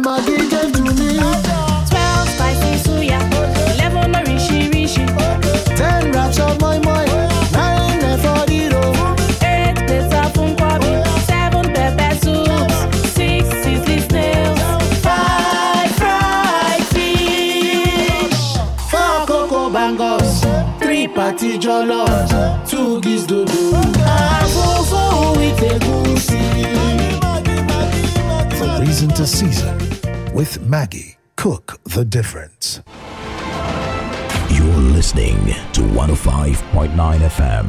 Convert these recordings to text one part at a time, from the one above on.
my Maggie gave to me. Twelve spicy suya, eleven rishi, ten of my mind, nine eight of seven six five fried fish, four cocoa bangles, three party two reason to season with Maggie. Cook the difference. You're listening to 105.9 FM.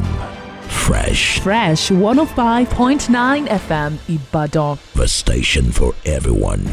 Fresh. Fresh 105.9 FM Ibadan. The station for everyone.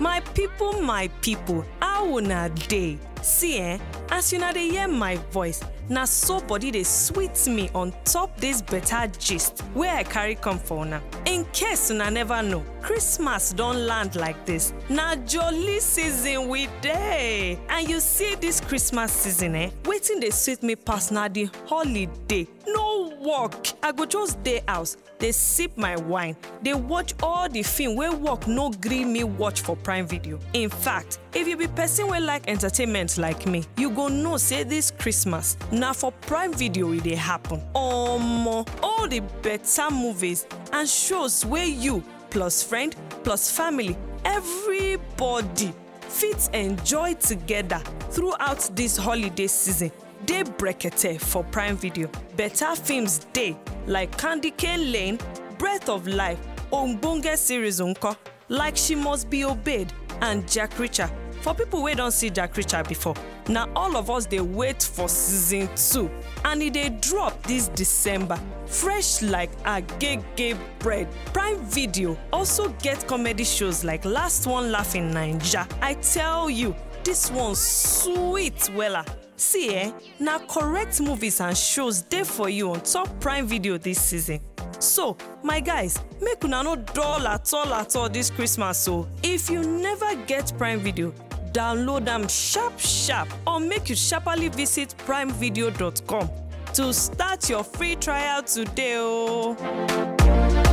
My people, my people, how una day? See, eh? As you know, they hear my voice. na so body dey sweet me on top dis better gist wey i carry come for una in case una never know christmas don land like dis na jolly season we dey and you see dis christmas season eh wetin dey sweet me pass na di holiday no work i go just dey house dey sip my wine dey watch all di film wey work no gree me watch for prime video in fact if you be person wey like entertainment like me you go know say dis christmas na for prime video e dey happen omo all di beta movies and shows wey you plus friend plus family everybody fit enjoy together throughout dis holiday season Day brekete for prime video beta films dey like candy cane lane breath of life ogbonge series nko like she must be obeyed and jack reacher for who wey don see jack reacher before na all of us dey wait for season 2 and e dey drop this december fresh like agege bread prime video also get comedy shows like last one laugh in naija i tell you this one sweet wella See eh, na correct movies and shows there for you on top Prime Video this season. So, my guys, make una no dull at all at all this Christmas So, oh. If you never get Prime Video, download them sharp sharp or make you sharply visit primevideo.com to start your free trial today oh.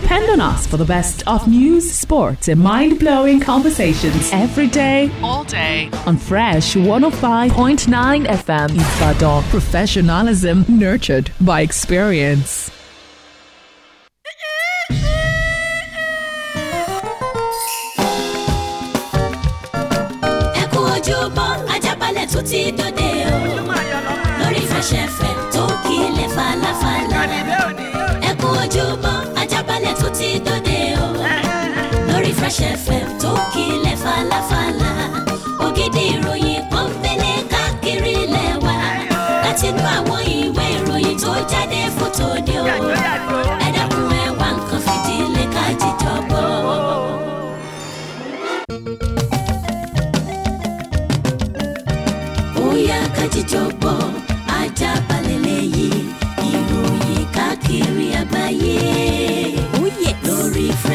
Depend on us for the best of news, sports, and mind blowing conversations every day, all day on Fresh 105.9 FM Ibadan. Professionalism nurtured by experience. ti o lórí Fresh FM Toki kílẹ̀ falafala. ti dòde o lórí Fresh FM tó kílẹ̀ falafala ògidì ìròyìn kan fẹ́lẹ́ káàkiri lẹ́wà láti inú àwọn ìwé ìròyìn tó jáde fótó ni o ẹ dákun ẹ wá nǹkan fìdílé ká jíjọ gbọ́. bóyá ká jíjọ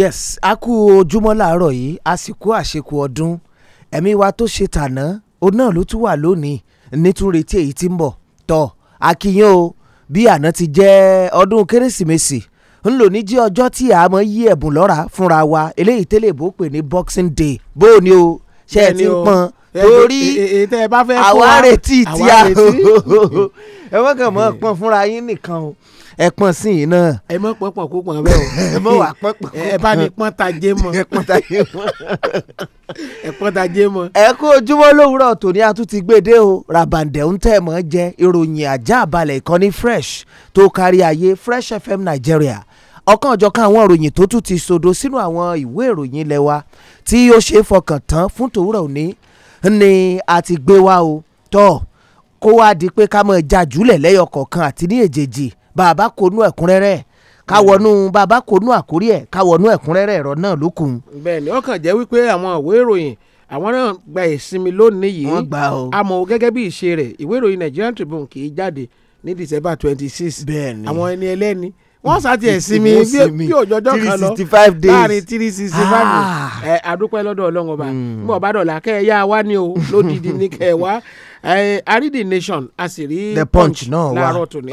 yes a kú ojúmọ́ làárọ̀ yìí a sì kú àṣekù ọdún ẹ̀mí wa tó ṣe tàná òun náà ló tún wà lónìí nítúrètí èyí tí ń bọ̀ tọ́ akínyìn o bí àná ti jẹ́ ọdún kérésìmesì ń lò ní jẹ́ ọjọ́ tí a mọ̀ yí ẹ̀bùn lọ́ra fúnra wa eléyìí tẹ́lẹ̀ bó pè ní boxing day bó o ní o ṣe é ti ń pọn torí àwa retí tí a ẹ wọ́n kàn mọ́ pọn fúnra yín nìkan o ẹ pọ́n sí i náà. ẹ mọ pọpọ kó pọn bẹ́ẹ̀ o ẹ mọ wà pọpọ kó pọn ẹ bá mi pọ́n ta jé mọ ẹ pọ́n ta jé mọ ẹ pọ́n ta jé mọ. ẹ kú ojúmọ́ lówùúrọ̀ tòní a tún o ràbàǹdẹ̀ ń tẹ̀ mọ́ jẹ́ ìròyìn ajá àbálẹ̀ ìkànnì fresh tó kárí ayé fresh fm Nigeria ọ̀kan ọ̀jọ̀kan àwọn ìròyìn tó tún ti sodo sínú àwọn ìwé ìròyìn ilẹ̀ wa tí ó ṣe é fọkàn tán fún tòwúrọ̀ òní ni a ti gbé wa o tọ́ kó wá di pé ká mọ̀ jajúlẹ̀ lẹ́yọ kọ̀ọ̀kan àti ní èjèèjì bàbá konú ẹ̀kúnrẹ́rẹ́ ká hmm. wọnú bàbá konú àkórí ẹ̀ ká wọnú ẹ̀kúnrẹ́rẹ́ ẹ̀rọ náà lókun. bẹ́ẹ̀ni ó kàn jẹ́ wípé àwọn ìwé ìròyìn àwọn náà gba ìsinmi lónìí yìí wọ́n gbà ó àmọ́ gẹ́gẹ́ bí ìṣe rẹ̀ ìwé ìròyìn Nigerian Tribune kì í jáde ní December twenty six bẹ́ẹ̀ni àwọn ẹni ẹlẹ́ni wọ́n sá tiẹ̀ sinmi bí òjòjọ́ kan lọ láàrin three sixty five ah. days. ẹ àdúpẹ́ lọ́dọ̀ ọlọ́run ọba hmm. bí ọba dọ̀là kẹ́ ẹ yá wa ni o lódìdí ni kẹ́ ẹ wá àrídì nation a sì rí punch láàárọ̀ tòní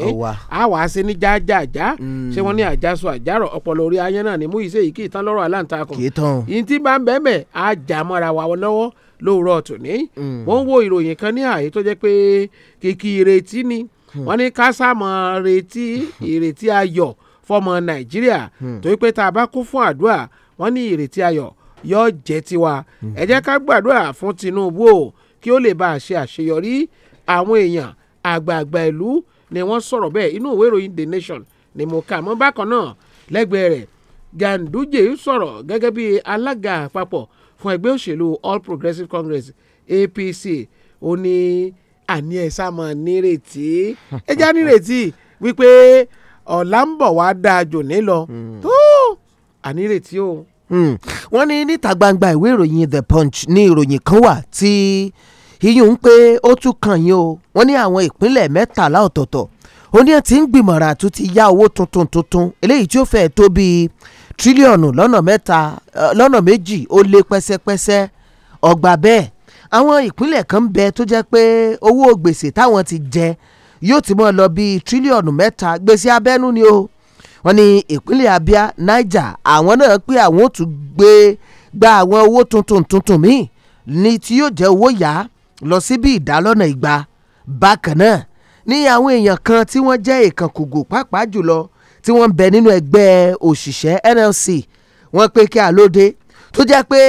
a wàá ṣe ní jájájá hmm. ṣé wọ́n ní àjàsọ àjàrọ̀ ọ̀pọ̀lọ̀ orí ayé náà ni mú ìṣe yìí kì í tán lọ́rọ̀ aláǹtakùn yìí tí bá ń bẹ́ẹ̀ mẹ́ a jà mọ́ra wa lọ́wọ́ lóòrọ̀ tòní hmm. wọ́n ń wo ìròyìn kan ní àyè tó jẹ́ pé kìkì ìrètí ni. Hmm. wọ́n ní ká sáàmọ̀ retí ìrètí ayọ̀ fọmọ nàìjíríà hmm. torí pé tá a bá kún fún àdúrà wọ́n ní ìrètí ayọ̀ yóò jẹ́ tiwa hmm. ẹ jẹ́ ká gbàdúrà fún tinubu o kí ó lè bá a ṣe àṣeyọrí àwọn èèyàn àgbààgbà ìlú ni wọ́n sọ̀rọ̀ bẹ́ẹ̀ inú ìwé ìròyìn the nation ni mo kà mọ́ bákan náà lẹ́gbẹ̀ẹ́ rẹ̀ Ganduje sọ̀rọ̀ gẹ́gẹ́ bí alága àpapọ̀ fún ẹgbẹ́ òṣèlú All Progressives Congress APC ó àní ẹ sá máa nírètí ẹ já nírètí wípé ọ̀la ń bọ̀ wá dáa jò ní lọ hmm. tó ànírètí o. Hmm. wọ́n ní níta gbangba ìwé ìròyìn the punch ní ìròyìn kan wà tí iyùn ń pé ó tún kàn yín o wọ́n ní àwọn ìpínlẹ̀ mẹ́tàlá ọ̀tọ̀ọ̀tọ̀ ó ní àti ń gbìmọ̀ràn àtún ti yá owó tuntun tuntun eléyìí tí ó fẹ́ẹ́ tó bíi tírílíọ̀nù lọ́nà mẹ́ta lọ́nà méjì ó lé pẹ́sẹ́pẹ́sẹ́ ọgbà bẹ́ẹ̀ àwọn ìpínlẹ̀ kan bẹ tó jẹ́ pé owó gbèsè táwọn ti jẹ yóò ti mọ́ lọ bíi tírílíọ̀nù mẹ́ta gbèsè abẹ́nú ni o wọ́n ní ìpínlẹ̀ Abia Niger àwọn náà pé àwọn ò tún gbé gba àwọn owó tuntun tuntun míì ní tí yóò jẹ́ owó yá lọ sí bí ìdálọ́nà ìgbà bákan náà ní àwọn èèyàn kan tí wọ́n jẹ́ ìkànkùgù pàápàá jùlọ tí wọ́n ń bẹ nínú ẹgbẹ́ òṣìṣẹ́ NLC wọ́n pé kí alóde tó jẹ́ pé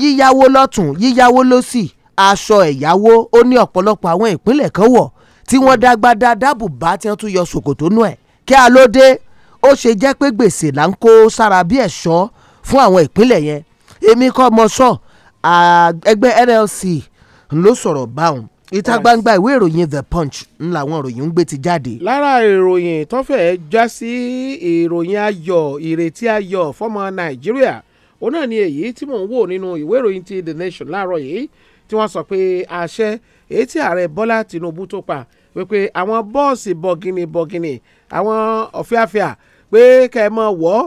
yíyáwó lọ́tún yíyáwó lọ́sì aṣọ ẹ̀yáwó ó ní ọ̀pọ̀lọpọ̀ àwọn ìpínlẹ̀ kan wọ̀ tí wọ́n dágbádá dáàbò bá tí wọ́n tún yọ ṣòkòtò nù ẹ̀ kí a ló dé ó ṣe jẹ́ pé gbèsè là ń kó sára bí ẹ̀ṣọ́ fún àwọn ìpínlẹ̀ yẹn èmi kọ́ mọ sọ ẹgbẹ́ NLC ló sọ̀rọ̀ báwọn ìta gbangba ìwé ìròyìn The Punch ńlá àwọn ìròyìn ń gbé ti jáde. lára ìròyìn tó fẹ́ẹ́ já sí ìròyìn ayọ̀ ìrètí ayọ̀ fọ́mọ Nàìjíríà òun náà ni èyí tí mò ń wò nínú ìwé ìròyìn ti The Nation láàárọ̀ yìí tí wọ́n sọ pé àṣẹ èyí tí ààrẹ Bọ́lá Tinubu tó pa wípé àwọn bọ́ọ̀sì bọ̀gìnì bọ̀gìnì àwọn ọ̀fíàfíà pé kẹ́ ẹ mọ̀ wọ́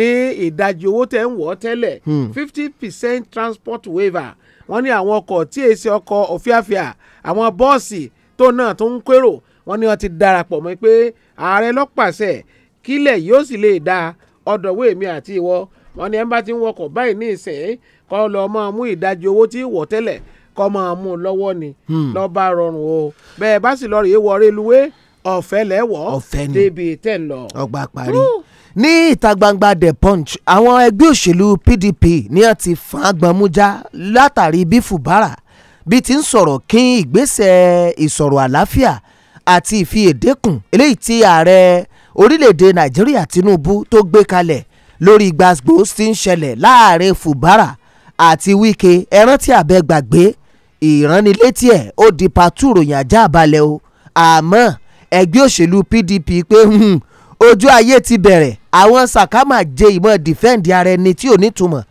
ní ìdajì owó tẹ̀ ń wọ́ tẹ́lẹ̀ hmm. fifty percent transport waiver wọ́n ní àwọn ọkọ̀ tí èsì ọkọ̀ ọ̀fíàfíà àwọn bọ́ọ̀sì tó náà tó ń kérò wọ́n ní wọ́n ti darapọ̀ mọ́ pé ààrẹ ló kílẹ̀ yóò sì lè da ọ̀dọ̀wọ́ mi àti ìwọ wọ́n ní ẹ̀ ń bá ti ń wọkọ̀ báyìí ní ìsìn kọ́ lọ máa mú ìdajì owó tí wọ̀ tẹ́lẹ̀ kọ́ máa mú un lọ́wọ́ ni hmm. lọ́ba rọrùn o bẹ́ẹ̀ bá sì lọ rèé wọ reluwé ọ̀fẹ́ lẹ́wọ̀ débi tẹ̀ lọ. ọgbà parí ní ìta gbangba the punch àwọn ẹgbẹ́ òṣèlú PDP ní a ti fà á gbọmújá látàrí bí Fubara bí ti ń sọ̀rọ̀ kín ìgbésẹ̀ ìsọ̀rọ̀ àlàáfíà àti ìfi èdè kùn eléyìí tí ààrẹ orílẹ̀-èdè Nàìjíríà Tinubu tó gbé kalẹ̀ lórí gbàgbó tí ń ṣẹlẹ̀ láàrin fubara àti wike ẹran tí abẹ gbàgbé ìránnilétí ẹ̀ ó di pàtó ròyìn ajá balẹ̀ o àmọ́ ẹgbẹ́ òṣèlú PDP pé hmm, ojú ayé ti bẹ̀rẹ̀ àwọn sàkámà jẹ ìmọ̀ dìfẹ́ǹdì ara ẹni tí ò nítumọ̀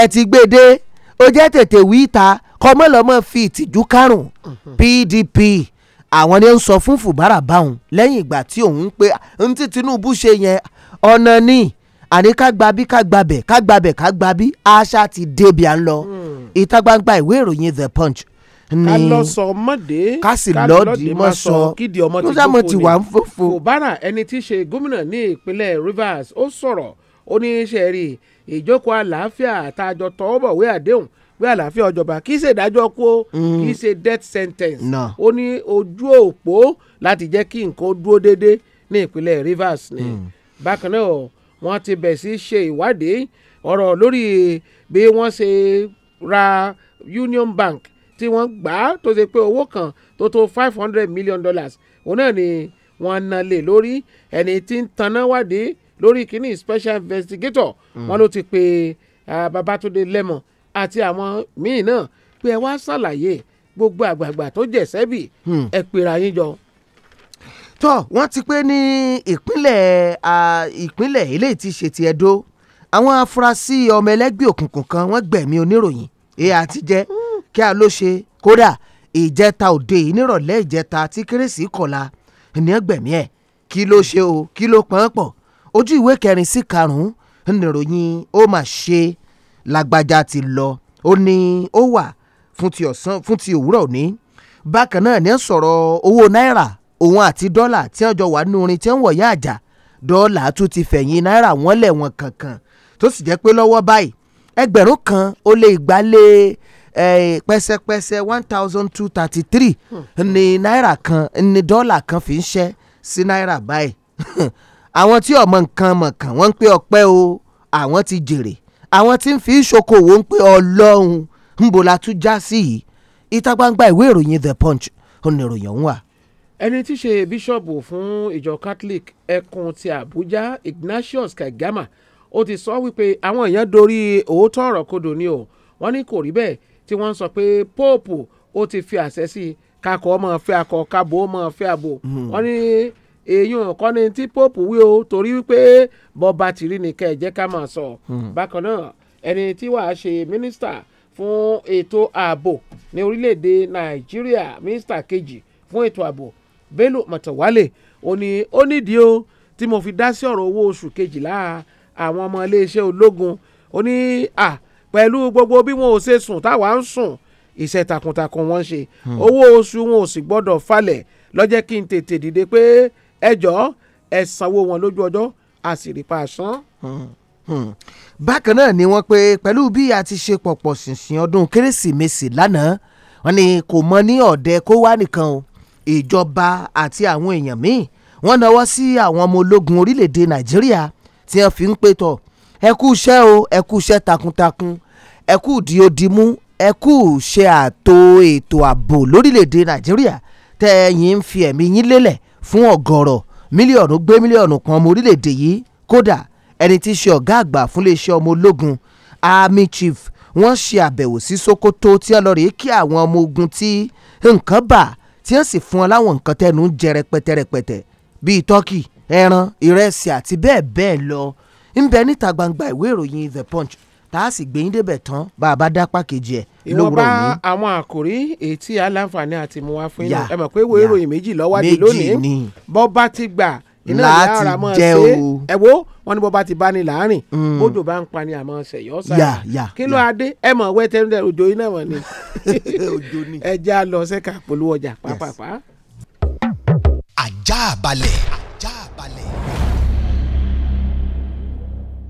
ẹ ti gbé dé ó jẹ́ tètè wí ta kọmọlọmọ fi ìtìjú kárùn PDP àwọn ni ó ń sọ fún fùbárà báwọn lẹ́yìn ìgbà tí òun ń pe ní Tinubu ṣe yẹn ọ̀nà ni àní ká gba bí ká gba bẹ̀ ká gba bẹ̀ ká gba bí àṣà ti débi à ń lọ hmm. ìta gbangba ìwé ìròyìn the punch ni ká lọ sọ mọ́dé ká sì lọ́ọ̀dì mọ́ sọ kídìí ọmọ ti gbófo ni ti wà ń fòfo. Fubara ẹni tí í ṣe gómìnà ní ìpínlẹ̀ Rivers ó sọ̀rọ̀ ó ní í ṣe rí ìjókòó àlàáfíà àtàjọ tọwọ́bọ̀ wé àdéhùn wé àlàáfíà ọjọba kì í ṣe ìdájọ́ kú ó hmm. kì í ṣe death sentence ó ní ojú òpó láti jẹ́ kí nǹkan dúró déédéé ní ìpínlẹ̀ Rivers ni hmm. bákan náà wọ́n ti bẹ̀ sí ṣe ìwádìí ọ̀rọ̀ lórí bí wọ́n ṣe ra Union Bank tí wọ́n gbà á tó ṣe pé owó kan tó tó five hundred million dollars òun náà ni wọ́n ná lé lórí ẹni tí ń taná wádìí lórí kínní special investigator hmm. wọ́n ló ti pe Babátúndé Lẹ́mọ̀ àti àwọn míì náà pé ẹ wá ṣàlàyé gbogbo àgbààgbà tó jẹ̀ sẹ́bì hmm. ẹ pera yín tó wọ́n ti pé ní ìpínlẹ̀ ìpínlẹ̀ eléyìí ti ṣe ti Ẹdó àwọn afurasí ọmọ ẹlẹ́gbẹ́ òkùnkùn kan wọ́n gbẹ̀mí oníròyìn èyí àti jẹ́ kí a ló ṣe kódà ìjẹta òde yìí nírọ̀lẹ́ ìjẹta tí kérésì kọ̀la ní ẹgbẹ̀mí ẹ̀ kí ló ṣe o kí ló pọ́n pọ̀ ojú ìwé kẹrin sí karùn-ún níròyìn ó mà ṣe lágbájá ti lọ ó ní ó wà fún ti ọ̀sán fún ti òwúrọ̀ òní bákan náà ní sọ̀rọ̀ owó náírà òun àti dọ́là tí ọjọ́ wà nínú orin tí ń wọ̀yá àjà dọ́là tún ti fẹ̀yìn náírà wọ́n lẹ̀ wọn kankan tó sì jẹ́ pé lọ́wọ́ báyìí ẹgbẹ̀rún kan ó lé igba pẹ́sẹ́pẹ́sẹ́ one thousand two thirty three hmm. ní náírà kan ní dọ́là kan fi ń ṣẹ́ sí náírà báyìí àwọn tí ọmọ nǹkan mọ̀kàn wọ́n ń pé ọpẹ́ o àwọn ti jèrè àwọn tí ń fi ṣokòwò ń pé ọlọ́run ń bo la tún já sí yìí ìta gbangba ìwé ìròyìn the punch ó ní ìròyìn ọ̀hún wà ẹni tí í ṣe bíṣọ̀bù fún ìjọ catholic ẹkùn ti abuja ignatius Kagama. ó ti sọ wípé àwọn èèyàn dorí òótọ́ ọ̀rọ̀ kodò ni o wọ́n ní kò rí bẹ́ẹ̀ tí wọ́n ń sọ pé pope ó ti fi àṣẹ sí i kakọ̀ ọmọ fẹ́ akọ kabo ọmọ fẹ́ abo hmm. wọ́n ní èyí nǹkan ni tí pope wí o torí wípé bọ́ba tìrí ni kẹ́ ẹ̀ jẹ́ ká máa sọ hmm. bákan náà ẹni tí wàá ṣe mínísítà fún ètò ààbò ní orílẹ̀-èdè nàìjíríà mínísítà kejì fún ètò ààbò Bello Matawalle ó ní ó nídìí o tí mo fi dá sí ọ̀rọ̀ owó oṣù kejìlá àwọn ọmọ iléeṣẹ́ ológun ó ní à pẹ̀lú gbogbo bí wọn ò ṣe sùn táwa ń sùn iṣẹ́ takuntakun wọn ṣe hmm. owó oṣù wọn ò sì gbọ́dọ̀ falẹ̀ lọ́jẹ́ kí n tètè dìde pé ẹjọ́ ẹ sanwó wọn lójú ọjọ́ àṣìrípa àṣán. Hmm, hmm. bákan náà ni wọ́n pe pẹ̀lú bí a ti ṣe pọ̀pọ̀ ṣìnṣìn ọdún kérésìmesì lánàá wọ́n ní kò mọ ní ọ̀dẹ kó wá nìkan o ìjọba àti àwọn èèyàn míì wọ́n náwó sí àwọn ọmọ ológun orílẹ̀-èdè nàìjíríà tí wọ́n fi ń pè tọ̀ ẹ kú iṣẹ́ o ẹ kú iṣẹ́ takuntakun ẹ kú di odimú ẹ kú ṣe àtò ètò ààbò lórílẹ̀-èdè nàìjíríà tẹ́ ẹ̀yin ń fi ẹ̀mí yín lélẹ̀ fún ọ̀gọ̀rọ̀ mílíọ̀nù gbé mílíọ̀nù kan ọmọ orílẹ̀-èdè yìí kódà ẹni tí ṣe ọ̀gá àgbà fúnléeṣẹ́ ọmọ ológun army chief wọ́n ṣe àbẹ̀wò sí Sokoto tí ọlọ́rìí kí àwọn ọmọ ogun tí nǹkan bà tí wọ́n sì fún ọ láwọn nǹkan tẹnu ń jẹ rẹpẹtẹ rẹpẹtẹ bíi tọ́kì ẹran ìrẹsì àti bẹ́ẹ̀ bẹ́ẹ̀ lọ ń bẹ níta gbangba ìwé ìròyìn The Punch tá a sì gbẹ̀yìn débẹ̀ tán bá a bá dá pàkejì ẹ̀ lówùrọ̀ ní. ìwọ̀nba àwọn àkòrí ètí aláǹfààní àti mú wá fún yín ẹ mọ̀ pé ìwé ìròyìn méjì ló láti jẹ́ o. ẹ wo wọn ní bó bá ti bá ní láàrin bójú mm. bá ń pa ni àmọ́ ṣẹ̀yọ́ sára kí ló adé ẹ mọ̀ wẹ́ tẹ́lẹ̀ òjò yìí náà wọ̀ ni ẹ já lọ sẹ́ka polówó ọjà pàápàá. ajá balẹ̀.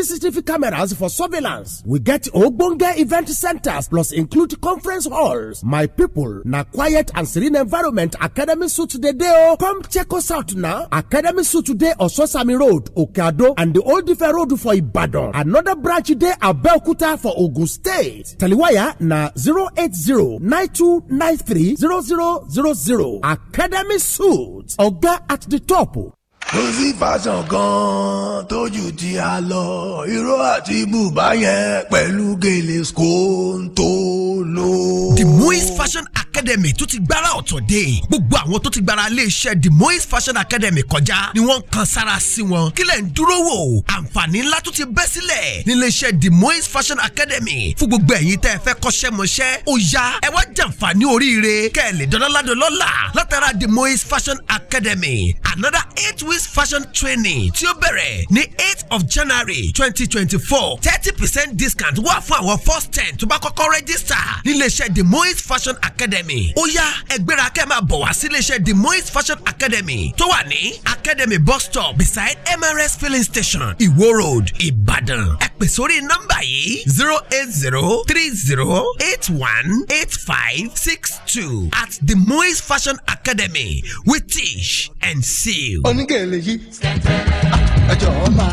CCTV cameras for surveillance. We get ogbonge event centers plus include conference halls. My people, na quiet and serene environment Academy Suit dey day. Oh, Come check us out now. Academy Suit dey Ososami Road, Okeado and the Old Ife Road for Ibadan. Another branch dey Abeokuta for Ogun State. Taliwaya na 08092930000. Academy Suit, Oga at the top tó sì fàṣàn gan tójú ti a lọ irọ́ àti bùbá yẹn pẹ̀lú gèlè skóńtó ló. the moist fashion academy tó ti gbára ọ̀tọ̀ dé gbogbo àwọn tó ti gbára iléeṣẹ́ the moise fashion academy kọjá ni wọ́n kan sára sí wọn kílẹ̀ ń dúró wò àǹfààní ńlá tó ti bẹ́ sílẹ̀ níléeṣẹ́ the moise fashion academy fún gbogbo ẹ̀yin tẹ́ ẹ fẹ́ kọ́ṣẹ́mọṣẹ́ ó yá ẹ wá jàǹfààní oríire kẹ́ ẹ lè dọ́lọ́ládọ́lọ́lá látara the moise fashion academy another eight weeks fashion training tí ó bẹ̀rẹ̀ ní eight of january twenty twenty four thirty percent discount wà fún àwọn first ten tó bá kọ́kọ́ register níléeṣẹ́ the moise fashion academy academy ó yá ẹgbẹ́ra kẹ́ máa bọ̀ wá sí the moist fashion academy tó wà ní academy bus stop beside mrs filling station iwo road Ibadan. ẹ pè sórí nọ́mbà yìí zero eight zero three zero eight one eight five six two at the moist fashion academy we teach and seal. onígẹ̀lẹ̀ yìí ẹjọ́ máa.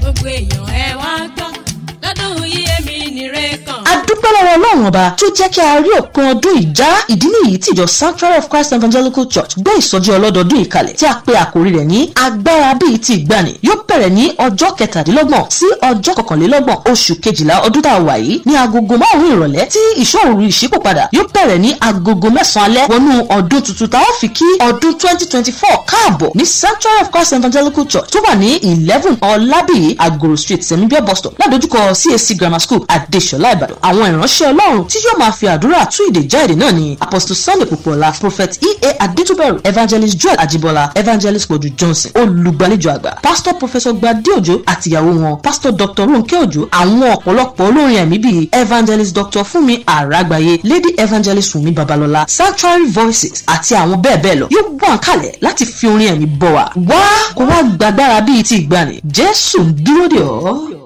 gbogbo èèyàn ẹ wá gbọ́ àánú yíyẹ mi nìrẹ kan. adúpẹ́ lọ́wọ́ ọlọ́run ọba tó jẹ́ kí a rí òpin ọdún ìjà ìdí nìyí tìjọ sanctuary of christ evangelical church gbé ìsọjí ọlọ́dọọdún ìkàlẹ̀ tí a pe àkórí rẹ̀ ní agbára bíi ti ìgbàanì yóò bẹ̀rẹ̀ ní ọjọ́ kẹtàdínlọ́gbọ̀n sí ọjọ́ kọkànlélọ́gbọ̀n oṣù kejìlá ọdún tá a wà yìí ní agogo márùn-ún ìrọ̀lẹ́ tí ìṣòro ìṣípòpadà yóò bẹ̀rẹ̀ ní agogo mẹ́sàn-án alẹ́ wọnú ọdún tuntun tá a fi kí ọdún twenty twenty four káàbọ̀ ní sanctuary of christ evangelical church tó wà ní eleven ọlábìyí agoro street sẹ́mibíọ́ bus stop ládojúkọ CSC Grammar School Adéṣọlá Ìbàdàn àwọn ìránṣẹ́ Ọlọ́run tí yóò máa fi àdúrà tú ìdè já èdè náà ni Apostle Sunday Popola Prophet EA Adituberu Evangelist Joel Ajibola Evangelist Podu Johnson olùgbàlejò àgbà Pastor Professor Gbadé Òjó àtìyàwó wọn Pastor Dr. Ronke Òjó àwọn ọ̀pọ̀lọpọ̀ olórin ẹ̀mí bíi Evangelist Dr. Fúnmi Aragbaye, Lady Evangelist Wùmí Babalọ́lá Sanctuary Voices àti àwọn bẹ́ẹ̀ bẹ́ẹ̀ lọ yóò wà kálẹ̀ láti fi orin ẹ̀mí bọ̀ wá wá kó wá gbàgbára bíi ti ìgbàanì Jésù ń dúró dè ọ́.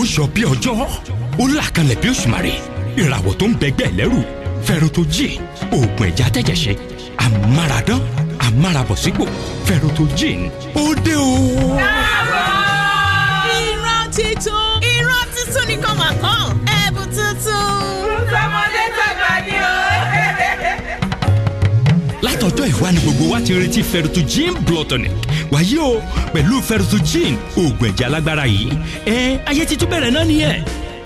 ó yọ bí ọjọ́ ó là kalẹ̀ bí òṣùmàrè ìràwọ̀ tó ń bẹgbẹ́ lẹ́rù fẹ́rotọ́jì oògùn ẹ̀já tẹ̀jẹ̀ṣe amáradán amárabọ̀sípò fẹ́rotọ́jì ó dé o. ìran titun ìran titun nìkan mà kàn. ọjọ́ ìwá ni gbogbo wa ti retí ferutugin blood tonic wàyí o pẹ̀lú ferutugin oògùn ẹ̀jẹ̀ alágbára yìí ẹ ayé ti tún bẹ̀rẹ̀ náà nìyẹn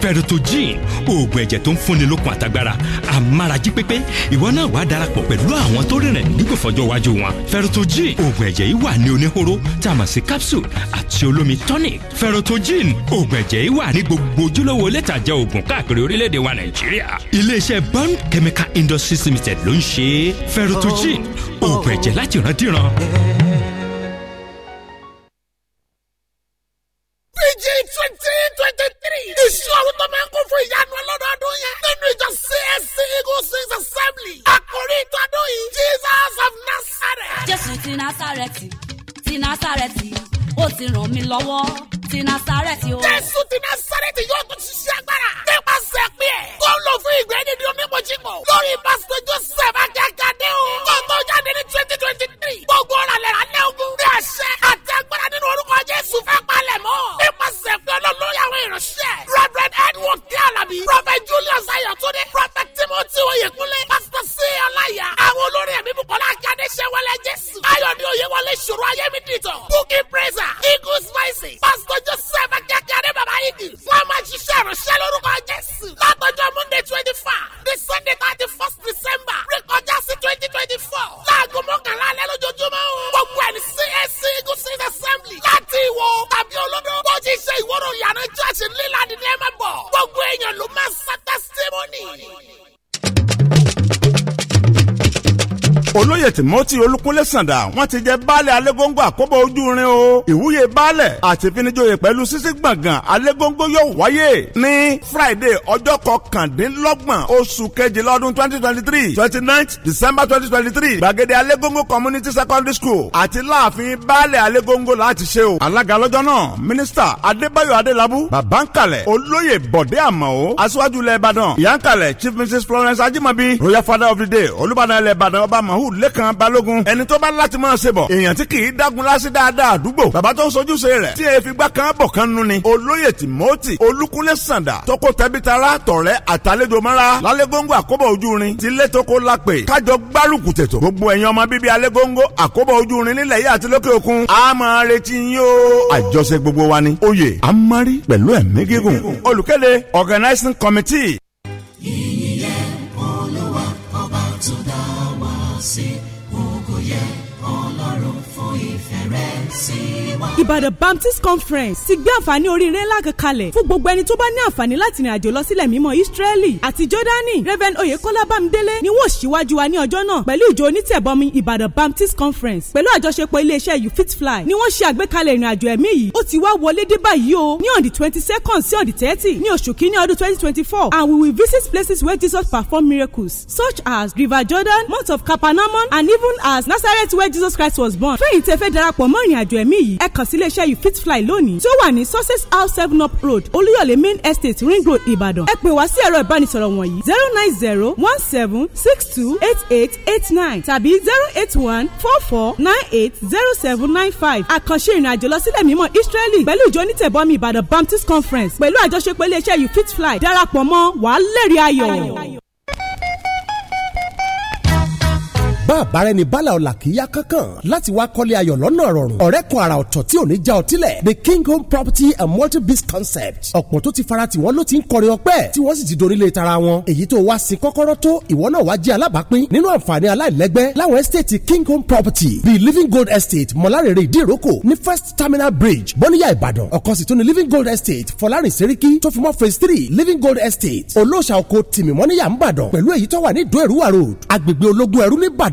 ferritojin oògùn ẹ̀jẹ̀ tó ń fúnni lókun àtagbára amárají pépé ìwọ náà wàá darapọ̀ pẹ̀lú àwọn tó rìnrìn nígbò fọjọ́ iwájú wọn ferritojin oògùn ẹ̀jẹ̀ yìí wà ní oníhóró tá a mọ̀ sí capsule àti olómi tonic ferritojin oògùn ẹ̀jẹ̀ yìí wà ní gbogbo ojúlówó létajà oògùn káàkiri orílẹ̀-èdè wa nàìjíríà iléeṣẹ́ bond chemical industries limited ló ń ṣe ferritojin oògùn ẹ̀jẹ̀ láti ìrandíran. Násárẹ́tì ti Násárẹ́tì ó ti ràn mí lọ́wọ́ ti Násárẹ́tì o. Jésù ti Násárẹ́tì yóò tún ṣiṣẹ́ agbára. nípasẹ̀ pé kó lò fún ìgbẹ́ nínú mímọ́jímọ̀ lórí pásítọ̀ Joseph ak olóyè timothy olúkúnlé sàǹdà wọ́n ti jẹ baálẹ̀ alégóńgó àkóbọ̀ ojúrin o ìwúyè baálẹ̀ àti ìfinijoyè pẹ̀lú sísí gbọ̀ngàn alégóńgó yóò wáyé ní friday ọjọ́ kọkàndínlọ́gbọ̀n oṣù kejì lọ́dún twenty twenty three twenty nine december twenty twenty three gbàgede alégóńgó community secondary school àti láàfin baálẹ̀ alégóńgó láti ṣe o alága lọ́jọ́ náà mínísítà adébáyọ̀ adélábù bàbáńkàlẹ̀ olóyè bọ̀dé àmọ́ aṣíwájú ilẹ̀ ìbàdàn chief mrs florence ajimabi royal father of the day olùbàdàn ilẹ̀ ọba mahud lẹ́k ṣẹ́kan balógun ẹni tó bá láti máa ṣe bọ̀ èèyàn tí kì í dágun lásì dáadáa àdúgbò bàbá tó ń sojúṣe rẹ̀ tí èèfi gbá kan bọ̀ kan nu ni olóyè timothy olúkúnlé sàǹdà tọkọ tẹbitara tọ̀rẹ́ àtàlejò mọ́ra lálégóńgó àkóbọ̀ ojúrin ti létòkó lápè kájọ gbárùkù tètò gbogbo ẹ̀yin ọmọ bíbí alégóńgó àkóbọ̀ ojúrin nílẹ̀ yìí àti lókè òkun a máa retí yín o. àjọṣe gbogbo wa ni oyè amari pẹ̀lú ẹ̀mí gígùn olùkéde organizing committee Ìbàdàn Baptist Conference ti gbé àǹfààní oríire ńlá kan kalẹ̀ fún gbogbo ẹni tó bá ní àǹfààní láti rìn àjò lọ sílẹ̀ mímọ́ Ísírẹ́lì àti Jọ́dánì Reverend Oyekola Bámidélé ni wọ́n ṣíwájú wa ní ọjọ́ náà pẹ̀lú ìjọ onítẹ̀bọmi Ìbàdàn Baptist Conference pẹ̀lú àjọṣepọ̀ iléeṣẹ́ You Fit Fly ni wọ́n ṣe àgbékalẹ̀ ìrìn àjò ẹ̀mí yìí ó ti wá wọlé dé báyìí o ní on the twenty second sí on the thirty ní oṣù kínní twenty twenty four and we will visit places where Jesus performed miracles such as River Jordan Mount of Capernaum and even as Nazareth where Jesus Christ was born fẹ́yìntì ẹ fẹ́ darapọ̀ mọ́ ìrìn àjò ẹ̀mí síléeṣẹ́ yìí fitfly lónìí tí ó wà ní success house seven up road olúyọ̀lé main estate ring road ìbàdàn ẹ pè wá sí ẹ̀rọ ìbánisọ̀rọ̀ wọ̀nyí zero nine zero one seven six two eight eight eight nine tàbí zero eight one four four nine eight zero seven nine five àkànṣe ìrìnàjò lọ sílẹ̀ mímọ́ israeli pẹ̀lú ìjọ onítẹ̀bọmi ìbàdàn baptist conference pẹ̀lú àjọṣepọ̀ iléeṣẹ́ yìí fitfly darapọ̀ mọ́ wàá lẹ́rìí ayọ̀. bá àbára ẹni bá la ọ̀la kìíya kankan láti wá kọ́lé ayọ̀ lọ́nà rọrùn ọ̀rẹ́ kan àrà ọ̀tọ̀ tí ò ní já ọtí lẹ̀ the king home property and multi-biz concept ọ̀pọ̀ tó ti fara tiwọn ló ti ń kọrin ọpẹ́ tí wọ́n sì ti dorí lé tara wọn èyí tó wá sí kọ́kọ́rọ́ tó ìwọ náà wá jẹ́ alábàápín nínú àǹfààní aláìlẹ́gbẹ́ láwọn estate king home property bíi living gold estate mọ̀lárẹ̀rẹ̀ ìdíròkò ní first terminal bridge bóníyà ìbàdàn ọ̀kan sì tún living gold estate fọlárin seriki tó fi mọ́ phase three living gold estate olóòṣà oko tìmímọ́níyà ń bàdàn pẹ̀lú èyí tó wà ní ìdó ẹ̀rúwà road agbègbè ológun ẹ̀rú ní ìbàdàn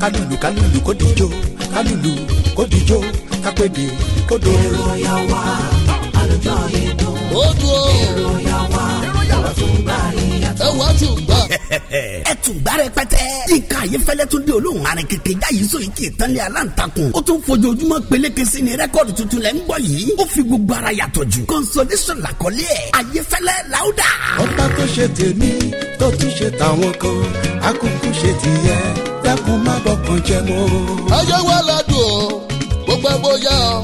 kálùlù kálùlù kò dijó kálùlù kò dijó kápẹ́dé kò dó. èrò ya wá àlùjọ yìí dùn. ó dùn. èrò ya wá ẹwà tún gbà yíyàtọ̀. ẹwà tún gbà ẹ tún gbá rẹpẹtẹ. yíká ayéfẹ́lẹ́ tún dé olóhùn arin kékeré jáyé sóyè kí ìtànlẹ̀ aláǹtakùn. ó tún fojoojúmọ́ peléke ni rẹ́kọ̀dì tuntun lẹ́ ń bọ̀ yìí. ó fi gbogbo ara yàtọ̀ jù. consolation làkọlé ẹ̀ ayéfẹ́lẹ́ làwùdà. ọba tó ṣe tèmi tó tún ṣe tàwọn kan akókó ṣe tìyẹ dákun má bọkàn jẹ́ mọ́. ayé wa ládùn o gbogbo ẹ bóyá o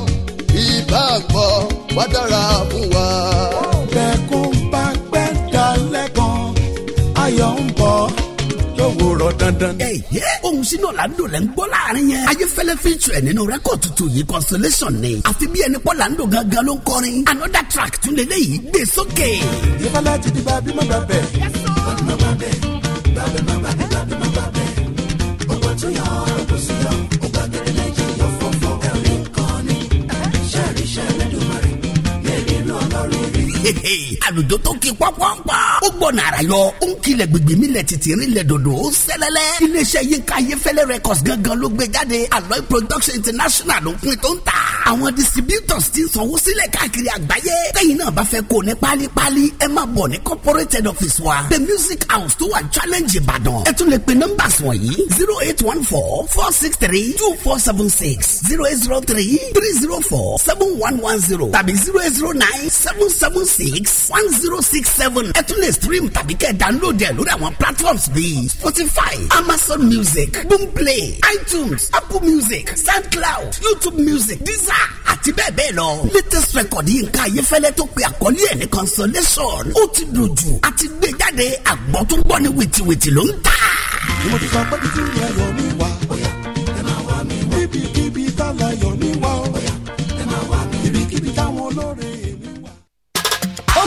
ìbá gbọ́ wá dára fún wa. bẹ́ẹ̀kún bá gbẹ́ dalẹ̀ gan ayọ̀ ń bọ̀ lówùrọ̀ dandan. ẹ ẹ ohun sínú ọ̀làǹdò lẹ́ ń gbọ́ láàrin yẹn. ayéfẹ́lẹ́ feature ẹ̀ nínú rẹ́kọ̀tì tuntun yìí consolation ni. àfi bí ẹni pọ́ làǹdò gangan ló ń kọrin. another track tún lè léyìí gbé sókè. ìfọlá ti di bá bímọ bàbẹ. bàbẹ bàbẹ bàbẹ bàbẹ. àlùjọ tó kí pọ́npọ́npọ́ ó gbọ́ nàrà yọ ó ń kilẹ̀ gbègbè mi lẹ̀ títí rí lẹ̀ dòdò ó sẹ́lẹ̀lẹ̀ iléeṣẹ́ yínká ayéfẹ́lẹ́ records gangan ló gbé jáde aloe production international ló pin tó ń ta àwọn distributors ti sanwó sílẹ̀ káàkiri àgbáyé tẹ́yìn náà bá fẹ́ kó ní pálípálí ẹ máa bọ̀ ní corporate office wa the music house tó wà challenge ìbàdàn ẹ tún lè pe numbers wọ̀nyí zero eight one four four six three two four seven six zero eight zero three three zero four seven one one zero tàbí zero eight zero nine seven seven six six one zero six seven ẹ tún lè stream tàbí kẹ́ download ẹ lórí àwọn platforms bíi spotify amazon music boomplay itunes apple music soundcloud youtube music deezer àti bẹ́ẹ̀ bẹ́ẹ̀ lọ. latest record yìí nǹkan ayéfẹ́lẹ́ tó pe àkọlé ẹ̀ ní consolation ó ti dùn jù àti gbé jáde àgbọ̀ tó ń gbọ́ ní wìtìwìtì ló ń tà. mo ti sọ pé kí n yẹ yọ mí.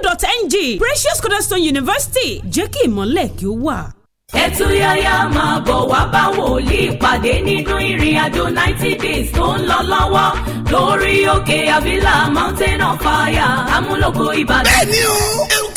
edu.ng Precious Cornerstone University jẹ́ kí ìmọ̀lẹ̀ kí ó wà. ẹtúyáyá máa bọ̀ wá bá wòlíì pàdé nínú ìrìn àjò ninety days tó ń lọ lọ́wọ́ lórí òkè àbílà mountain of fire amúlòkọ Ìbàdàn. bẹ́ẹ̀ni o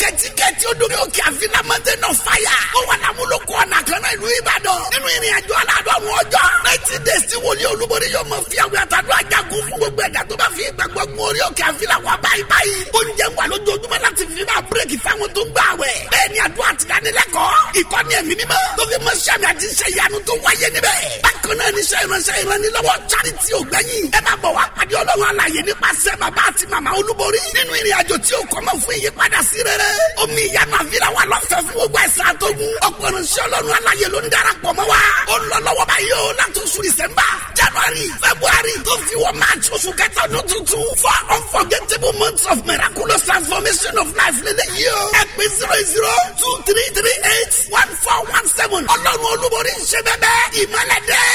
tí ó dórí òkè àfínà mountain of fire. ó wà lámúlòkọ ọ̀nà kan náà ìlú ìbàdàn. nínú ìrìn àjò aládọ́run ọjọ́. ninety days tí wòlíì olúborí yóò mọ fi àwọn àtàdúrà jagun fún gbogbo ẹ̀dá tó bá fi ìgbàgbọ́ gun orí òkè àfínà wà báyìí báyìí. oúnjẹ wà lójoojúmọ́ láti fi máa bírèkì fáwọn tó ń gbà wẹ̀. bẹ́ẹ̀ ni àdúrà ti dá nílẹ́kọ̀ọ́. ìkọ́ni ẹ̀mí mímọ́ tó fi mọ sẹ́mi àti iṣẹ́ ìyanu tó wáyé níbẹ̀. bákan náà níṣẹ́ ìránṣẹ́ ìrànlọ́wọ́ charity ògbẹ́yìn. ẹ máa bọ̀ wá pàdé ọlọ́run àlàyé nípasẹ̀ bàbá àti màmá olúborí nínú ìrìn àjò tí ó kọ́mọ fún ìyípadà sí rere. omi ì ìyanu àfihàn wa lọ́fẹ̀ẹ́ fún gbogbo ẹ̀sìn àtọ́jú. ọkùnrin sí ọlọ́run ló ń darapọ̀ mọ́ wa. ó lọ lọ́wọ́ báyìí o láti oṣù december january february tó fi wọ march oṣù kẹta ọdún tuntun. four unforgettable months of miraculous transformation of life lélẹ̀ yìí o. ẹ pè zero zero two three three eight one four one seven. ọlọ́run olúborí ń ṣe bẹ́ẹ̀ bẹ́ẹ̀ ìmọ̀lẹ́dẹ́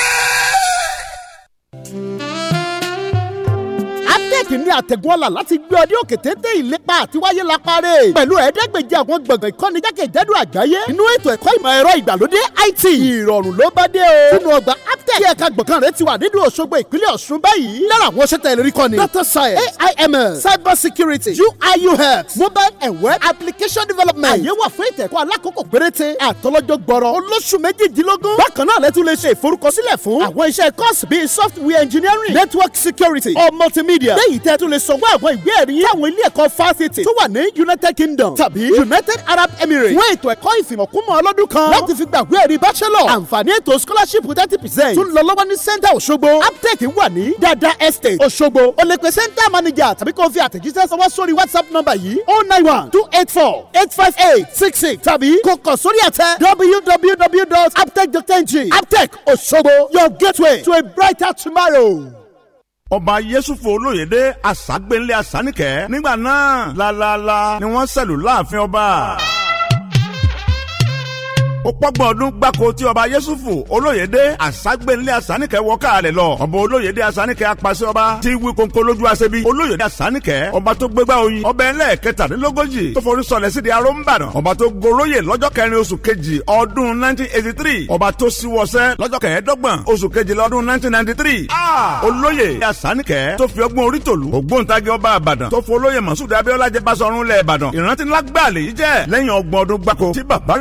apec ní àtẹ̀gùn ọ̀la láti gbé ọdí òkè téńté ìlépa àti wáyé la parẹ́ pẹ̀lú ẹ̀ẹ́dẹ́gbẹ̀jẹ àwọn gbọ̀ngàn ìkọ́ni jákèjádò àgbáyé inú ètò ẹ̀kọ́ ìmọ̀ ẹ̀rọ ìgbàlódé IT ìrọ̀rùn ló bá dé o nínú ọgbà aptec ẹ̀ka gbọ̀ngàn rẹ̀ ti wà nínú Òṣogbo ìpínlẹ̀ Ọ̀ṣun báyìí lára àwọn data science AIML cyber security UIUX mobile and web application development àyè wà fún ìtẹ̀kọ́ alákòókò iṣẹ́ kọ́ọ̀sì network security or multimedia media lẹ́yìn tẹ́ tún lè sọ̀gbọ́ àwọn ìwé ẹ̀rí táwọn ilé ẹ̀kọ́ fásitì tó wà ní united kingdom tàbí united arab emirates fún ètò ẹ̀kọ́ ìfìmọ̀kúmọ̀ ọlọ́dún kan láti fi gbàgbé ẹ̀rí bachelor àǹfààní ètò scholarship thirty percent tún lọ lọ́wọ́ ní center òṣogbo aptech wà ní dada estate òṣogbo o lè pe center manager tàbí kó o fi àtẹ̀jíṣẹ́ sọwọ́ sórí whatsapp number yìí oh nine one two eight four eight five eight six six tàbí kò kàn sórí àtẹ www.aptech.ng aptech òṣogbo your gateway to a brighter tomorrow ọba yẹsùfù olóyèdè àságbénlé àsánìkẹ́ nígbà náà lálálá ni wọ́n ṣẹ̀lù láàfin ọba. Ah ó pọ́gbọ̀n ọdún gbáko tí ọba Yẹ́sùfù olóyèdé àságbénlé àsánìkẹ́ wọ káàlẹ̀ lọ ọba olóyèdé àsánìkẹ́ apàṣẹ ọba ti wí kónkó lójú aṣebi olóyèdé àsánìkẹ́ ọba tó gbégbá oyin ọba ẹlẹ́ kẹtàdínlógójì tó forí sọlẹ̀ sídi aró ń bàdàn ọba tó goróyè lọ́jọ́ kẹrin oṣù kejì ọdún 1983 ọba tó síwọ́sẹ́ lọ́jọ́ kẹẹ̀ẹ́dọ́gbọ̀n oṣù kejì lọ́dún 1993 olóyè àsánìkẹ́ tó fi ọgbọ́n orí tòlú ògbóǹtagì ọba àbàdàn tó folóyè mọ̀súdù abíọ́lá jẹ́ bá sọ̀rún lẹ̀ ìbàdàn ìrántí ńlá gbàlè yìí jẹ́ lẹ́yìn ọgbọ̀n ọdún gbáko tí bàbá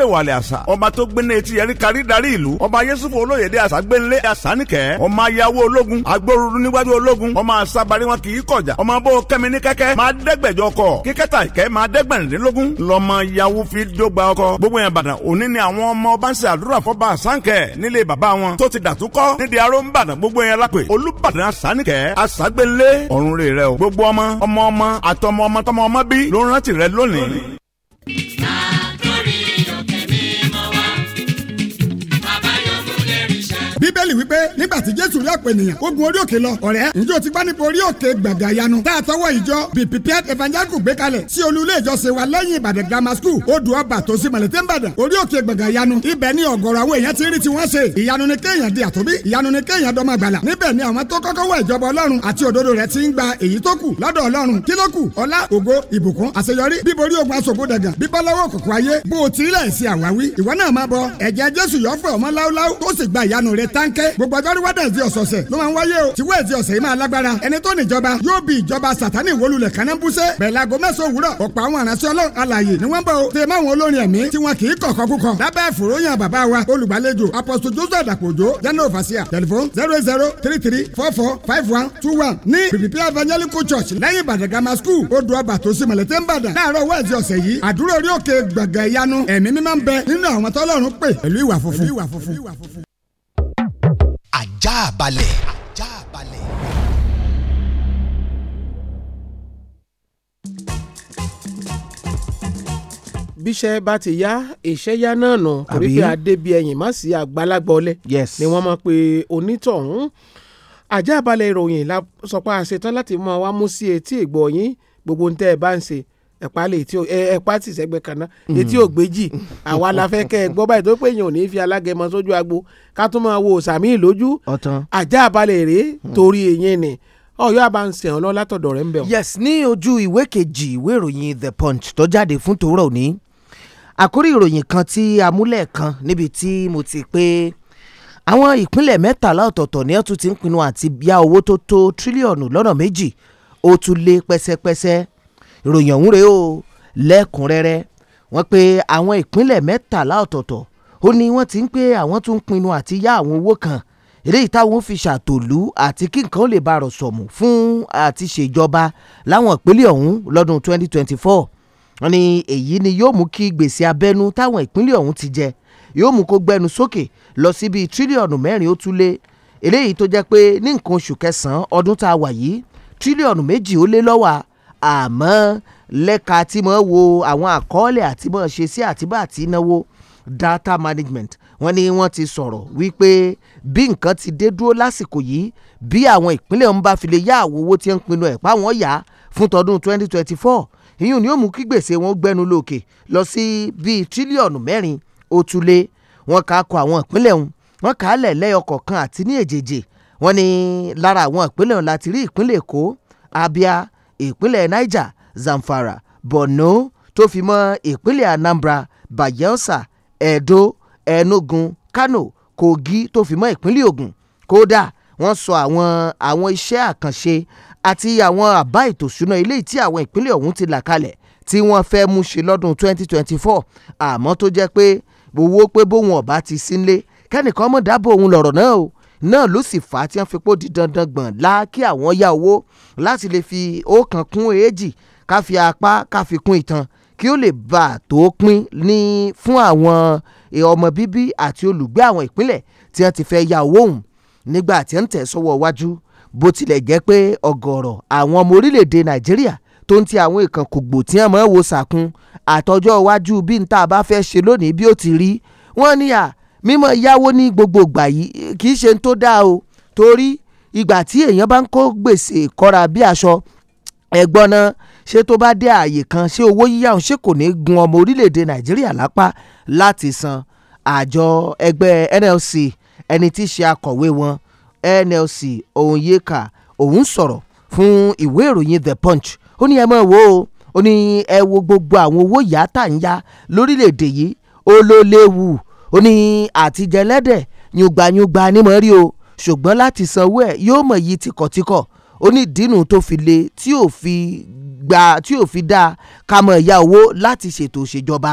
ọba tó gbéná etí yẹrí kárí darí ìlú ọba yẹsùfù olóyèdè àságbénlé àsánìkẹ́ ọmọ ayáwó ológun agbóruru níwájú ológun ọmọ àsábarí wọn kì í kọjá ọmọ bó kẹmi ní kẹkẹ máa dẹgbẹjọ kọ kíkẹta ìkẹ máa dẹgbẹrìndínlógún lọmọ yahoo fi dógba ọkọ gbogbo yẹn bàdàn òní ni àwọn ọmọ ọba ń ṣe àdúrà fọba àsánkẹ nílé bàbá wọn tó ti dàtúkọ nídìí aró ń bàdàn gbogbo yẹn lápè olúbàdàn àsánìkẹ àságbénlé ọ̀run rè rẹ o gbogbo ọmọ ọmọ ọmọ àtọmọ ọmọ tọmọ ọmọ bí ló rántí rẹ lónìí. bíbélì wípé nígbà tí jésù rí ọ̀pọ̀ ènìyàn ó gun orí òkè lọ ọ̀rẹ́ ǹjẹ́ ti gbá nípa orí òkè gbàgbà yanu tá a tọwọ́ ìjọ be prepared evangelical gbé kalẹ̀ sí olú ilé ìjọsìn wa lẹ́yìn ìbàdàn grammar school odò ọba tó sí mọ̀lẹ́tẹ́ ìbàdàn orí òkè gbàgbà yanu ibẹ̀ ni ọ̀gọ̀rọ̀ àwọn èèyàn ti rí tiwọn ṣe ìyanu ni kéèyàn di àtòbí ìyanu ni kéèyàn dọ́mọ gbàlà níbẹ̀ ni àwọn tó kọ́kọ́ wọ ìjọba ọlọ́run àti òdodo rẹ̀ ti ń gba èyí tó kù lọ́dọ̀ ọlọ́run kí ló kù ọlá ògo ìbùkún àṣeyọrí bíborí ogun aṣògo dàgàn bíbọ́láwọ́ òkùnkùn ayé bó o ti sí àwáwí ìwọ náà máa bọ ẹ̀jẹ̀ jésù yọ fún tó sì gba ìyanu rẹ̀ tán kẹ́ gbogbo ọjọ́rú wẹ́dẹ̀sì ọ̀sọ̀ọ̀sẹ̀ ló máa ń wáyé o tí wẹ́ẹ̀sì ọ̀sẹ̀ yìí máa lágbára ẹni tó níjọba yóò bí ìjọba sàtánì wọlulẹ̀ kánábùsẹ̀ bẹ́ẹ̀ láago mẹ́sàn òwúrọ̀ ọ̀pọ̀ àwọn aránṣẹ́ ọlọ́run alààyè ni wọ́n bọ̀ o tẹ máwọn olórin ẹ̀mí tí wọn kì í kọ̀kọ́ kúkọ lábẹ́ ìfòròyìn bàbá wa olùgbàlejò apọ́sítélì joseph dàpọ̀jọ zero zero three three four four five one two one pẹ̀lú ìwà funfun ajá balẹ̀. ajá balẹ̀. bíṣẹ́ bá ti yá iṣẹ́ yá náà nù torí pé adé bíi ẹ̀yìn má sí àgbàlagbà ọlẹ́ ni wọ́n máa pe onítọ̀hún ajá ìròyìn la sọ pé àṣetán láti máa wá mú sí etí ìgbọ̀ gbogbo ń tẹ́ ẹ bá ń ṣe ẹ̀pá lè tí ẹ̀pá tì sẹ́gbẹ́ kan náà mm. etí ò gbéjì àwa la fẹ́ kẹ́ ẹ gbọ́ báyìí tó pé èèyàn ò ní fi alágẹmọ sójú agbo ká tún máa wo sàmì lójú àjà àbálẹ̀ rèé mm. torí èèyàn ni ọyọ àbánsẹ ọlọ látọ̀dọ̀ rẹ̀ ń bẹ. yes ní ojú ìwé kejì ìwé ìròyìn the punch tó jáde fún tòórọ̀ òní àkórí ìròyìn kan tí amúlẹ̀ kan níbi tí mo ti pé àwọn ìpínlẹ̀ mẹ́tàlá ọ̀tọ̀ọ̀tọ̀ ni ẹ̀ tún ti ń pinnu àti yá owó tó tó tírílíọ̀nù lọ́nà méjì ó tún lé pẹ́sẹ́pẹ́sẹ́ ròyìn ọ̀hún rèé o lẹ́kùnrẹ́rẹ́ wọ́n pe àwọn ìpínlẹ̀ mẹ́tàlá ọ̀tọ̀ọ̀tọ̀ ó ní wọ́n ti ń pé àwọn tún pinnu àti yá àwọn owó kan eléyìí táwọn fi ṣàtòlú àti kí nǹkan lè bá rọ̀ sọ̀mù fún àti ṣèjọba láwọn ìpínlẹ̀ ọ̀hún lọ́dún 2024 wọ́n ní èyí ni yóò mú kí gbèsè abẹ́nú táwọn ìpínlẹ̀ ọ̀hún ti jẹ yóò mú kó gbẹnu sókè lọ sí bíi tírílíọ̀nù mẹ́rin ó tún lé eléyìí tó jẹ́ pé ní nǹkan oṣù kẹsàn-án ọdún tá a wà yìí tírílíọ̀nù méjì ó lé lọ́wọ́ àmọ́ lẹ́ka tí mo wo àwọn àkọọ́lẹ̀ àti mo ṣe sí àtibá àti náwó data management wọ́n ní wọ́n ti sọ̀rọ̀ wípé bí nǹkan ti dé dúró lásìkò yìí bí àwọn ìpínlẹ̀ ọ̀hún bá fi lè yá àwọn owó tí ń pinnu ẹ̀ pa wọ́n yá fún tọdún 2024 ìyún ni ó mú kí gbèsè wọn gbẹnu lókè lọ sí bíi tírílíọ̀nù mẹ́rin ó túlé wọ́n kà á kọ àwọn ìpínlẹ̀ ọ̀hún wọ́n kà á lẹ̀ lẹ́yọkọ̀ kan àti ní èjèèjì wọ́n ní lára àwọn ìpínlẹ̀ ọ̀hún láti rí ìpínlẹ̀ Èkó Abia ìpínlẹ̀ niger zamfara borno tó fi mọ́ ìpínlẹ̀ anambra bayelsa edo enugu kano kogi tó fi mọ́ ìpínlẹ̀ ogun kódà wọ́n sọ àwọn àwọn iṣẹ́ àkànṣe àti àwọn àbá ètò ìṣúná eléyìí tí àwọn ìpínlẹ̀ ọ̀hún ti là kalẹ̀ tí wọ́n fẹ́ mú ṣe lọ́dún 2024 àmọ́ tó jẹ́ pé owó pé bóun ọ̀bá ti sínlé kẹ́nìkan mọ̀ dábò òun lọ̀rọ̀ náà o náà ló sì fà á tí wọ́n fi pò di dandan gbọ̀n lá kí àwọn yá owó láti lè fi ọ̀kan kún èjì ká fi apá ká fi kún ìtàn kí ó lè bá a tó pín ní fún àwọn e, ọmọ bíbí àti olùgbé àwọn ìpínlẹ̀ tí wọ́n ti fẹ́ ya owó òun nígbà tí wọ́n tẹ̀ sọ́wọ́ iwájú bó tilẹ̀ jẹ́ pé ọ̀gọ̀rọ̀ àwọn ọmọ orílẹ̀-èdè nàìjíríà tó ń ti àwọn ìkàn kògbò tí wọ́n mọ̀ ń wo sàkún àtọjọ́ iwájú bí n tá bá fẹ́ ṣe lónìí bí ó ti rí wọ́n ní à mímọ yáwó ní gbogbo ìgbà yìí kì í ṣe tó dáa o torí ìgbà tí èèyàn bá ń kó gbèsè kọ́ra bí aṣọ ẹ̀gbọ́n náà ṣé tó bá dé ààyè kan ṣé owó yíyá òun ṣé kò ní gun ọmọ orílẹ̀-èdè nàìjíríà lápá láti san àjọ ẹgbẹ́ NLC ẹni tí í ṣe akọ̀wé wọn NLC Onyeka òun sọ̀rọ̀ fún ìwé ìròyìn The Punch ó ní ẹ mọ̀ wò ó ó ní ẹ wo gbogbo àwọn owó yàtà ń yá lórílẹ̀-èdè yìí ó ló léwu ó ní àtijẹ́lẹ́dẹ̀ yùngbàyùngbà ni mo rí o ṣùgbọ́n láti sanwó ẹ̀ yóò mọ̀ yí tìkọ̀tìkọ̀ ó ní ìdínú tó fi le tí ò fi gba tí ò fi dáa ká mọ̀ ya owó láti ṣètò ìṣèjọba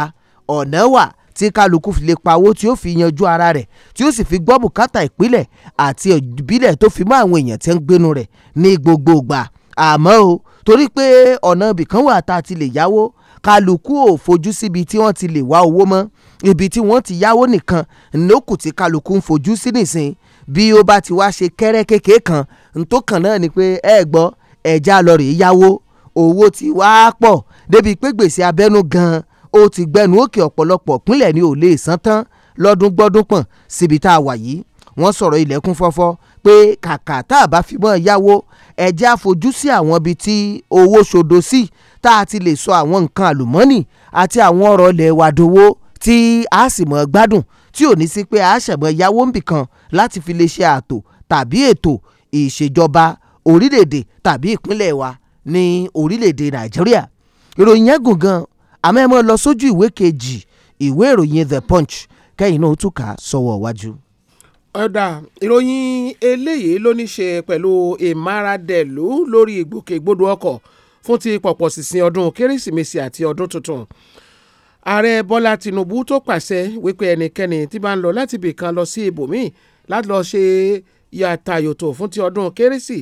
ọ̀nà wà tí kálukú fi lè pawó tí ó fi yanjú ara rẹ̀ tí ó sì fi gbọ́ bùkátà ìpínlẹ̀ àti ìbílẹ̀ tó fi mọ́ àwọn èèyàn tí ń gbénu rẹ̀ ní gbogbo ìgbà àmọ́ o torí pé ọ̀nà ibìkan wà tá a ti lè yáwó kálukú ò fojú síbi tí wọ́n ti lè wá owó mọ́ ibi tí wọ́n ti yáwó nìkan lókù tí kálukú ń fojú sí nìsín bí ó bá ti wá ṣe kẹ́rẹ́ kékeré kan tó kàn náà ni pé ẹ gbọ́ ẹ̀já lọ rèé yáwó owó ti wá pọ̀ débi pé gbèsè abẹ́nú gan-an ó ti gbẹ́nu òkè ọ̀pọ̀lọpọ̀ ìpínlẹ̀ ni ò lè san tán lọ́dún gbọ́dún pọ̀n síbi tá a wà yìí wọ́n sọ̀rọ̀ ilẹ̀kùn fọ́fọ́ pé kàkà tá a bá fi mọ́ yáwó ẹ̀já fojú sí àwọn ibi tí owó ṣòdo sí tá a ti lè sọ àwọn nǹkan àlùmọ́nì àti àwọn ọ̀rọ̀ ilẹ̀ tí a sì mọ̀ gbádùn tí ò ní sí pé a ṣẹ̀mọ̀ yáwó ń bìkan láti fi lè ṣe ààtò tàbí ètò ìṣèjọba orílẹ̀-èdè tàbí ìpínlẹ̀ wa ní orílẹ̀-èdè Nàìjíríà ìròyìn yẹn gùn gan àmọ́ ẹ mọ́ lọ sójú ìwé kejì ìwé ìròyìn The Punch kẹ́yìn náà ó tún kà sọ́wọ́ iwájú. ọ̀dà ìròyìn eléyìí ló ní ṣe pẹ̀lú ìmáradẹ̀lú lórí ìgbòkègbodò ọkọ̀ fún ti pọ̀pọ̀ṣìnṣìn ọdún kérésìmesì àti ọdún tuntun ààrẹ bọ́lá tìǹbù tó pàṣẹ wípé ẹnikẹ́ni tí bá ń lọ láti ibì kan lọ sí ibòmíì láti lọ ṣe yàtàyòtò fún ti ọdún kérésì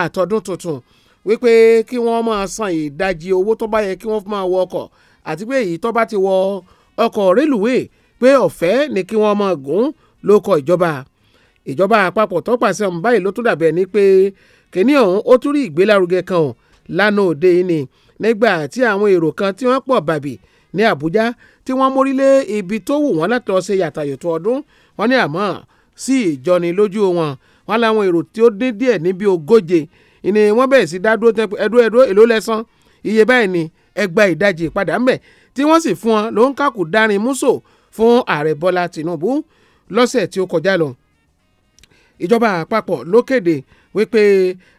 àtọdún tuntun wípé kí wọ́n máa san ìdajì owó tó bá yẹ kí wọ́n máa wọ ọkọ̀ àti pé èyí tó bá ti wọ ọkọ̀ rélùwéè pé ọ̀fẹ́ ni kí wọ́n máa gùn ló kọ ìjọba ìjọba àpapọ̀ tó pàṣẹ ọ̀hún báyìí ló tún dàbẹ̀ ni pé kìíní ọ̀hún ó tún rí ìgbélárugẹ kan ọ̀hún lánàá òde yìí ni nígbà tí àwọn èrò kan tí wọ́n pọ̀ bàbí ní Àbújá tí wọ́n mórí lé ibi tó wù wọ́n láti lọ ṣe yàtàyòtò ọdún wọ́n ní àmọ́ sí ìjọni lójú wọn wọ́n láwọn èrò tí ó dín díẹ̀ níbi ogóje ni wọ́n bẹ̀rẹ̀ sí dádúró ẹdúró ẹdúró èló lẹ́sán iye báyìí ni ẹgbà ìdajì padà ńbẹ̀ tí wọ́n sì fún wọn ló ń kàkù dárin múso fún ààrẹ Bọ́lá Tinubu lọ́sẹ̀ tí ó kọjá lọ ìjọba àpapọ̀ ló kéde wípé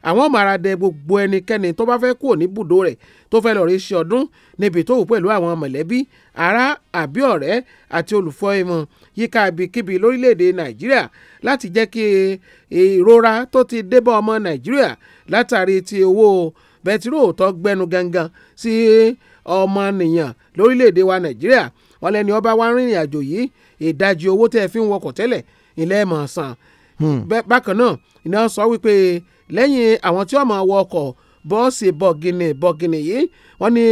àwọn màràdẹ gbogbo ẹnikẹ́ni tó bá fẹ́ kúrò ní bùdó rẹ̀ tó fẹ́ lọ rí ṣe ọdún níbi tó wù pẹ̀lú àwọn mọ̀lẹ́bí ara àbí ọ̀rẹ́ àti olùfọ́ ìmọ̀ yíká ibikíbi lórílẹ̀‐èdè nàìjíríà láti jẹ́ kí ìrora tó ti débá ọmọ nàìjíríà látàrí ti owó bẹtiró tó gbẹnu gangan sí ọmọnìyàn lórílẹ̀‐èdè wa nàìjíríà wọn lẹ́ni ọba wa rìnrìn àjò yìí ìdajì owó tẹ́ ẹ fi ń wọkọ̀ tẹ́lẹ̀ ilẹ̀ mọ̀ọ́sán Hmm. bákan náà iná sọ wípé lẹ́yìn àwọn tí wọ́n máa wọ ọkọ̀ bọ́ọ̀sì bọ̀gìnì bọ̀gìnì yìí wọ́n ní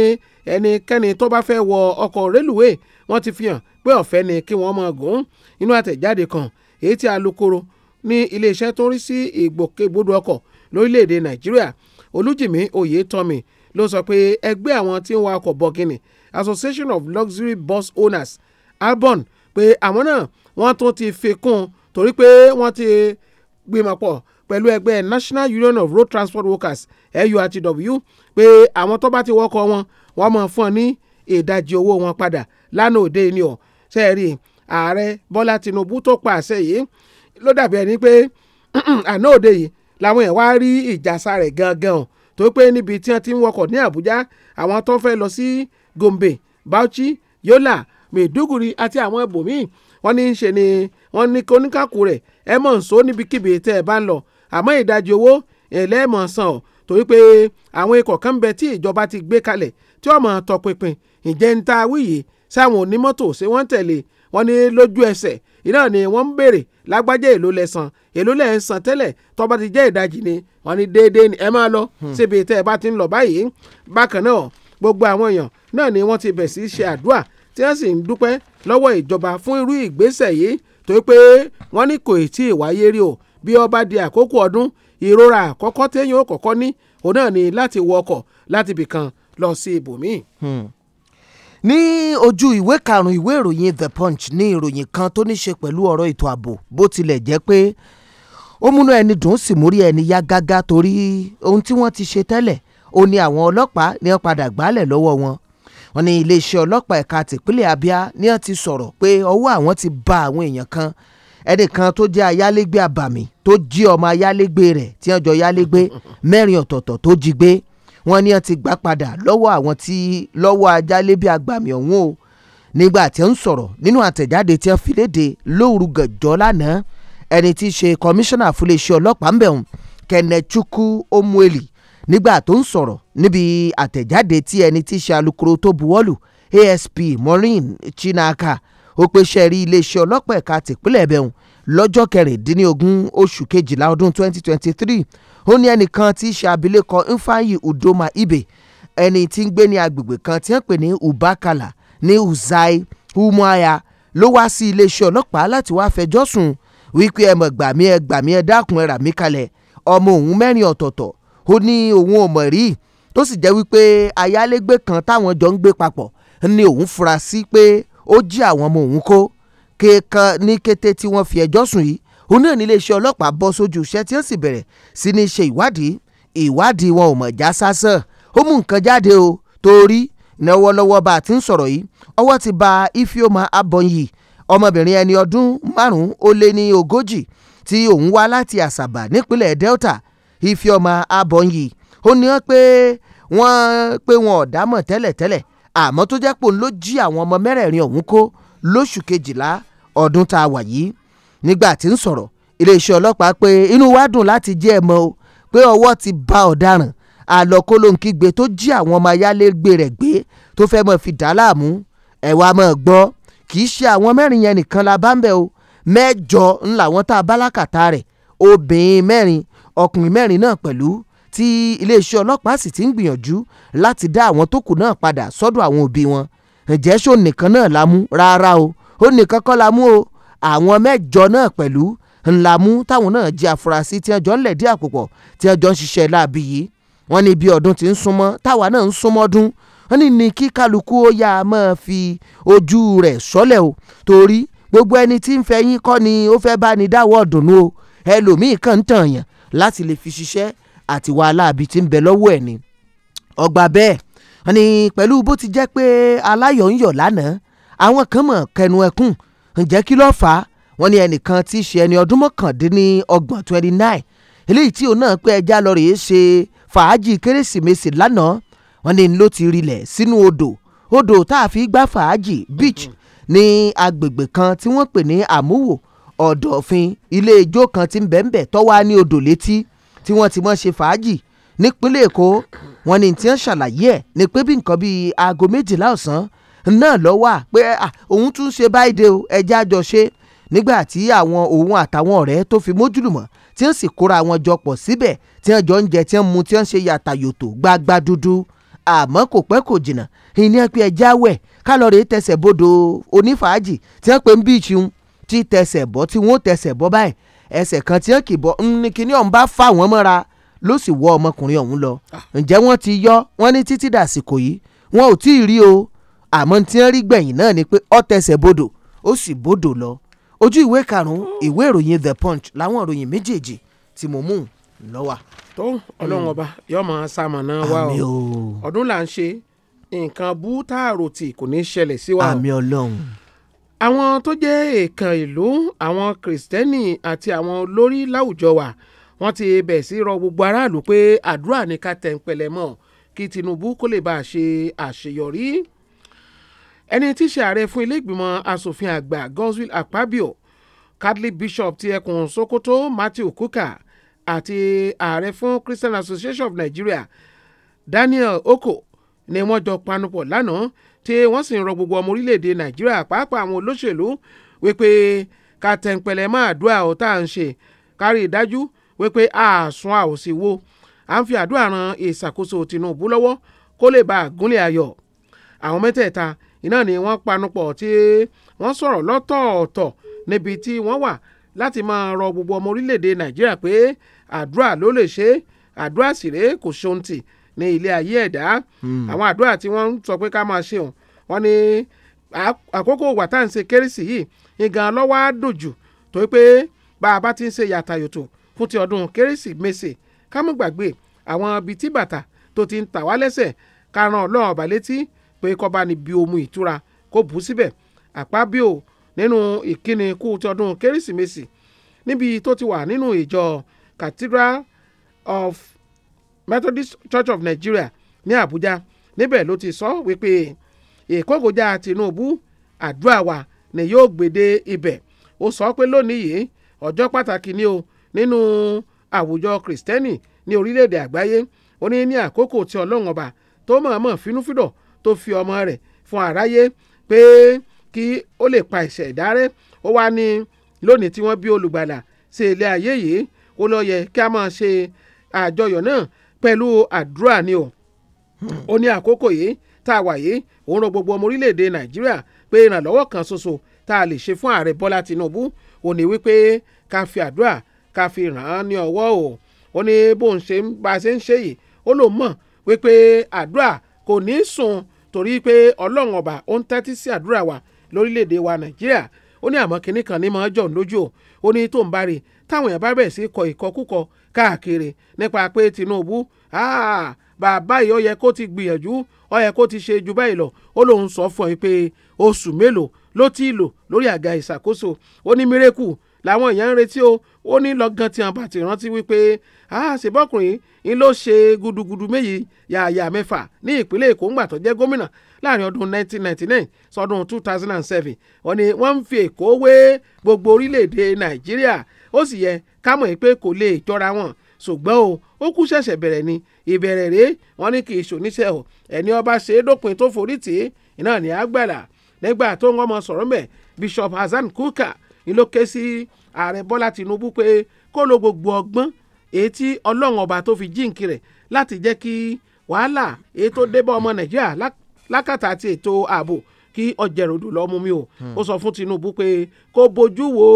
ẹnikẹ́ni tó bá fẹ́ wọ ọkọ̀ rélùwé wọ́n ti fi hàn pé ọ̀fẹ́ ni kí wọ́n máa gùn inú àtẹ̀jáde kan èyí tí alukoro ní iléeṣẹ́ tó ń rí sí ìgbòkègbodò ọkọ̀ lórílẹ̀‐èdè nàìjíríà olújìmí oyètọ́mi ló sọ pé ẹgbẹ́ àwọn tí ń wa ọkọ̀ bọ̀gìnì association of luxury bus owners albon pé àwọn náà wọ́n tún ti fi kún un torí pé wọ́n ti gbìmọ̀ pọ̀ pẹ̀lú ẹgbẹ́ National Union of Road Transport Workers NURTW pé àwọn tó bá ti wọ́kọ̀ wọn wọ́n máa fún ọ ní ìdajì owó wọn padà lánàá òde ni ọ̀ sẹ́ẹ̀rì ààrẹ Bọ́lá Tinubu tó pa àṣẹ yìí ló dàbí ẹni pé àná òde yìí làwọn ẹ̀ wá rí ìjà sáré gangan tó pé níbi tí wọ́n ti ń wọkọ̀ ní Àbújá àwọn tó fẹ́ lọ sí Gombe Bauchi Yola Maiduguri àti àwọn ibòmíì wọ́n ní í ṣe ni wọ́n ní oníkàkù rẹ̀ ẹ mọ̀ nsó níbikíbi tẹ́ ẹ bá ń lọ àmọ́ ìdajì owó ẹlẹ́ẹ̀mọ̀ san ọ̀ torí pé àwọn ikọ̀ kan bẹ tí ìjọba ti gbé kalẹ̀ tí ọmọ tọpinpin ìjẹ́ ń ta wíyè sáwọn onímọ́tò ṣé wọ́n tẹ̀lé wọ́n ní lójú ẹsẹ̀ iná ni wọ́n ń béèrè lágbájá èlò lẹ́sàn èlò lẹ́sàn tẹ́lẹ̀ tọ́ba ti jẹ́ ìdajì ni wọ́n ní déédéé ni ẹ máa lọ hmm. síbi tẹ́ ẹ bá ti ń lọ báyìí bákan náà gbogbo àwọn èèyàn náà ni wọ́n ti bẹ̀ sí ṣe àdúrà tí wọ́n sì ń dúpẹ́ lọ́wọ́ ìjọba fún irú ìgbésẹ̀ yìí tó pé wọ́n ní kò tí ì wáyé rí o bí ó bá di àkókò ọdún ìrora àkọ́kọ́ téèyàn ó ní òun náà ni láti wọ ọkọ̀ láti ibìkan lọ sí ibòmíì. Hmm. ní ojú ìwé karùn-ún ìwé ìròyìn The Punch ní ìròyìn kan tó ní ṣe pẹ̀lú ọ̀rọ̀ ètò ààbò bó tilẹ̀ jẹ́ pé ó múnú ẹni dùn sì mórí ẹni yá gágá torí ohun tí wọ́n ti ṣe tẹ́lẹ̀ ó àwọn ọlọ́pàá ní wọ́n padà gbálẹ̀ lọ́wọ́ wọn wọ́n ní iléeṣẹ́ ọlọ́pàá ẹ̀ka tìpínlẹ̀ Abia ní wọ́n ti sọ̀rọ̀ pé ọwọ́ àwọn ti ba àwọn èèyàn kan ẹnìkan tó jẹ́ ayálégbé àbàmì tó jí ọmọ ayálégbé rẹ̀ tí wọ́n jọ yálégbé mẹ́rin ọ̀tọ̀ọ̀tọ̀ tó jí gbé wọ́n ní wọ́n ti gbà padà lọ́wọ́ àwọn tí lọ́wọ́ ayálégbé àgbàmì ọ̀hún o nígbà tí wọ́n ń sọ̀rọ̀ nínú àtẹ̀jáde tí wọ́n fi léde lóòrù gànjọ́ lánàá ẹni tí í ṣe kọmíṣánná fúnléṣẹ́ ọlọ́pàá ń bẹ̀rùn Kenneth Chukwu Omueli nígbà tó ń sọ̀rọ̀ níbi àtẹ̀jáde tí ẹni tí ṣe alukoro tó buwọ́lù ASP Maureen Chinaka ó pe sẹ́ẹ̀rí iléeṣẹ́ ọlọ́pàá ẹ̀ka tìpínlẹ̀ bẹ̀hùn lọ́jọ́ kẹrìndínlógún oṣù kejìlá ọdún 2023 ó ní ẹnìkan tí í ṣe abilékọ Ifeanyi Udoma Ibe ẹni tí ń gbé ní agbègbè kan tí ń pè ní Ubakala ní Uzai Umuahia ló wá sí iléeṣẹ́ ọlọ́pàá láti wá fẹjọ́ sùn wípé ẹ mọ̀ gbàmí ẹ gbàmí ẹ dákun ẹ rà mí kalẹ̀ ọmọ òun mẹ́rin ọ̀tọ̀ọ̀tọ̀ ó ní òun ò mọ̀ rí tó sì jẹ́ wípé ayálégbé kan táwọn jọ ń gbé papọ̀ ni òun fura sí pé ó jí àwọn ọmọ òun kó kéèkan ní kété tí wọ́n fi ẹjọ́ sùn yìí òun náà ní iléeṣẹ́ ọlọ́pàá bọ́ sójú iṣẹ́ tí ó sì bẹ̀rẹ̀ sí ní ṣe ìwádìí ìwádìí wọn ò mọ̀ já sásán ó mú nǹkan jáde o torí lọ́wọ́lọ́wọ́ bá a ti ń sọ̀rọ̀ yìí ọwọ́ ti ba Ifeoma Abonyi ọmọbìnrin ẹni ọdún márùn-ún ó lé ní ogójì tí òun wá láti Àsàbà nípínlẹ̀ Delta Ifeoma Abonyi ó ní wọ́n pé wọ́n pé wọn ò dámọ̀ tẹ́lẹ̀tẹ́lẹ̀ àmọ́ tó jẹ́ pò ló jí àwọn ọmọ mẹ́rẹ̀ẹ̀rin ọ̀hún kó lóṣù kejìlá ọdún tá a wà yìí nígbà tí ń sọ̀rọ̀ iléeṣẹ́ ọlọ́pàá pé inú wa dùn láti jẹ́ ẹ mọ̀ o pé ọwọ́ ti bá ọ̀daràn àlọ́kọ́lóńkígbe tó jí àwọn ọmọ ayálégbé rẹ̀ gbé tó fẹ́ mọ̀ fi dá láàmú ẹ̀ wá mọ̀ gbọ́ kì í ṣe àwọn mẹ́rin yẹn nìkan la bá ń bẹ̀ o mẹ́jọ ńlá wọn tá a bá lákàtà rẹ̀ obìnrin mẹ́rin ọkùnrin mẹ́rin náà pẹ̀lú tí iléeṣẹ́ ọlọ́pàá sì ti ń gbìyànjú láti dá àwọn tó kù náà padà sọ́dọ̀ àwọn òbí wọn ǹjẹ́ ṣó nìkan náà la mú rárá o ó nìkan kọ́ la mú o àwọn mẹ́jọ náà pẹ̀lú ńlá mú táwọn náà jẹ́ afurasí tí ẹjọ́ ńlẹ̀dí àpòpọ̀ tí ẹjọ́ ń ṣiṣẹ́ láabi yìí wọ́n ní bí ọdún ti ń súnmọ́ táwa náà ń súnmọ́ dún wọ́n ní ní kí kálukú ó yá a máa fi ojú rẹ̀ sọ́lẹ̀ o torí gbogbo ẹni tí ń fẹ́ yín kọ́ ni ó fẹ́ bá ní dáwọ́ ọ̀dùnnú o ẹlòmíì kàn ń tàn yàn láti lè fi ṣiṣẹ́ àti wàhálà àbí tí ń bẹ lọ́wọ́ ẹ̀ ni ọgbà bẹ́ẹ̀ ni pẹ̀lú bó ti jẹ́ pé aláyọ̀ ń yọ̀ lánàá àwọn kan mọ̀ kẹnu ẹkùn ǹjẹ́ kí ló fà á wọ́n ní ẹnìkan tí ṣe ẹni ọdún mọ́kàndínlọ́gbọ̀n twenty nine eléyìí tí òun náà pé ẹja lọ rèé ṣe fàájì kérésìmesì lánàá wọ́n ní ló ti rilẹ̀ sínú odò odò tá a fi gbá fàájì beach ní agbègbè kan tí wọ́n pè ní àmúwò ọ̀dọ̀fin ilé ijó kan ti ń bẹ̀ǹbẹ̀ tọ́wá ní odò létí tí wọ́n ti mọ́ ṣe fàájì nípínlẹ̀ èkó wọn ni tí wọ́n ṣàlàyé ẹ̀ ni pé bí nǹkan bíi aago méjìlá ọ̀sán náà lọ wà pé òun tún ṣe báyìí de o ẹja jọ ṣe nígbà tí àwọn òun àtàwọn ọ̀rẹ́ tó fi mójúlùmọ̀ tí wọ́n sì kóra wọn jọ pọ̀ síbẹ̀ tí wọ́n jọ ń jẹ tí wọ́n mu tí wọ́n ṣe yàtà yòtò gbagba dúdú àmọ́ kò pẹ́ kò jìnnà ìní ẹ pé ẹja wẹ̀ kálọ̀rì tẹsẹ̀ bodò onífàájì tí wọ́n pe ń bí ìṣun tí tẹsẹ̀ bọ́ tí wọ́n tẹsẹ̀ bọ́ báyìí ẹsẹ̀ kan tí wọ́n kì bọ́ ń ní kíní ọ̀hún bá fà wọ́n mọ́ra ló sì wọ́ ọmọkùnrin ọ̀hún lọ ah. ǹjẹ́ wọ́n ti yọ wọ́n ní títí dàsìkò yìí wọn ò tí ì rí o àmọ́ tí wọ́n rí gbẹ̀yìn náà ni pé ó tẹsẹ̀ bodò ó sì bodò lọ ojú ìwé karùn-ún ìwé ìròyìn the punch láwọn ìròyìn méjèèjì tí mo mú lọ́wà. tó ọlọ́run ọba yóò máa ṣamọ̀nà wa o ọdún là ń ṣe nǹkan bú tààrò tí kò ní ṣẹlẹ̀ sí wa o àmì ọlọ́run àwọn tó jẹ́ èèkàn ìlú àwọn kìrìsìtẹ́nì àti àwọn olórí láwùjọ wa wọ́n ti bẹ̀ sí rọ gbogbo aráàlú pé àdúrà ní ká tẹ̀ ń pẹlẹ mọ́ kí Tinubu kó lè bá a ṣe àṣeyọrí ẹni tí í ṣe ààrẹ fún ilé asòfin àgbà Godswill Akpabio Catholic Bishop ti ẹkùn Sokoto Matthew Kuka àti ààrẹ fún Christian Association of Nigeria Daniel Oko ni wọ́n jọ panupọ̀ lánàá tí wọ́n sì ń rọ gbogbo ọmọ orílẹ̀-èdè nàìjíríà pàápàá àwọn olóṣèlú wípé ká tẹ̀ǹpẹ̀lẹ̀ mọ́ àdúrà ọ̀ tá à ń ṣe kárí ìdájú wípé àásùn àòsì wo à ń fi àdúrà ran ìṣàkóso Tinubu lọ́wọ́ kó lè bá àgúnlẹ̀ ayọ̀ àwọn mẹ́tẹ̀ẹ̀ta iná ni wọ́n panupọ̀ tí wọ́n sọ̀rọ̀ lọ́tọ̀ọ̀tọ̀ níbi tí wọ́n wà láti máa rọ gbogbo ọmọ orílẹ̀-èdè nàìjíríà pé àdúrà ló lè ṣe àdúrà sì rèé kò ṣohun ní ilé ayé ẹ̀dá hmm. àwọn àdúrà tí wọ́n ń sọ pé ká máa ṣe hàn wọ́n ní àkókò wà tá à ń ṣe kérésì yìí ìgàn lọ́wọ́ á dòjù tó pé bá a bá ti ń ṣe yàtàyòtò fún ti ọdún kérésìmesì ká mú gbàgbé àwọn ibi tí bàtà tó ti ń tà wá lẹ́sẹ̀ ká ran ọlọ́run ọ̀bà létí pé kó bá ní omi ìtura kó bù ú síbẹ̀ àpábíò nínú ìkíni kú ti ọdún kérésìmesì níbi tó ti wà nínú ìjọ Cathedral of Methodist Church of Nigeria ní abuja níbẹ̀ ló ti sọ wípé ìkógojá Tinubu àdúrà wa ni yóò gbèdé ibẹ̀ ó sọ pé lónìí yìí ọjọ́ pàtàkì ni o nínú àwùjọ Kristẹni ní orílẹ̀-èdè àgbáyé ó ní ní àkókò tí Ọlọ́run ọba tó mọ̀ọ́mọ̀ fínúfíndọ̀ tó fi ọmọ rẹ̀ fún aráyé pé kí ó lè pa ẹ̀ṣẹ̀ ìdárẹ́ ó wá ní lónìí tí wọ́n bí olùgbàlà sí ilé ayé yìí ó lọ yẹ kí a máa ṣe àjọyọ̀ náà pẹ̀lú àdúrà ni o hmm. ó ní àkókò yìí tá a wà yìí òun rọ gbogbo ọmọ orílẹ̀-èdè nàìjíríà pé ìrànlọ́wọ́ kan ṣoṣo tá a lè ṣe fún ààrẹ bọ́lá tìǹbù ó ní wípé ká fi àdúrà ká fi ràn án ní ọwọ́ o ó ní bóun ṣe bá a ṣe ń ṣe yìí ó lóun mọ̀ wípé àdúrà kò ní sùn torí pé ọlọ́run ọba ó ń tẹ́tí sí àdúrà wa lórílẹ̀‐èdè wa nàìjíríà ó ní àmọ́ kinní kan ní mọ́ jọ̀ lójú o ó ní tó ń bá rí táwọn èèyàn bá bẹ̀rẹ̀ sí kọ ìkọkúkọ káàkiri nípa pé Tinubu ah, bàbá yìí ó yẹ kó ti gbìyànjú ó yẹ kó ti ṣe ju báyìí lọ ó lóun sọ fún ẹ pé oṣù mélòó ló ti lò lórí àga ìṣàkóso ó ní mírèkù làwọn èèyàn ń retí o ó ní lọ́gán tí àwọn bàtì rántí wípé àṣebọ́kùnrin ah, ń ló ṣe gudugudu méjì yàyà mẹ́fà ní ìpínlẹ̀ Èkó ńgbà tó jẹ́ gómìnà láàrin ọdún 1999 sọdún 2007 ó ní wọ́n ń fi Èkó wé gbogbo orílẹ̀-èdè Nàìjíríà ó sì yẹ kámọ̀ pé kò lè jọra wọn ṣùgbọ́n o ó kú ṣẹ̀ṣẹ̀ bẹ̀rẹ̀ ni ìbẹ̀rẹ̀ rèé wọn ní kì í ṣòníṣẹ́ o ẹni ọba ṣe é dópin tó forí tì í iná ní àgbàlá nígbà tó ń ọmọ sọ̀rọ̀ mẹ́ Bishop Hasan Kuka ni ló ké sí ààrẹ Bọ́lá Tinubu pé kó lo gbogbo ọgbọ́n èyí tí ọlọ́run ọba tó fi jíǹkì rẹ̀ láti jẹ́ kí wàhálà èyí tó débọ̀ ọmọ Nàìjíríà lákàtà àti ètò ààbò kí ọ̀jẹ̀rọ̀dù lọ́ọ́ mú mi o hmm. ó sọ fún Tinubu pé kó bójú wo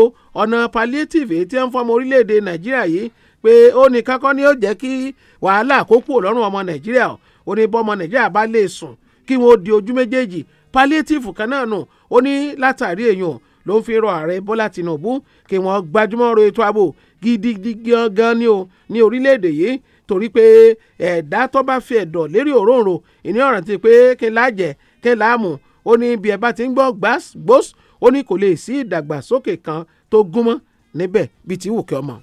ọ̀nà palliative tí ń fọmọ orílẹ̀-èdè Nàìjíríà yìí pé ó ní kankan ni ó jẹ́ kí wàhálà kó kúrò lọ́rùn ọmọ Nàìjíríà ó ní bọ́mọ Nàìjíríà bá lè sùn kí wọ́n di ojú méjèèjì palliative kan náà nù ó ní látàrí èèyàn ló ń fi rọ ààrẹ Bọ́lá Tinubu kí wọ́n gbajúmọ̀ ọ̀rọ̀ ètò ààbò gidigidi gan ni o ní orílẹ̀-èdè yìí torí pé ẹ̀dá tó bá fi ẹ̀dọ̀ lérí òróǹro ìní ọ̀ràn ti pé kí n lájẹ̀ kí n láàmú ó ní bí ẹ bá ti ń gbọ́ gbàgbós ó ní kò lè sí ìdàgbàsókè kan tó gúnmọ́ níbẹ̀ bíi ti wù kí ọmọ.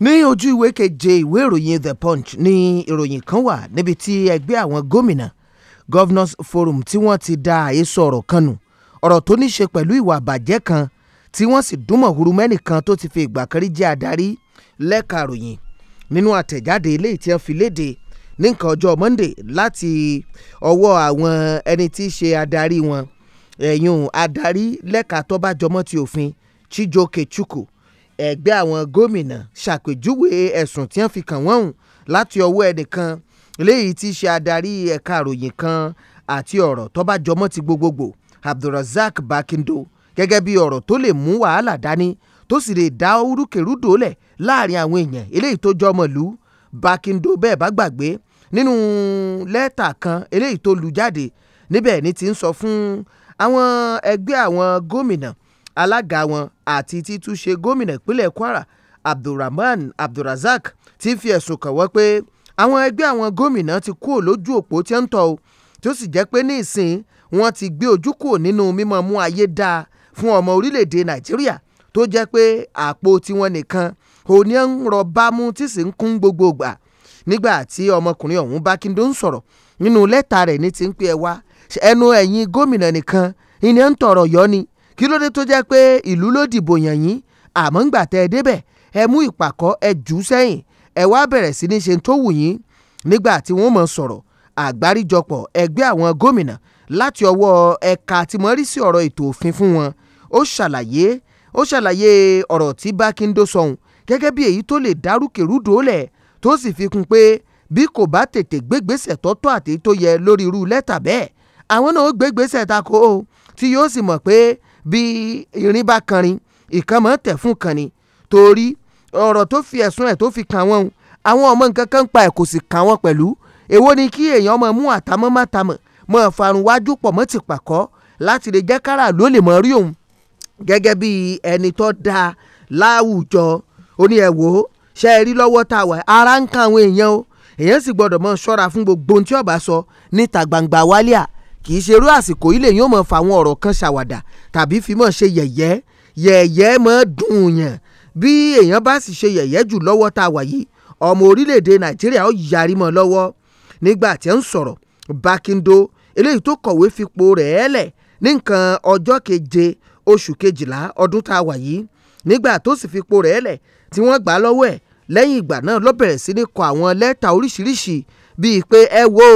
ní ojú ìwé keje ìwé ìròyìn the punch ní ìròyìn kan wà níbi tí ẹgbẹ́ àwọn gómìnà governors forum tí wọ́n ti da àhesọ ọ̀rọ̀ kan nù ọ̀rọ̀ tó ní ṣe pẹ̀lú ìwà àbàjẹ́ kan tí wọ́n sì dúnmọ̀ huru mẹ́nìkan tó ti fi ìgbà kan rí jẹ́ adarí lẹ́ka ròyìn nínú àtẹ̀jáde eléyìí tí wọ́n fi léde ní nǹkan ọjọ́ Monday láti ọwọ́ àwọn ẹni tí í ṣe adarí wọn ẹ̀yùn adarí lẹ́ka tó bá jọmọ́ ti òfin Chijioke Chukwu ẹgbẹ́ àwọn gómìnà ṣàpèjúwe ẹ̀sùn tí wọ́n fi kàn wọ́n hùn láti ọwọ́ ẹnìkan léyìí tí í ṣe adarí ẹ̀ka àròyìn kan àti ọ̀rọ̀ tó bá jọmọ́ ti gbogbogbò Abdulrasaq Bakindo gẹ́gẹ́ bí ọ̀rọ̀ tó lè mú wàhálà dání tó sì lè dá orúkèrúdò lẹ̀ láàrin àwọn èèyàn eléyìí tó jọmọ́ lù Bakindo bẹ́ẹ̀ bá gbàgbé nínú lẹ́tà kan eléyìí tó lu jáde níbẹ̀ ni ti ń sọ fún àwọn ẹgbẹ́ àwọn gómìnà alága wọn àti títúnṣe gómìnà ìpínlẹ̀ Kwara Abdulrahman Abdulrazak ti fi ẹ̀sùn kàn wọ́n pé àwọn ẹgbẹ́ àwọn gómìnà ti kúrò lójú òpó tí ó ń tọ́ o tí ó sì jẹ́ pé ní ìsìn wọn ti gbé ojú kúrò nínú mímọ́ mú ayé dáa fún ọmọ orílẹ̀-èdè Nàìjíríà tó jẹ́ pé àpò tiwọn nìkan òní ń rọ bámú tí sì ń kún gbogbo ìgbà nígbà tí ọmọkùnrin ọ̀hún Bákíndé ń sọ̀rọ̀ nínú lẹ́tà rẹ̀ ní ti ń pè ẹ wá ẹnu ẹ̀yin gómìnà nìkan ìní ń tọrọ yọ ni kí ló dé tó jẹ́ pé ìlú ló dìbò yàn yín àmọ́ ńgbà tẹ́ ẹ débẹ̀ ẹ mú ìpàkọ́ ẹ jù ú sẹ́yìn ẹ wá bẹ̀rẹ̀ sí ní ṣe tó wù yín nígbà tí wọ́n mọ̀ sọ̀rọ̀ àgbáríjọpọ̀ ẹgbẹ́ àwọn gómìnà láti ọwọ́ ẹ̀ka tí mo rí sí ọ̀rọ̀ ètò òfin fún wọn ó ṣàlàyé ó ṣàlàyé ọ̀rọ̀ tí Bákíndé sọ̀hún gẹ́gẹ́ bí èyí tó lè dárúkèrúdò lẹ̀ tó sì fi kún pé bí kò bá tètè gbégbésẹ̀ tọ́tọ́ àti tó yẹ lórí irú lẹ́tà bẹ́ẹ̀ àwọn náà ó gbégbésẹ̀ tako o tí yóò sì mọ̀ pé bí irin bá kanrin ìkànnì tẹ̀ fún kanni torí ọ̀rọ̀ tó fi ẹ̀sùn ẹ̀ tó fi kàn wọ́n àwọn ọmọ nǹkan kan pa ẹ̀ kò sì kàn wọ́n pẹ̀lú èwo ni kí èèyàn ọmọ mú àtàmọ́ mátàmọ́ mọ́ ọ̀farun wájú pọ̀ mọ́ ti pàkọ́ láti lè jẹ́ kára ló lè mọ̀ rí òun gẹ́gẹ́ bí ẹni tó dáa láwùjọ ó ṣe é rí lọ́wọ́ tá a wà ara ń kan àwọn èèyàn o èèyàn sì gbọ́dọ̀ mọ ṣọ́ra fún gbogbo ohun tí ọba sọ níta gbangba wálíà kì í ṣerú àsìkò ilé yóò mọ̀ fa àwọn ọ̀rọ̀ kan ṣàwàdà tàbí fi mọ̀ ṣe yẹ̀yẹ́ yẹ̀yẹ́ mọ̀ dùn yàn bí èèyàn bá sì ṣe yẹ̀yẹ́ jù lọ́wọ́ tá a wà yìí ọmọ orílẹ̀-èdè nàìjíríà ó yarí mọ́ lọ́wọ́ nígbà tí ń sọ̀rọ̀ Bákíndó eléyìí tó kọ̀wé fipò rẹ̀ ẹ́lẹ̀ ní nǹkan ọjọ́ keje oṣù kejìlá ọdún tá a wà yìí nígbà tó sì fipò rẹ̀ ẹ́lẹ̀ tí wọ́n gbà lọ́wọ́ ẹ̀ lẹ́yìn ìgbà náà ló bẹ̀rẹ̀ sí ní kọ àwọn lẹ́tà oríṣiríṣi bíi pé ẹ wo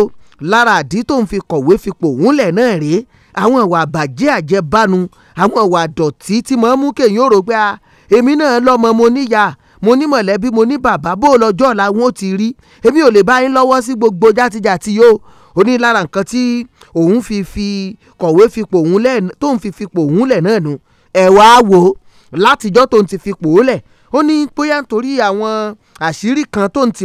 lára àdí tó ń fi kọ̀wé fipò òǹlẹ̀ náà rèé àwọn ìwà àbàjẹ́ àjẹbánu àwọn ìwà àdọ̀tí tí mo mú kéèyàn rò pé ah, èmi náà lọ́mọ mo níyà mo ní mọ̀lẹ́bí mo ní bàbá bó lọ́jọ́ ọ̀la wọn ò ti rí èmi ò lè bá yín lọ́wọ́ sí gbogbo játijàti yó ó ní lára nǹkan tí òun fi fi kọ̀wé fipò òun lẹ̀ tó ń fi fipò òun lẹ̀ náà nu ẹ̀ wá wò látijọ́ tó ń ti fipò òun lẹ̀ ó ní bóyá nítorí àwọn àṣírí kan tó ń ti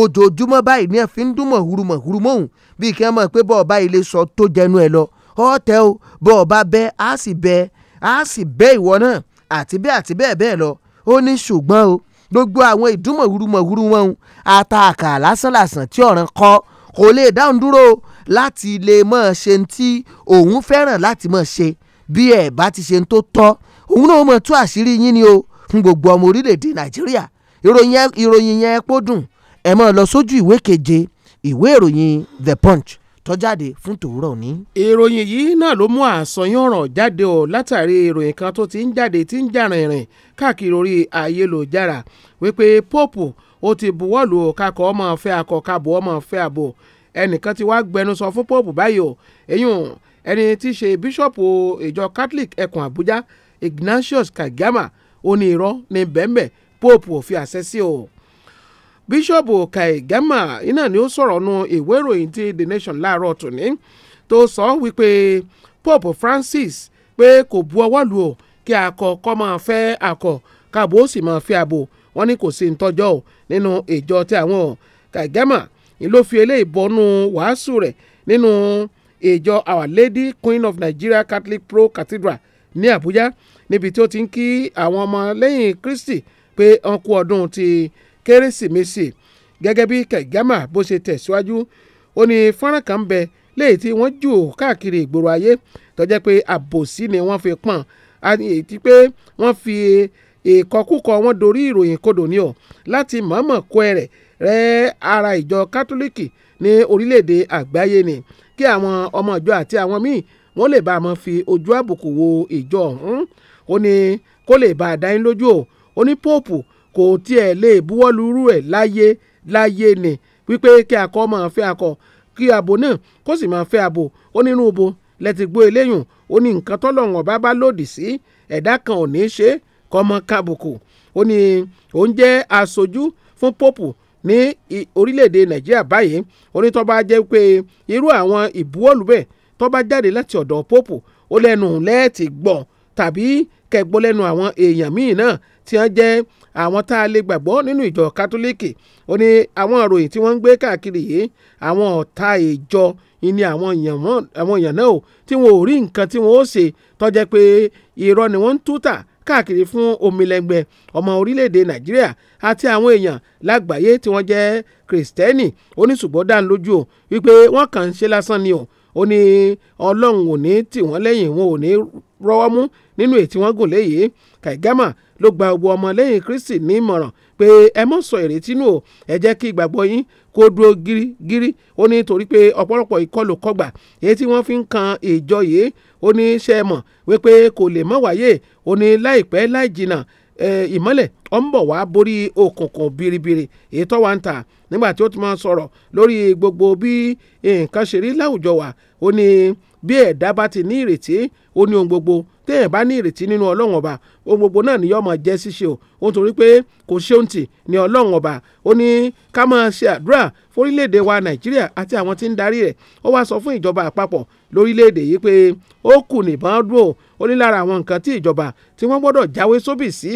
ojoojúmọ́ báyìí ni ẹ fi ń dún mọ̀húrú mọ̀húrú mọ́hùn bíi kí ẹ mọ̀ pé bọ́ọ̀ bá ilé sọ tó jẹnu ẹ lọ ọ̀ọ́tẹ́ o bọ́ọ̀ bá bẹ́ á sì bẹ́ á sì bẹ́ ìwọ náà àti bẹ́ẹ̀ àti bẹ́ẹ̀ bẹ́ẹ̀ lọ ó ní ṣùgbọ́n o gbogbo àwọn ìdúnmọ̀húrú mọ̀húrú wọn àtàkà lásánlàsàn tí ọ̀ràn kọ kò lè dáhùn dúró láti lè mọ̀ ṣe tí òun fẹ́ràn láti mọ̀ ṣe bí ẹ̀ bá ti ṣe tó tọ́ òun náà mọ̀ tú àṣírí yín ni o fún gbogbo ọmọ orílẹ̀-èdè nàìjíríà ìròyìn yẹn pọ̀ dùn ẹ máa lọ sójú ìwé keje ìwé ìròyìn the punch tó jáde fún tòwúrọ̀ ní. ìròyìn yìí náà ló mú àsọyún ọ̀rọ̀ jáde ọ̀ látàrí ìròyìn kan tó ti ń jáde tí ń jà rìnrìn káàkiri orí ayélujára wípé pope ó ti buwọ́lù kakọ̀ ọmọ ọ̀fẹ́ akọ̀ kabọ̀ ọmọ ọ̀fẹ́ àbò ẹnìkan ti wá gbẹnusọ fún pope báyìí o èyún ẹni tí í ṣe bíṣọ̀pù ìjọ catholic ẹkùn àbújá ignatius kagama ó ní irọ́ ní bẹ́ẹ̀nbẹ́ pope ò fi àṣẹ sí o. bíṣọ̀bù kaigama iná ni ó sọ̀rọ̀ nu ìwé ìròyìn ti the nation láàárọ̀ tòní tó sọ wípé pope francis pé kò bu ọwọ́ lu o kí akọ kọ́ máa fẹ́ akọ káàbò ó sì máa fi àbò wọn ní kò sí ntọ́jọ́ o nínú ìjọ tí àwọn kaigama ni ló fi eléyìí bọnú wàásù rẹ̀ nínú ìjọ Our Lady Queen of Nigeria Catholic Pro Cathedral ní Àbújá níbi tí ó ti ń kí àwọn ọmọ lẹ́yìn Kristi pé wọ́n kú ọdún ti kérésìmesì gẹ́gẹ́ bí Kẹ̀gámà bó ṣe tẹ̀síwájú ó ní fọ́nrán kan bẹ léyìí tí wọ́n jù káàkiri ìgboro ayé tó jẹ́ pé àbòsí ni wọ́n fi pọ́n àti pé wọ́n fi ìkọkúkọ wọn dorí ìròyìn kodò ní ọ láti mọ̀ọ́mọ̀ kó ẹ̀rẹ̀ rẹ ara ìjọ kátólíìkì ní orílẹ̀-èdè àgbáyé ni kí àwọn ọmọ ìjọ àti àwọn míì wọ́n lè bá a fi ojú àbùkù wo ìjọ ọ̀hún ó ní kó lè bá a dá yín lójú o ó ní pope kò tiẹ̀ lè buwọ́lurú ẹ̀ láyé láyé ni wípé kí akọ máa fẹ́ akọ kí abo náà kó sì máa fẹ́ abo ó nínú bo lẹ́tì gbọ́ eléyùn ó ní nǹkan tọ́lọ́run ọba bá lòdì sí ẹ̀dá kan ò ní í ṣe kọ́mọ kábùkù ó ní òun jẹ́ aṣojú fún pope ní orílẹ̀-èdè nàìjíríà báyìí ó ní tó bá jẹ́ pé irú àwọn ìbuwọ́lù bẹ́ẹ̀ tó bá jáde láti ọ̀dọ̀ pope ó lẹ́nu lẹ́ẹ̀tì gbọ̀n tàbí kẹgbọ́ lẹ́nu àwọn èèyàn míì náà tí wọ́n jẹ́ àwọn tá a lè gbàgbọ́ nínú ìjọ kátólíìkì ó ní àwọn ìròyìn tí wọ́n ń gbé káàkiri yìí àwọn ọ̀tá ìjọ ni àwọn èèyàn náà ò tí wọn ò rí nǹkan tí wọn ó ṣe tó jẹ́ pé irọ́ ni wọ́n ń tú tà káàkiri fún omilẹ́gbẹ́ ọmọ orílẹ̀-èdè nàìjíríà àti àwọn èèyàn lágbàáyé tí wọ́n jẹ́ kìrìsìtẹ́nì ó ní ṣùgbọ́n dá lójú o wípé wọ́n kàn ń ṣe lásán ni o ó ní ọlọ́run ò ní tì wọ́n lẹ́yìn wọn ò ní rọ́wọ́ mú nínú èyí tí wọ́n gùn léyìí Kàìgámà ló gba gbogbo ọmọlẹ́yìn Kristi ní ìmọ̀ràn pé ẹ mọ̀ sọ ìrètí nù o ẹ jẹ́ kí ìgbàgbọ́ yín kó dúró gírígírí ó ní torí pé ọ̀pọ̀lọpọ̀ ìkọlù kọgbà èyí tí wọ́n fi ń kan ìjọ yìí ó ní ṣe é mọ̀ wípé kò lè mọ̀ wáyé ó ní láìpẹ́ láì jìnnà ìmọ́lẹ̀ ó ń bọ̀ wá borí òkùnkùn biribiri èyí tó wà ń tà nígbà tí ó ti máa sọ̀rọ̀ lórí gbogbo bí nǹkan ṣe rí láwùjọ wa ó ní bí ẹ̀dá bá ti ní ìrètí ó ní ohun gbogbo téèyàn bá ní ìrètí nínú ọlọ́run ọba ohun gbogbo náà ni yóò máa jẹ́ ṣíṣe o ó torí pé kò ṣeun tì ní ọlọ́run ọba ó ní ká máa ṣe àdúrà fórílẹ̀-èdè wa nàìjíríà àti àwọn tí ń darí rẹ̀ ó wá sọ fún ìjọba àpapọ̀ lórílẹ̀-èdè yìí pé ó kù nìbọn dùn ó ní lára àwọn nǹkan tí ìjọba tí wọ́n gbọ́dọ̀ jáwé sóbì sí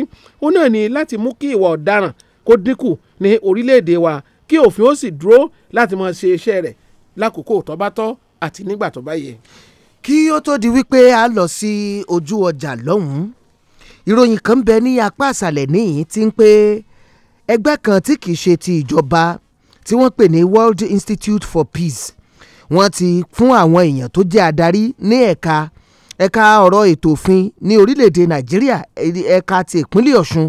ó náà ní láti mú kí ìwà ọ̀daràn kó dínkù ní orílẹ̀-èdè wa kí òfin ó sì dúró láti máa ṣe iṣẹ́ rẹ̀ lákòókò tó àti nígbà tó bá yẹ. kí ó tó di wípé a lọ sí ojú ọjà lọ́hùn-ún ìròyìn kan bẹ ní apá àṣàlẹ̀ níyìn tí ń pé ẹgbẹ́ kan tí kì í ṣe ti ìjọba tí wọ́n pè ní World Institute for Peace wọ́n ti fún àwọn èèyàn tó jẹ́ adarí ní ẹ̀ka ẹ̀ka ọ̀rọ̀ ètò òfin ní orílẹ̀-èdè Nàìjíríà ẹ̀ka ti ìpínlẹ̀ Ọ̀ṣun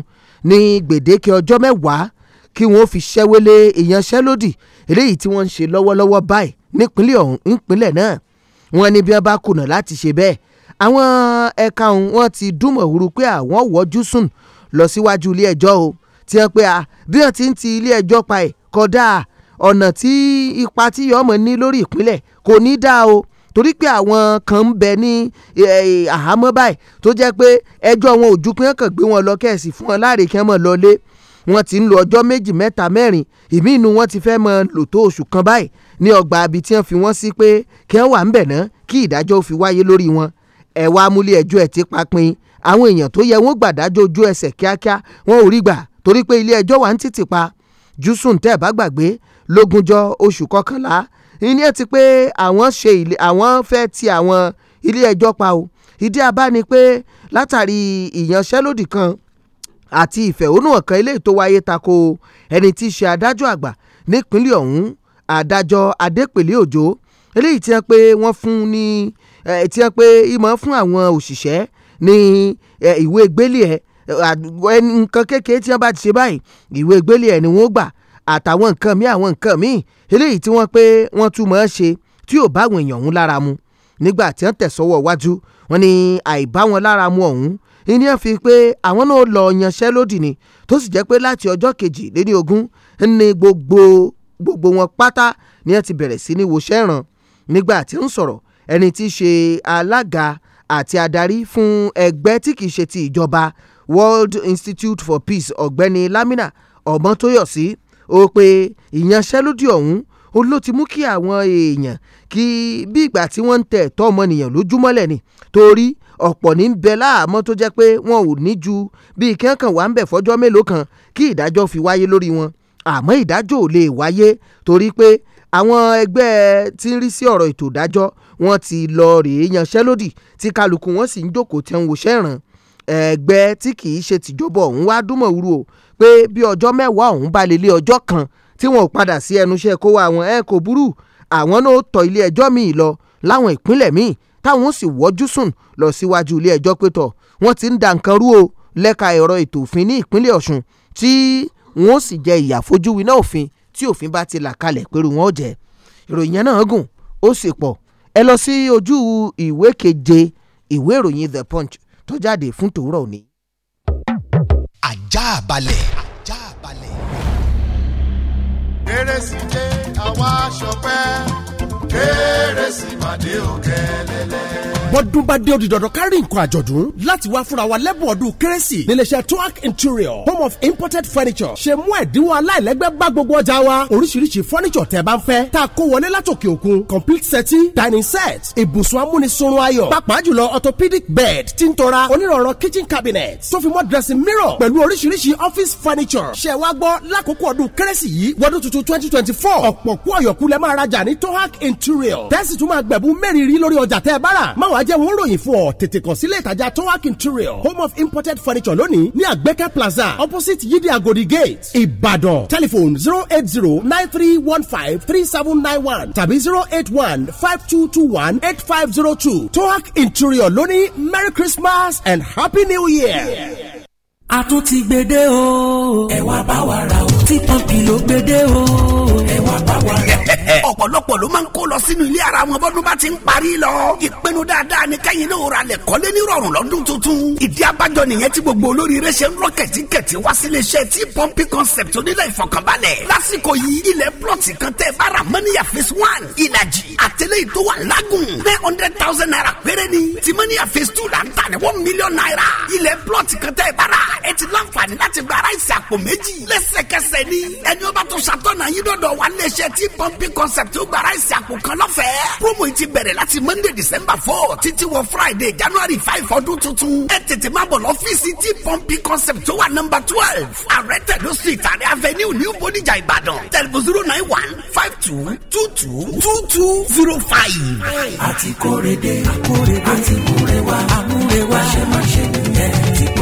ní gbèdéke ọjọ́ mẹ́wàá kí wọ́n fi ṣẹ́wélé ìyanṣẹ́lódì e eléyìí tí wọ́n ń ṣe lọ́wọ́lọ́wọ́ báyìí nípínlẹ̀ ọ̀hún nípínlẹ̀ náà wọ́n ní bí wọ́n bá kùnà láti ṣe bẹ́ẹ̀ àwọn ẹ̀ka ọ̀hún wọ́n ti dúnmọ̀ òru pé àwọn wọ́jú sùn lọ síwájú ilé ẹjọ́ o tí wọ́n pé bí wọ́n ti ń ti ilé ẹjọ́ pa ẹ̀ kódà ọ̀nà tí ipa tí yọ̀ọ́mọ̀ ní lórí ìpínlẹ̀ kò ní dáa o torí pé àwọn kan ń bẹ ní àhámọ́ báyìí tó jẹ́ pé ẹjọ́ wọn ò ju pé wọ́n kàn gbé wọn lọ kẹ́ẹ̀sì fún wọn láàrè kí wọ́n mọ̀ lọ lé wọ́n ti ń lo ọjọ́ méjì mẹ́ta mẹ́rin ìmí inú wọn ti fẹ́ mọ lò tó oṣù kan báyìí ní ọgbà àbí tí wọ́n fi wọ́n sí pé kí wọ́n wà ń bẹ̀ náà kí ìdájọ́ fi wáyé lórí wọn ẹ̀wà amúlé ẹjọ́ ẹ̀ ti papin àwọn èèyàn tó yẹ wọ́n gbàdájọ́ ojú ẹsẹ̀ kíákíá wọn ò rí gbà torí pé ilé ẹjọ́ wà ń títì pa jùsùn tẹ́ ẹ̀ bá gbàgbé lógúnjọ́ oṣù kọkànlá ìní ẹ̀ ti pé àwọn ṣe àwọn fẹ́ ti àwọn ilé ẹjọ́ pa o ìdí abá ni pé látàrí ìyanṣẹ́lódì kan àti ìfẹ̀hónúhàn kan eléyìí tó wáyé tako ẹni tí í ṣe adájọ́ àgbà nípínlẹ̀ ọ̀hún adájọ́ adépèlé òjò eléyìí tí wọ́n pé wọ́n fún ní tí wọ́n pé ìmọ̀ fún àwọn òṣìṣẹ́ ní ìwé gbélé ẹ̀ nǹkan kékeré tí wọ́n bá ti ṣe báyìí ìwé gbélé ẹ̀ ni wọ́n gbà àtàwọn nǹkan míì àwọn nǹkan míì eléyìí tí wọ́n pé wọ́n tún mọ̀ ọ́n ṣe tí ò bá àwọn èèyàn ọ̀hún lára mu nígbà tí wọ́n tẹ̀sọ́wọ́ wájú wọ́n ní àìbá wọn lára mu ọ̀hún ìní ẹ̀ fi pé àwọn náà lọ yanṣẹ́ lódì ni tó sì jẹ́ pé láti ọjọ́ kejì lé ogún ní gbogbo gbogbo wọn pátá ni ẹ ti bẹ̀rẹ̀ sí ní wòṣẹ́ ràn nígbà tí ń sọ̀rọ̀ ẹni tí í ṣe alága àti adarí fún ẹgbẹ́ tí kìí ṣe ti ìjọba World Institute for Peace ọ̀gbẹ́ni Lamina Ọmọtóyọ̀sí ó pé ìyanṣẹ́lódì ọ̀hún ó ló ti mú kí àwọn èèyàn kí bí ìgbà tí wọ́n ń tẹ̀ ẹ̀tọ́ ọmọnìyàn lójúmọ́lẹ̀ ni torí ọ̀pọ̀ ní bẹ láàmọ́ tó jẹ́ pé wọn ò ní ju bíi kẹ́kàn wà ń bẹ̀ fọ́jọ́ mélòó kan kí ìdájọ́ fi wáyé lórí wọn àmọ́ ìdájọ́ ò lè wáyé torí pé àwọn ẹgbẹ́ tí ń rí sí ọ̀rọ̀ ètò ìdájọ́ wọn ti lọ rèé yanṣẹ́lódì tí kálukú wọn sì ń jókòó tẹ́ ń woṣẹ́ ràn ẹgbẹ́ tí kì í ṣe tìjọba ọ̀hún wá dúnmọ̀ wúru o pé bí ọjọ́ mẹ́wàá ọ̀hún bá lè lé ọjọ́ kan tí wọn ò padà sí ẹnu iṣẹ́ kó wa àwọn ẹ̀ kò burú àwọn náà tọ ilé ẹjọ́ míì lọ láwọn ìpínlẹ̀ míì táwọn sì wọ́jú sùn lọ síwájú ilé ẹjọ́ pé tọ̀ wọ́n ti ń da nǹkan rú o lẹ́ka ẹ̀rọ ètò òfin ní ìpínlẹ̀ Ọ̀ṣun tí wọ́n sì jẹ ìyà fojúwiná òfin tí òfin bá ti là kalẹ̀ pẹ̀lú wọn jẹ ìròyìn yẹn náà gùn ó sì pọ̀ ẹ lọ sí ojú ìwé keje ìwé ìròyìn The Punch tó jáde fún tòwúrọ̀ òní. ajá balẹ̀. ajá balẹ̀. kérésì dé àwa ṣọpẹ́ kérésìmàdé ò kẹ́lẹ́lẹ́. bọ́dún bá dé odi dandan kárí nǹkan àjọ̀dún láti wá fúnra wa lẹ́bùn ọdún kérésì níléeṣẹ́ toac interior home of imported furniture ṣe mú ẹ̀dínwó aláìlẹ́gbẹ́ bá gbogbo ọjà wa oríṣiríṣi furniture tẹ́ bá ń fẹ́ tá a kó wọlé látòkè òkun complete setting dining set ibùsùn amúnisunrun ayọ̀ pàápàá jùlọ orthopedic bed tí ń tọ́ra onírọ̀rọ̀ kitchen cabinet tó fi mọ́ dressing mirror pẹ̀lú oríṣiríṣi office furniture ṣe wá gbọ́ lákòókò ọdún kérésì yìí wọ́dún tuntun twenty twenty four ọ̀pọ̀ kú ọ̀yọ̀kú lẹ máa rajà ní toac interior tẹ́sí tún máa gbẹ̀bú mẹ́rin rí lórí ọjà tẹ́ bá rà má wàá wàá jẹ́ wọ́n ròyìn fún ọ tètè kàn sílé ìtajà Towac Interior home of imported furniture lónìí ní Àgbẹ̀kẹ́ Plaza opposite Yídí Agodi gate Ìbàdàn telephone zero eight zero nine three one five three seven nine one tàbí zero eight one five two two one eight five zero two Towac Interior lónìí Merry Christmas and Happy New Year. Yeah. a tún ti gbede o. ẹ wá bá wa ra o twenty pọ́ǹpì ló gbédè o. ẹ wá bá wa ọ̀pọ̀lọpọ̀ ló máa ń kó lọ sínú ilé ara wọn bọ́dún bá ti ń parí lọ. ìpinnu dáadáa ni kẹ́yìn náà ra lẹ̀ kọ́lé ní rọ̀rùn lọ́dún tuntun. ìdí abájọ nìyẹn tí gbogbo olóríire ṣe ń rọ wá sílé iṣẹ́ tí pọ́ǹpì concept onílẹ̀ ìfọ̀kànbalẹ̀. lásìkò yìí ilẹ̀ plọ̀tì kan tẹ́ bára mọ́níyà phase one ìlàjì àtẹlẹ́ ìtò wà lágùn nine hundred thousand naira péré bẹ̀rẹ̀ ni ẹni ó bá tó ṣàtọ̀nà yín dọ̀dọ̀ wà ní iṣẹ́ tí pọ́ńpì concept ó gbàrà ìsìn àpò kan lọ́fẹ̀ẹ́ promo yìí ti bẹ̀rẹ̀ láti monday december four títí wọ friday january five ọdún tuntun ẹ tètè má bọ̀ lọ́fíìsì tí pọ́ńpì concept tó wà nọ́mbà twelve ààrẹ tẹ̀lé street àrẹ avenue new bodijà ìbàdàn tẹlifù zero nine one five two two two two two zero five. àti kórede àkórede àti múrewa àmúrewa àṣemáṣe nìyẹn ti p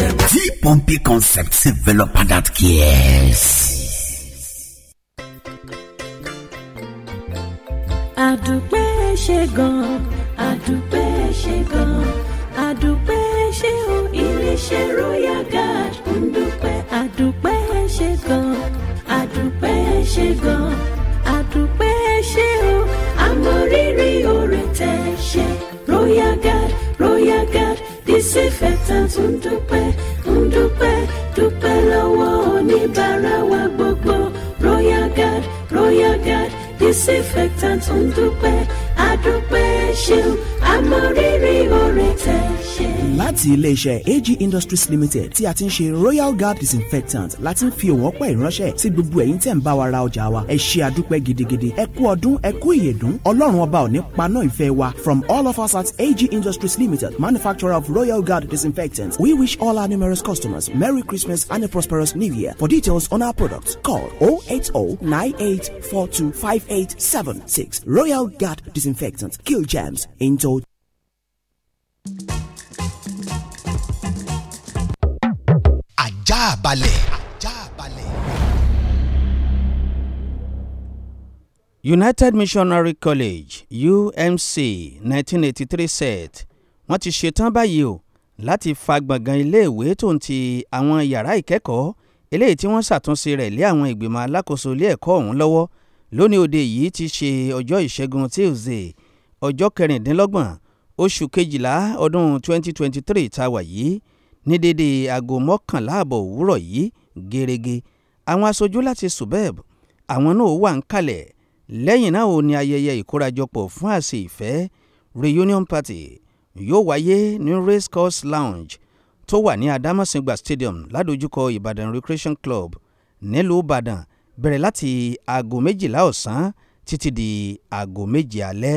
The pompey Concept Developer that cares. Adupe she gan adupe she ṣe adupe she o Ile she roya ń undupe adupe she gan adupe she ṣe adupe she o àmọ́ rírì oore roya ṣe roya guard disinfectant ń dúpẹ́ ń dúpẹ́ dúpẹ́ lọ́wọ́ oníbàárà wa gbogbo royal guard royal guard disinfectant ń dúpẹ́ àdúpẹ́ ṣeun àmọ́ rírì oore tẹ̀ láti iléeṣẹ́ AG Industries Limited tí a ti ń ṣe Royal Guard disinfectant láti ń fi òun ọpẹ́ ìránṣẹ́ sí gbogbo ẹ̀yin tẹ̀ ń bá wa ra ọjà wa ẹ ṣe àdúpẹ́ gidigidi ẹ kú ọdún ẹ kú ìyèdún ọlọ́run ọba ò paná ìfẹ́ wa from all of us at AG Industries Limited manufacturer of Royal Guard disinfectant we wish all our numerous customers Merry Christmas and a prosperous New Year for details on our products call 080 08098425876 Royal Guard disinfectant kill germs in total. balẹ̀. United Missionary College UMC 1983 set wọ́n ti ṣetán báyìí o láti fa gbọ̀ngàn iléèwé tó ń ti àwọn yàrá ìkẹ́kọ̀ọ́ eléyìí tí wọ́n ṣàtúnṣe rẹ̀ lé àwọn ìgbìmọ̀ alákòóso ilé ẹ̀kọ́ ọ̀hún lọ́wọ́ lónìí òde yìí ti ṣe ọjọ́ ìṣẹ́gun Tuesday ọjọ́ kẹrìndínlọ́gbọ̀n oṣù kejìlá ọdún 2023 tá wà yìí ní dédé aago mọ́kànlá àbọ̀ òwúrọ̀ yìí gẹ́rẹ́gẹ́ àwọn aṣojú láti subeb àwọn náà wà ń kalẹ̀ lẹ́yìn náà ò ayẹyẹ ìkórajọpọ̀ fún àsè ìfẹ́ reunion party yóò wáyé ní racecourse lounge tó wà ní adamasingba stadium ládojúkọ ìbàdàn recreation club nílùú ìbàdàn bẹ̀rẹ̀ láti aago méjìlá ọ̀sán títí di aago méje alẹ́.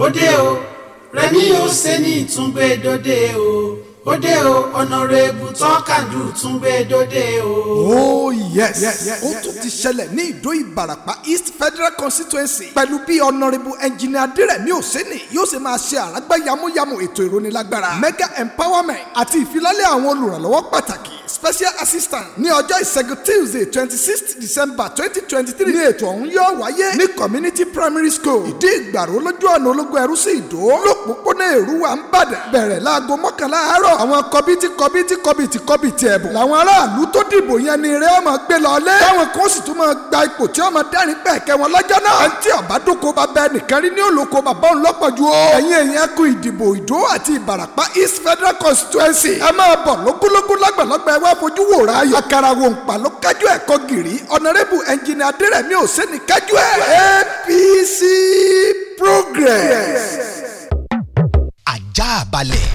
òde o rẹmi yóò ṣe ní ìtúngbẹ dòde o òde o ọ̀nàrẹ́bù tọ́kàndù tún gbé dòde o. oh yes ó tún ti ṣẹlẹ̀ ní ìdó ìbàràpá east federal constituency pẹ̀lú bí ọ̀nàrẹ́bù ẹnjìnì adírẹ̀mí òsínì yóò ṣe máa ṣe àràgbá yamuyamu ètò ìrónilágbára mega empowerment àti ìfilọ́lẹ̀ àwọn olùrànlọ́wọ́ pàtàkì special assistant ní ọjọ́ ìṣẹ́gun tuesday twenty sixth december twenty twenty three ní ètò ọ̀hún yóò wáyé ní community primary school ìdí ìgbàrò lójú ọ̀nà ológun ẹrú sí ìdó lópòpónà èrúwà ń bàdàn bẹ̀rẹ̀ láago mọ́kànlá àárọ̀ náà àwọn kọbítí kọbítí kọbítí kọbítí ẹ̀bùn làwọn aráàlú tó dìbò yẹn ni eré ọmọ gbé lọ lé táwọn kan sì tún máa gba ipò tí ọmọ dẹ́rìn pẹ̀kẹ́ wọn lọ́jọ́ náà àǹtí ọ̀bádókò bá bẹ nìkan rí ní olóko bàbá òun lọ́pọ̀ ju o ẹ̀yin èèyàn kú ìdìbò ìdó àti ìbàràpá east federal constituency ẹ máa bọ̀ lógúnlógún lágbàlagbà ẹ wá fojú wò ra ayọ̀ àkàrà wo ń pa ló kájú ẹ̀kọ́ gìrì ọ̀nàrẹ́bù ẹnjìnì adérẹ̀mí ò sẹ́ni kájú ẹ̀ APC progress. àjà balẹ̀.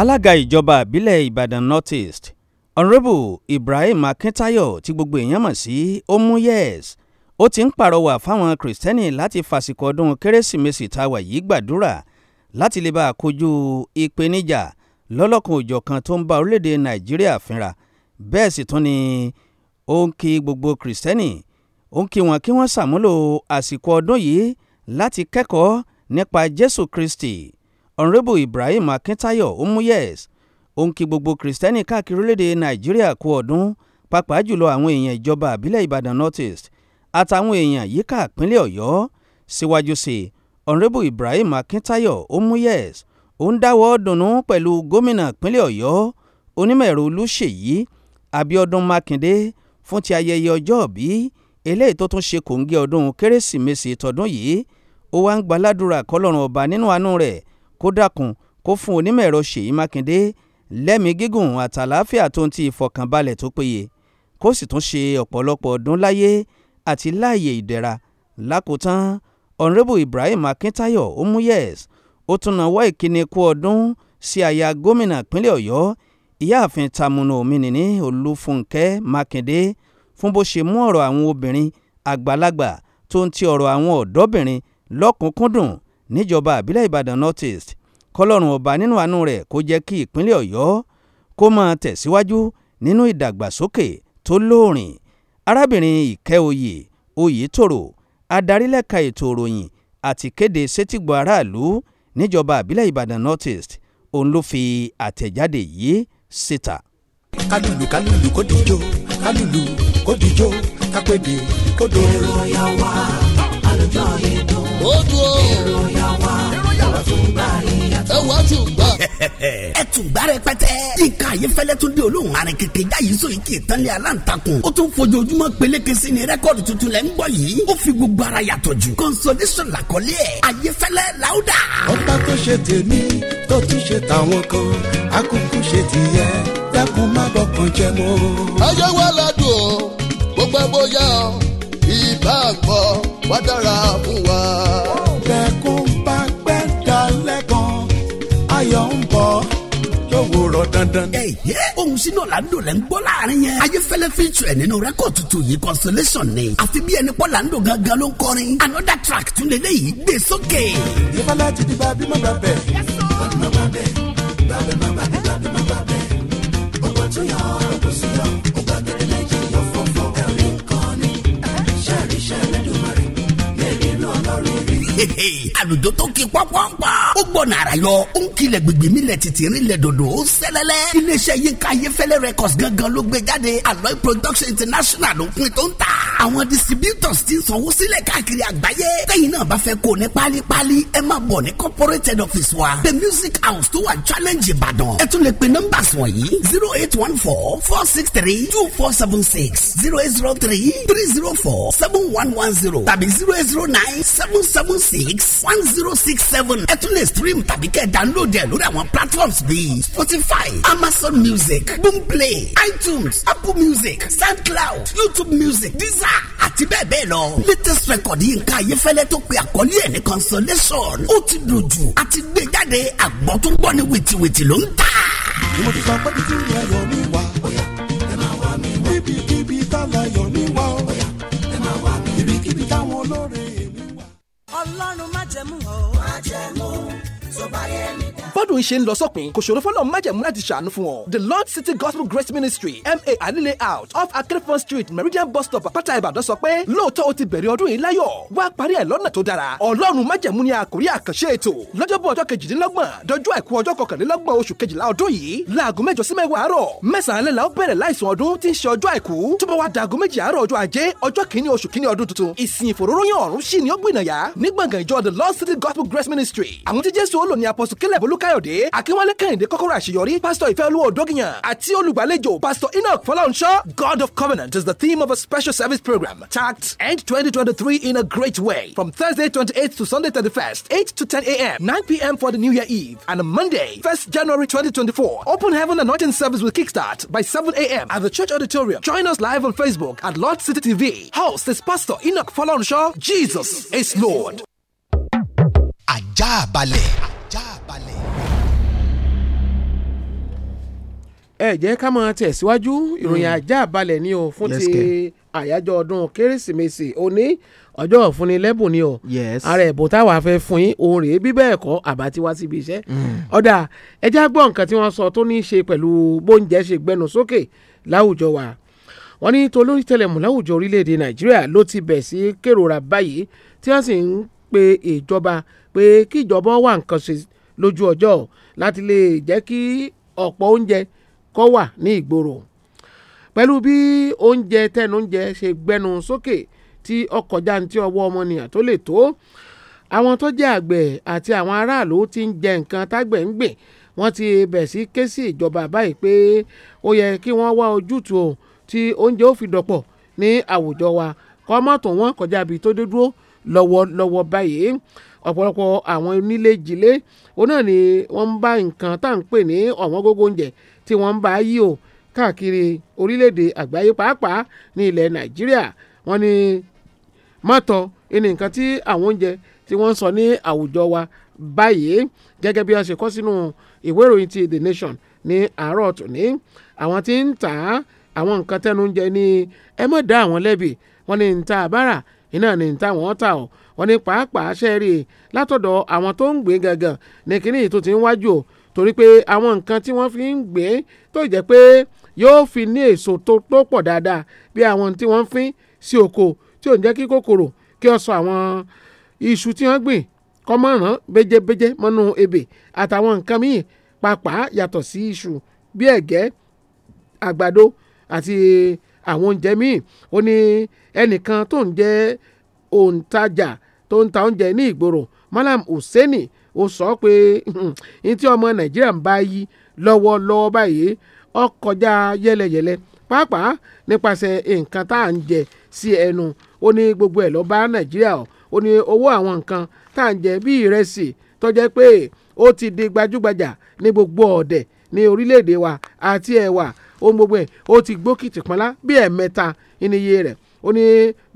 alága ìjọba ìbílẹ̀ ìbàdàn north east honourable ibrahim akintayo tí gbogbo èèyàn mọ̀ sí omuyes ó ti ń pàrọwà fáwọn kìrìsìtẹ́nì láti fàsìkò ọdún kérésìmesì táwa yìí gbàdúrà láti lè bá a kojú ìpèníjà lọ́lọ́kan òjọ̀kan tó ń bá orílẹ̀-èdè nàìjíríà fínra bẹ́ẹ̀ sì tún ni ó ń kí gbogbo kìrìsìtẹ́nì ó ń kí wọn kí wọ́n ṣàmúlò àsìkò ọdún yìí láti kẹ́kọ̀ọ́ nípa jésù kristi ọ̀nrẹ́bù ibrahim akíntayọ̀ omuyes ó ń kí gbogbo kìrìsìtẹ́nì káàkiri orílẹ̀-èdè nàìjíríà kú ọdún pàápàá jùlọ àwọn èèyàn ìjọba àbílẹ̀ ìbàdàn north east àtàwọn èèyàn yíká ìpínlẹ̀ ọ̀yọ́ síwájú sí ọ̀nrẹ́bù ibrahim akíntayọ̀ omuyes ó ń dáwọ́ dùnnú pẹ̀lú gómìnà ìpínlẹ̀ ọ̀yọ́ onímọ̀ẹ̀rọ olúṣèyí abíọ́dún mákindé fún ti ayẹyẹ ọjọ́òbí eléyìí tó tún ṣe kòńgẹ́ ọdún kérésìmesì tọdún yìí ó wá ń gbaládùra kọlọ́run ọba nínú àánú rẹ̀ kó dákun kó fún onímọ̀ ẹ̀rọ Ṣèyí Mákindé lẹ́mìí gígùn àtàláfíà tó ń ti ìfọkànbalẹ̀ tó péye kó sì tún ṣe ọ̀pọ̀lọpọ̀ ọdún láyé àti láàyè ìdẹ̀ra lákòótán ọ̀nrẹ́bù Ibrahim Akíntáyọ̀ omuyes ó tún nawọ́ ìkíni kú ọdún sí aya gómìnà ìpínlẹ̀ Ọ̀yọ́ ìyáàfin Tamunu Omínínì Olúfúnkẹ́ Mákindé fún bó ṣe mú ọ̀rọ̀ àwọn obìnrin àgbàlagbà tó ń ti ọ̀rọ̀ àwọn ọ̀dọ́bìnrin lọ́kùnkúndùn níjọba àbílẹ̀ ìbàdàn north east kọlọ́run ọba nínú àánú rẹ̀ kó jẹ́ kí ìpínlẹ̀ ọ̀yọ́ kó máa tẹ̀síwájú nínú ìdàgbàsókè tó lóòrìn arábìnrin ìkẹ́oyè oyètòrò adarílẹ̀ka ètò òròyìn àti kéde sétígbọ̀ aráàlú níjọba àbílẹ̀ ìbàdàn north east òun ló fi àtẹ̀jáde yìí síta. kálùlù kálùlù kò dijó kálùlù kò dijó kápẹ́dé kò dòrò. èrò ọ̀yà wa àlùjọ yìí dùn. ó dùn ó. èrò ọ̀yà àtúgbà ìyàtọ̀. ẹ wá àtúgbà. ẹ tùgbà rẹpẹtẹ. yínká ayéfẹ́lẹ́ tún dé olóhùn arin kékeré jáyé sọ yìí kì í tán lé aláǹtakùn. ó tún fojoojúmọ́ peléke sí ni rẹ́kọ̀dì tuntun lẹ́ ń bọ̀ yìí. ó fi gbogbo ara yàtọ̀ jù. consolation làkọlé ẹ̀ ayéfẹ́lẹ́ làwùdà. ọba tó ṣe tèmi tó tún ṣe tàwọn kan akúkú ṣe tìyẹ dákun má bọkàn jẹ mọ́. ayé wa ládùn ó gbogbo bóyá ìbá àgbọ̀ wá dára fún wa. dákun ayọ̀ ń bọ̀ yóò rọ dandan. ẹ yẹ ohun sínú ọ̀làǹdò lẹ́ ń gbọ́ láàrin yẹn. ayéfẹ́lẹ́ fíjù ẹ̀ nínú rẹ́kọ̀d tuntun yìí consolation ni. àfi bí ẹni pọ́ làǹdò gangan ló ń kọrin. another track tún lélẹ̀ yìí gbé sókè. ìfọlá ti di bá bímọ bá bẹ̀. bá bẹ̀ má bá àlùjọ tó kí pọ́npọ́npọ́ ó gbọ́nà àrà yọ ó ń kilẹ̀ gbègbè mi lẹ̀ tìtìrín lẹ̀ dòdò ó sẹ́lẹ̀lẹ̀ iléeṣẹ́ yínká ayéfẹ́lẹ́ records gangan ló gbé jáde aloe production international ló pin tó ń ta àwọn distributors ti ń sanwó sílẹ̀ káàkiri àgbáyé tẹ́yìn náà bá fẹ́ kó ní pálípálí ẹ máa bọ̀ ní corporate office wa the music house tó wà challenge ìbàdàn ẹ tún lè pe numbers wọ̀nyí zero eight one four four six three two four seven six zero eight zero three three zero four seven one one zero tàbí zero eight zero nine seven seven six six one zero six seven ẹ tún lè stream tàbí kẹ́ download ẹ̀ lórí àwọn platforms bíi spotify amazon music boomplay itunes apple music soundcloud youtube music deezer àti bẹ́ẹ̀ bẹ́ẹ̀ lọ. latest record yìí nǹkan ayéfẹ́lẹ́ tó pe àkọlé ẹ̀ ní consolation ó ti dojú àti gbé jáde àgbọ̀ tó gbọ́ ní wìtìwìtì ló ń tà. ìmọ̀ tó sọ pé kí n yẹ yọ ní wà. ọlọ́run májẹ̀mú o. májẹ̀mú tó bá mi. bọ́dún ṣe ń lọ sópin kò ṣòro fọlọ́ májẹ̀mú láti ṣàánú fún ọ. the lord city gospel grace ministry ma alile out off akérèfọ́n street meridian bus stop àpáta ìbàdàn sọ pé lóòótọ́ o ti bẹ̀rẹ̀ ọdún yìí láyọ̀ wá parí ẹ̀ lọ́nà tó dára ọlọ́run májẹ̀mú ni àkórí àkànṣe ètò lọ́jọ́bọ̀ ọjọ́ kejìdínlọ́gbọ̀n dọjọ́ àìkú ọjọ́ kọkànlélọ́gbọ̀n oṣù kejìlá ọdún yìí láago mẹ́jọ sí mẹ́wàá àárọ̀ mẹ́sàn-án lẹ́la ó bẹ̀rẹ̀ láìsùn ọdún tí ń ṣe ọjọ́ àìkú tó bá wá dàgó méjì àárọ̀ ọjọ́ ajé ọjọ́ kìíní oṣù kìíní ọdún tuntun ìsìn ìfòróróyìn ọ̀run sì ni ó gbìnàyà ní gbọ̀ngàn ìjọ the lord city gospel grace ministry àwọn tí jésù ó lò ní apọ̀sùn bolúk káyọ̀dé akínwálé kẹ́hìndé kọ́kọ́rọ́ àṣeyọrí pásítọ̀ ìfẹ́olúwa òdógìyàn àti olùgbàlejò pásítọ̀ enoch fọláhùnsọ god of covenant is the theme of a special service program tagged end 2023 in a great way from thursday 28th to sunday 31st 8 to 10 a.m 9 p.m for the new year eve and monday 1st january 2024 open heaven anointing service will kickstart by 7 a.m at the church auditorium join us live on facebook at lord city tv host is pastor enoch fọláhùnsọ jesus is lord. ajá balẹ̀. ẹ jẹ́ ká máa tẹ̀síwájú ìròyìn hmm. ajá balẹ̀ ni o fún ti àyájọ́ ọdún kérésìmesì òní ọjọ́ ìfúnnilẹ́bùn ni o ara ẹ̀bùn táwa fẹ́ fún yín òun rèé bí bẹ́ẹ̀ kọ́ àbá ti wá síbi iṣẹ́ hmm. ọ̀dà ẹja gbọ́ nǹkan tí wọ́n sọ tó ní í ṣe pẹ̀lú bóúnjẹ ṣe gbẹnu sókè láwùjọ wa wọ́n ní tolórí tẹlẹ̀mù láwùjọ orílẹ̀-èdè nàìjíríà ló ti bẹ̀ sí kérora báyìí tí wọ́n sì ń pe ìjọba pé kíjọba wá nǹkan ṣe lójú ọjọ́ láti lè jẹ́ kí ọ̀pọ̀ oúnjẹ kọ́ wà ní ìgboro pẹ̀lú bí oúnjẹ tẹnúnjẹ ṣe gbẹnu sókè tí ọkọ̀ jantí ọwọ́ ọmọnìyàn tó lè tó àwọn tó jẹ́ àgbẹ̀ àti àwọn aráàlú ti ń jẹ nǹkan tágbẹ̀ ń gbìn wọ́n ti bẹ̀ sí ké sí ìjọba báyìí pé ó yẹ kí wọ́n wá ojútùú tí oúnjẹ ó fi dọ̀pọ̀ ní àwùjọ wa kọ́ mọ́tò wọn kọjá ibi tó dé dúró lọ́wọ́lọ́wọ́ báyìí ọ̀pọ̀lọpọ̀ àwọn onílé jìlé òun náà ni wọ́n ń bá nǹkan tá à ń pè ní ọ̀wọ́n gógó oúnjẹ tí wọ́n ń bá yí o káàkiri orílẹ̀-èdè àgbáyé pàápàá ní ilẹ̀ nàìjíríà wọ́n ní mọ́tọ̀ ní nǹkan tí àwọn oúnjẹ tí wọ́n ń sọ ní àwùjọ wa báyìí gẹ́gẹ́ bí a ṣe kọ sínú ìwé ìròyìn ti The Nation ní àárọ̀ tòní àwọn tí ń tà á àwọn nǹkan tẹnu oúnjẹ ni ẹ má dá àwọn lẹ́bi wọ́n ní ń ta àbárà iná ní táwọn tà ọ́ wọn ní pàápàá ṣẹ́ẹ̀rì látọ̀dọ̀ àwọn tó ń gbé gangan ní kíní tó ti ń wájú o torí pé àwọn nǹkan tí wọ́n fi ń gbé tó jẹ́ pé yóò fi ní èso tó pọ̀ dáadáa bí àwọn tí wọ́n fín sí oko tí ò ń jẹ́ kí kòkòrò kí ó sọ àwọn iṣu tí wọ́n gbìn kọ́mọ̀ràn bẹ́jẹ́bẹ́jẹ́ mọ́nú ebè àtàwọn nǹkan míì pàápàá yàtọ̀ sí iṣu bí ẹ̀gẹ́ àgbàdo àti àwọn oúnjẹ míì ó ní ẹnìkan tó ń jẹ́ òǹtajà tó ń ta oúnjẹ ní ìgboro Malam Hussaini ó sọ pé hmm, ní tí ọmọ Nàìjíríà ń bá yí lọ́wọ́lọ́wọ́ báyìí ó kọjá yẹlẹyẹlẹ pàápàá nípasẹ̀ nǹkan tá à ń jẹ sí ẹnu ó ní gbogbo ẹ̀ lọ bá Nàìjíríà ó ní owó àwọn nǹkan tá à ń jẹ bí ìrẹsì tó pé ó ti di gbajúgbajà ní gbogbo ọ̀dẹ̀ ní orílẹ̀-èdè wa àti ẹ̀wà ohun gbogbo ẹ̀ ó ti gbókìtì pọ́nlá bí ẹ̀ẹ̀mẹ́ta ìníye rẹ̀ ó ní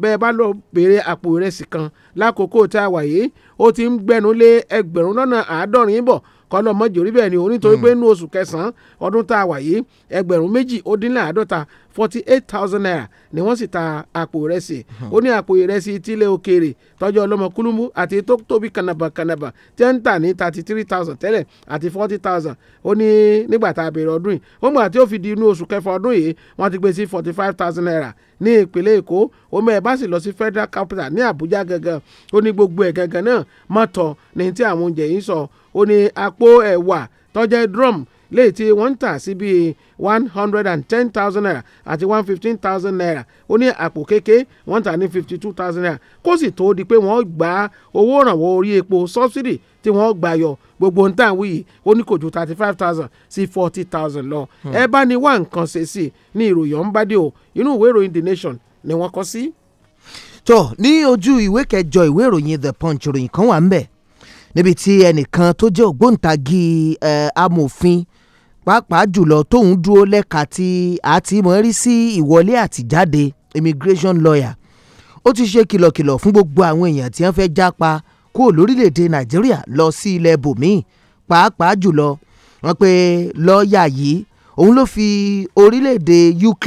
bẹ́ẹ̀ bá lọ béèrè àpò ìrẹsì kan lákòókò tá a wà yìí ó ti ń gbẹnu lé ẹgbẹ̀rún lọ́nà àádọ́rin bọ̀ kọ́nà mọ́jọ́ rí bẹ́ẹ̀ ni o nítorí pé hmm. nínú oṣù kẹsàn-án ọdún tá a wà yìí ẹgbẹ̀rún méjì ó dín láàádọ́ta forty eight thousand naira ni wọ́n sì ta àpò ìrẹsì hmm. ó ní àpò ìrẹsì tílé òkèèrè tọ́jú ọlọ́mọ kúlúmú àti tó tóbi kànàbà kànàbà tí ń tà ní thirty three thousand tẹ́lẹ̀ àti forty thousand ó ní nígbà tá a bèrè ọdún yìí ó mọ̀ àti ó fi di inú oṣù kẹfà ọdún yìí wọ́n ti gbé sí forty five thousand naira ní ìpínlẹ̀ èkó omi ẹ̀ bá sì lọ sí federal capital ní àbújá gangan ó ní gbogbo ẹ̀ gangan náà mọ̀tọ̀ ní tí àwọn oúnjẹ yìí sọ ó ní àpò ẹ̀wà tọ́jẹ́ drum léyìí tí wọ́n ń tà sí bíi one hundred and ten thousand naira àti one fifteen thousand naira ó ní àpò kéke wọ́n ń tà ní fifty two thousand naira kó sì tó di pé wọ́n gba owó ìrànwọ́ orí epo subsidy tí wọ́n gbà yọ gbogbo ń tàn wíyì ó ní kò ju thirty five thousand sí forty thousand lọ hmm. ẹ bá ní wá nǹkan ṣe sí ní ìròyìn ọ̀nbádé o inú ìwé ìròyìn The Nation ni wọ́n kọ sí. tó ní ojú ìwé kẹjọ ìwé ìròyìn The Punch ìròyìn kan wà ń bẹ̀ níbi tí ẹnìkan tó jẹ́ ògbóǹtagì amòfin pàápàá jùlọ tóun dúró lẹ́ka tí a ti mọ̀ rí sí ìwọlé àtijáde immigration lawyer ó ti ṣe kìlọ̀kìlọ̀ fún gbogbo àwọn èèyàn tí wọ́n fẹ́ jápa kúrò lórílẹ̀‐èdè nàìjíríà lọ sí ilẹ̀ bòmíì pàápàá jùlọ wọ́n pe lọ́ọ̀yà yìí òun ló fi orílẹ̀‐èdè UK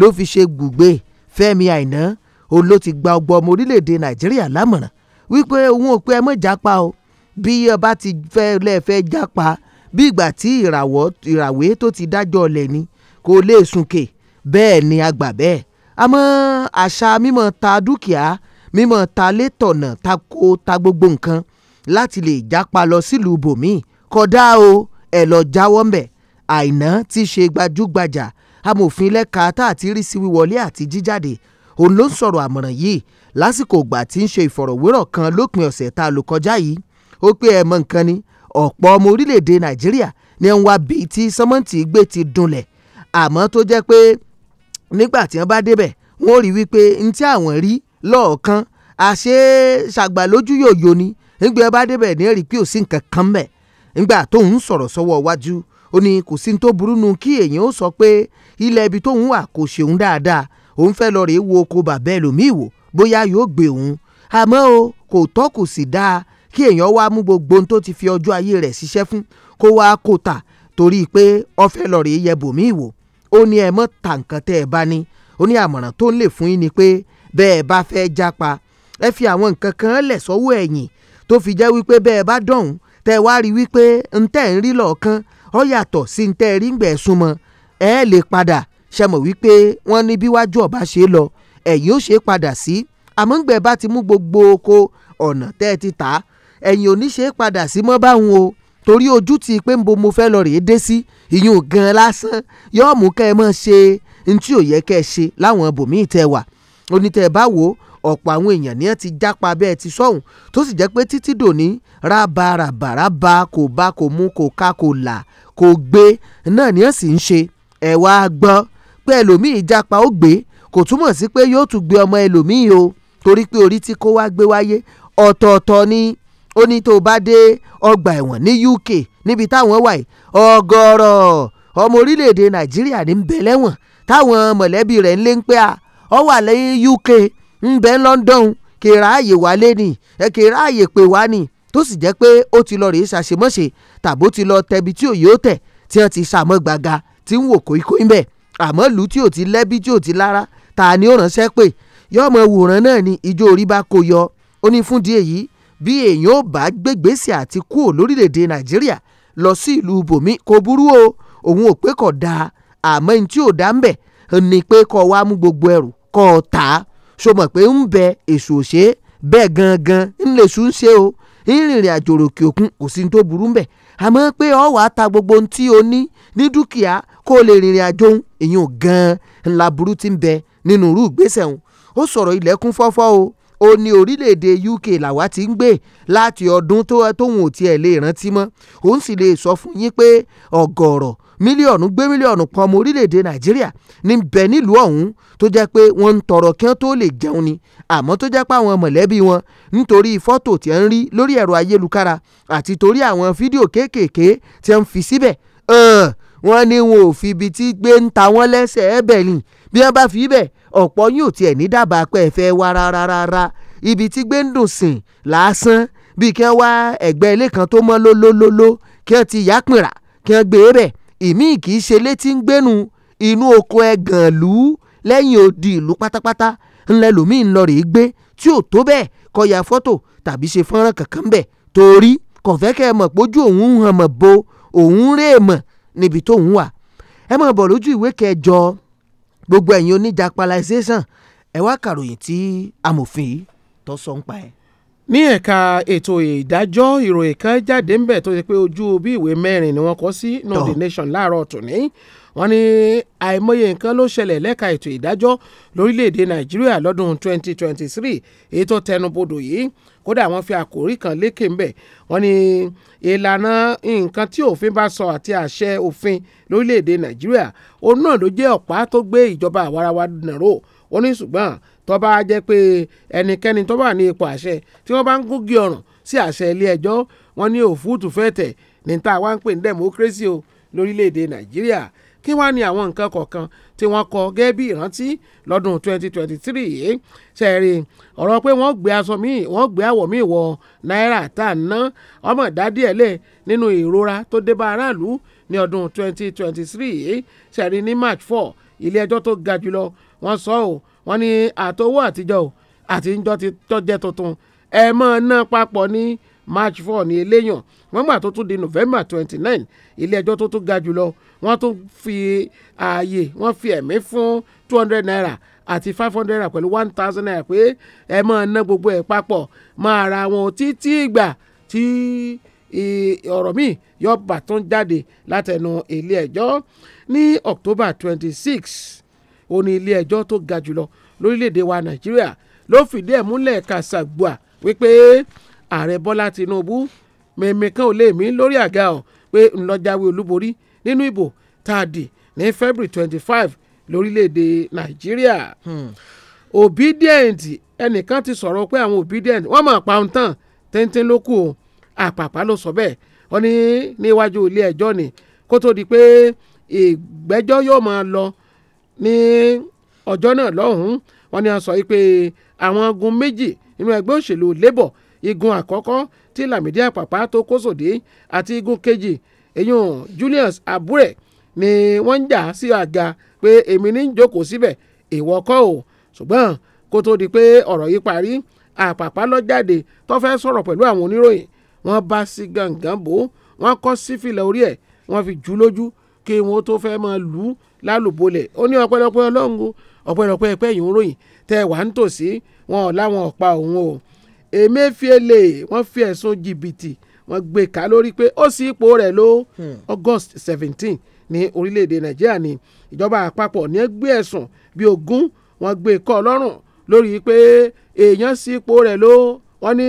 ló fi ṣe gbùgbé Fẹ́mi Àìná òun ló ti gba ọgbọ ọmọ orílẹ̀‐èdè nàìjíríà lámọ̀ràn wípé òun ò pé ẹ mọ̀ jápa o bí ọba ti fẹ́ lẹ́ẹ̀fẹ́ jápa bí ìgbà tí ìràwọ̀ ìràwé tó ti dájọ́ ọ̀lẹ̀ ni kò lè súnkè bẹ́ẹ̀ ni a gbà bẹ́ẹ̀ àmọ́ àṣà mímọ́ ta dúkìá mímọ́ ta létọ̀nà ta kó ta gbogbo nǹkan láti lè jápa lọ sílùú bòmíì kódà o ẹ̀ lọ jáwọ́ ńbẹ̀ àìná ti ṣe gbajúgbajà amòfin lẹ́ka tá àti rí sí wíwọlé àti jíjáde òun ló ń sọ̀rọ̀ àmọ̀ràn yìí lásìkò ìgbà tí ń ṣe ìfọ̀rọ̀wérọ̀ kan lópin ọ̀sẹ̀ tá a lò kọjá yìí ó pé ẹ mọ̀ nǹkan ni ọ̀pọ̀ ọmọ orílẹ̀-èdè nàìjíríà ni ń wá bíi tí sọ́mọ́ǹtì gbé ti dunlẹ̀ àmọ́ tó jẹ́ pé nígbà tí wọ́n bá débẹ̀ wọ́n rí wípé ní tí àwọn rí lọ́ọ̀kan àṣé ṣàgbà lójú yòyò ni nígbà ẹ bá débẹ̀ ní rí pé ò sí nǹkan kan mẹ́ nígbà tó ń sọ̀rọ̀ sọ́wọ́ wájú ó ní kò sí ní tó burú nu kí èèyàn ó sọ pé ilẹ̀ ibi tóun wà kò ṣeun dáadáa òun fẹ́ lọ rèé wo oko bàbá ẹlòmíì wò bóyá yóò gbé òun àmọ́ o kò tọ́ kò dáa kí èèyàn wá mú gbogbo ohun tó ti fi ọjọ́ ayé rẹ̀ ṣiṣẹ́ fún kó wá kó tà torí pé ọfẹ́ lọ́ọ̀rẹ́ yẹ bòmíì wò ó ní ẹ mọ́ ta nǹkan tẹ́ ẹ bá ní ó ní àmọ̀ràn tó ń lè fún yín ni pé bẹ́ẹ̀ bá fẹ́ jápa ẹ fi àwọn nǹkan kan lẹ̀ sọ́wọ́ ẹ̀yìn tó fi jẹ́ wípé bẹ́ẹ̀ bá dọ̀hún tẹ́ ẹ wá rí wípé ń tẹ́ ń rí lọ́ọ̀kan ó yàtọ̀ sí ń tẹ́ ẹ rí ngbẹ̀ súnmọ́ ẹ lè padà ṣe mọ̀ wípé wọ́n ní bí wájú ọ̀bá ṣe lọ ẹ̀yìn ó ṣe padà sí àmọ́ ngbẹ̀ bá ti mú gbogbo oko ọ̀nà tẹ́ ẹ ti tà á ẹ̀yìn oníṣe padà sí mọ́ báwọn o torí ojú ti pé ń bo mo fẹ́ lọ rèé dé sí ìyún gan lásán yóò mú kẹ́ ẹ mọ́ ṣe n tí ò yẹ kẹ́ ẹ ṣe láwọn ibòmíì tẹ wà onítẹ̀ báwo ọ̀pọ̀ àwọn èèyàn ní ẹ ti jápa bẹ́ẹ̀ ti sọ̀hún tó sì jẹ́ pé títí dòní rábaràbàràbà kò bá kò mú kò ká kò là kò gbé náà ní ẹ sì ń ṣe ẹ wá gbọ́ pé ẹlòmíì jápa ó gbé kò túmọ̀ sí pé yóò tún gbé ọmọ ẹlòmíì o torí pé orí tí kó wá gbé wáyé ọ̀tọ̀ọ̀tọ̀ ni ó ní tó bá dé ọgbà ẹ̀wọ̀n ní UK níbi táwọn wà yìí ọ̀gọ̀rọ̀ ọmọ orílẹ̀-èdè nàìjíríà ní bẹ̀ lẹ́wọ̀n táwọn mọ̀lẹ́bí rẹ̀ ń lé ń pẹ́ à ọ wà lẹ́yìn UK ń bẹ London kèrà àyè wálé ni kèrà àyè pè wá ni tó sì jẹ́ pé ó ti lọ rèé ṣàṣemọ́ṣe tàbó ti lọ tẹbi tí òye ó tẹ̀ tí wọ́n ti sàmọ́ gbàgà tí ń wò kóíkóí bẹ́ẹ̀ àmọ́ lù tí ò ti lẹ́bí tí ò ti lára ta ni ó ránṣẹ́ pé yọ́mọ wòran náà ni ijó orí bá kó yọ ó ní fúndìí èyí bí èèyàn ò bá gbégbèsè àti kúò lórílẹ̀‐èdè nàìjíríà lọ sí ìlú bòmí kò burú o òun ò pé kò dáa àmọ́ ẹni tí ò dá ń bẹ̀ ni pé kó wá mú gbogbo ẹrù kó o tà á so mọ̀ pé ń bẹ èso ṣe bẹ́ẹ̀ gangan ń lè sùn ṣe o ìrìnrìn àjò òkè òkun kò sí ní tó burú ń bẹ̀ àmọ́ pé o wàá ta gbogbo ohun tí o ní ní dúkìá kó o lè rìnrìn àjò òun èyí gan-an ńlá burú ti ń bẹ nínú irú ìgbésẹ̀ òun ó sọ̀rọ̀ ilẹ̀kùn fọ́fọ́ o ó ní orílẹ̀-èdè UK làwa ti ń gbé láti ọdún tóun ò tiẹ̀ lè rántí mọ́ òun sì lè sọ fún yín pé ọ̀gọ̀rọ̀ mílíọ̀nù gbé mílíọ̀nù kan ọmọ orílẹ̀-èdè nàìjíríà ní bẹ̀ nílùú ọ̀hún tó jẹ́ pé wọ́n ń tọrọ kí wọ́n tó lè jẹun ni àmọ́ tó jẹ́ pé àwọn mọ̀lẹ́bí wọn nítorí fọ́tò tí ń rí lórí ẹ̀rọ ayélukára àti torí àwọn fídíò kéékèèké tí ń fi síbẹ̀ wọ́n ní wọn ò fi ibi tí gbé ń ta wọ́n lẹ́sẹ̀ ẹ̀ bẹ̀ ni bí wọ́n bá fi ibẹ̀ ọ̀pọ̀ yín ò tiẹ̀ ní dábàá pé ẹ fẹ́ wá rárá rárá ibi tí gbé ń dùn sìn lásán bíi kí wọ́n wá ẹ̀gbẹ́ ilé kan tó mọ́ lólólóló kí wọ́n ti yápìnrà kí wọ́n gbé bẹ̀ ìmíì kì í ṣe létí ń gbénu inú oko ẹ̀gàn lù ú lẹ́yìn odi ìlú pátápátá ńlẹ lòmíì ń lọ rèé gbé tí ò tó bẹ́ẹ̀ kó ya fọ́tò tàbí ṣe fọ́nrán kankan bẹ̀ torí kò fẹ́ kẹ́ ẹ mọ̀ pójú òun ń hàn mọ̀ bo òun ń rè mọ̀ níbi tó ń wà ẹ máa bọ̀ lójú ìwé kẹjọ gbogbo ẹ̀yin oníjàpálàìsẹ́sàn ẹ wá kàròyìn tí amòfin yìí tó sọ ń pa ẹ̀. ní ẹ̀ka ètò ìdájọ́ ìròyìn kan jáde ń bẹ̀ tó ṣe pé ojú bí ìwé mẹ́rin ni wọ́n kọ sí no the nation láàárọ̀ tòní wọ́n ní àìmọye nǹkan ló ṣẹlẹ̀ lẹ́ka ètò ìdájọ́ lórílẹ̀‐èdè nàìjíríà lọ́dún 2023 èyí tó tẹnubodò yìí kódà wọ́n fi àkòrí kan lékè ńbẹ̀ wọ́n ní ìlànà nǹkan tí òfin bá sọ àti àṣẹ òfin lórílẹ̀‐èdè nàìjíríà òun náà ló jẹ́ ọ̀pá tó gbé ìjọba àwarawa nàró ó ní ṣùgbọ́n tó bá jẹ́ pé ẹnikẹ́ni tó bá ní ipò àṣẹ tí wọ́n bá ń gúngi ọ̀ràn sí àṣẹ ilé ẹjọ́ wọ́n ní òfúùtù fẹ́tẹ̀ ní tá a wá ń pè ní democracy o lórílẹ̀‐èdè nàìjíríà kí wá ní àwọn nǹkan kọ̀ọ̀kan tí wọ́n kọ gẹ́gẹ́ bí ìrántí lọ́dún 2023 yìí ṣẹ̀rí ọ̀rọ̀ pé wọ́n gbé aṣọ míì wọ́n gbé àwọ̀ míì wọ náírà tá à ń ná ọmọ ìdádí ẹ̀ lẹ̀ nínú ìrora tó dé bá aráàlú ní ọdún 2023 yìí ṣẹ̀rí ní March 4 ilé ẹjọ́ tó ga jùlọ wọ́n sọ ọ́ wọ́n ní àtowó àtijọ́ àti ń tọ́jẹ́ tuntun ẹ̀ mọ́ ná papọ̀ ní March 4 ní eléyàn wọ́n gbà tó tún di November 29 ilé ẹjọ́ tó tún ga jùlọ wọ́n tún fi ààyè wọ́n fi ẹ̀mí fún two hundred naira àti five hundred naira pẹ̀lú one thousand naira pé ẹ máa ná gbogbo ẹ̀ papọ̀ máa ra wọn títí ìgbà tí ọ̀rọ̀ míì yọ bàtún jáde látẹnu ilé ẹjọ́ ní October twenty six ó ní ilé ẹjọ́ tó ga jùlọ lórílẹ̀‐èdè wa Nàìjíríà ló fìdí ẹ̀ múlẹ̀ kàṣàgbà wípé ààrẹ Bọ́lá Tinubu mẹ̀mẹ̀kan ò lè mí lórí àga ọ̀ pé ńlọ́jáwé olúborí nínú ìbò tá a dì ní February twenty five lórílẹ̀‐èdè Nàìjíríà. Hmm. Obidient ẹnìkan ti sọ̀rọ̀ pé àwọn Obidient wọ́n mọ̀ pa ohun tán téńté ló kù àpàpà ló sọ bẹ́ẹ̀ wọ́n ní níwájú ilé ẹjọ́ ni kó tó di pé ìgbẹ́jọ́ yóò máa lọ ní ọjọ́ náà lọ́hùn-ún wọ́n ní a sọ pé àwọn igun méjì nínú ẹgbẹ́ òṣèlú Labour igun àkọ́kọ́ tí Lamidi Àpàpà tó kó sòdí àti igun kejì èyun Julius Abure ni wọ́n ń jà sí àga pé èmi ní jókòó síbẹ̀ ìwọ kọ́ o ṣùgbọ́n kó tó di pé ọ̀rọ̀ yìí parí àpàpà lọ jáde tó fẹ́ sọ̀rọ̀ pẹ̀lú àwọn oníròyìn wọ́n bá sí gàngán bò ó wọ́n kọ́ sí filẹ̀ orí ẹ̀ wọ́n fi jù lójú kí wọ́n tó fẹ́ máa lù ú lálùbọ́lẹ̀ ó ní ọpẹ́lọpẹ́ ọlọ́run ọpẹ́lọpẹ́ ẹ̀pẹ́ yìí ń ròyìn tẹ́ wà ń tòsí wọn ò láwọn ọ̀pá òun o Emefiele wọ́n fi ẹ̀sùn jìbìtì wọ́n gbé ká lórí pé ó sì ipò rẹ̀ ló hmm. August seventeen ní orílẹ̀-èdè Nàìjíríà ni ìjọba àpapọ̀ ní gbé ẹ̀sùn bíi ogún wọ́n gbé kọ́ lọ́rùn lórí pé èèyàn sí ipò rẹ̀ ló wọ́n ní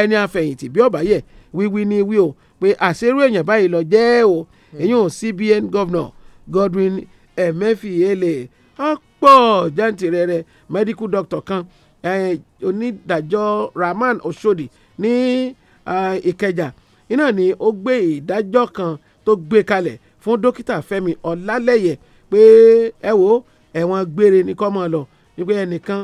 ẹni àfẹ̀yìntì bí ọ̀bá yẹ wíwí ni wí o pé àṣerú èèyàn báyìí lọ jẹ́ o èyí hmm. ò CBN governor Godwin Emefiele ọ̀pọ̀ jàǹtìrẹrẹ medical doctor kan eh, onídàájọ́ Rahman Oshodi ní. Ni ìkẹjà iná ni ó gbé ìdájọ́ kan tó gbé kalẹ̀ fún dókítà fẹ́mi ọlálẹ́yẹ pé ẹ wo ẹ̀wọ̀n gbére ni kọ́ mọ́ lọ wípé ẹnìkan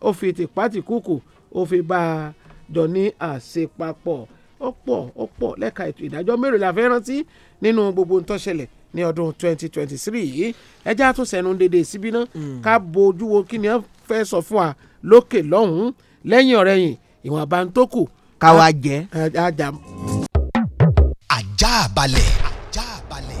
ó fi tìpátìkúkù ó fi bá a jọ ní àṣepapọ̀ ó pọ̀ ó pọ̀ lẹ́ka ètò ìdájọ́ mélòó la fẹ́ rántí nínú gbogbo ń tó ṣẹlẹ̀ ní ọdún 2023 yìí ẹjẹ́ àtúnṣẹ́nu dédé síbí ná hmm. ká bojú wo kí ni wọ́n fẹ́ sọ fún wa lókè lọ́hùn-ún lẹ́yìn ọ̀rẹ́yìn ìwọ̀nba ń tó kù káwa jẹ. ajá balẹ̀. ajá balẹ̀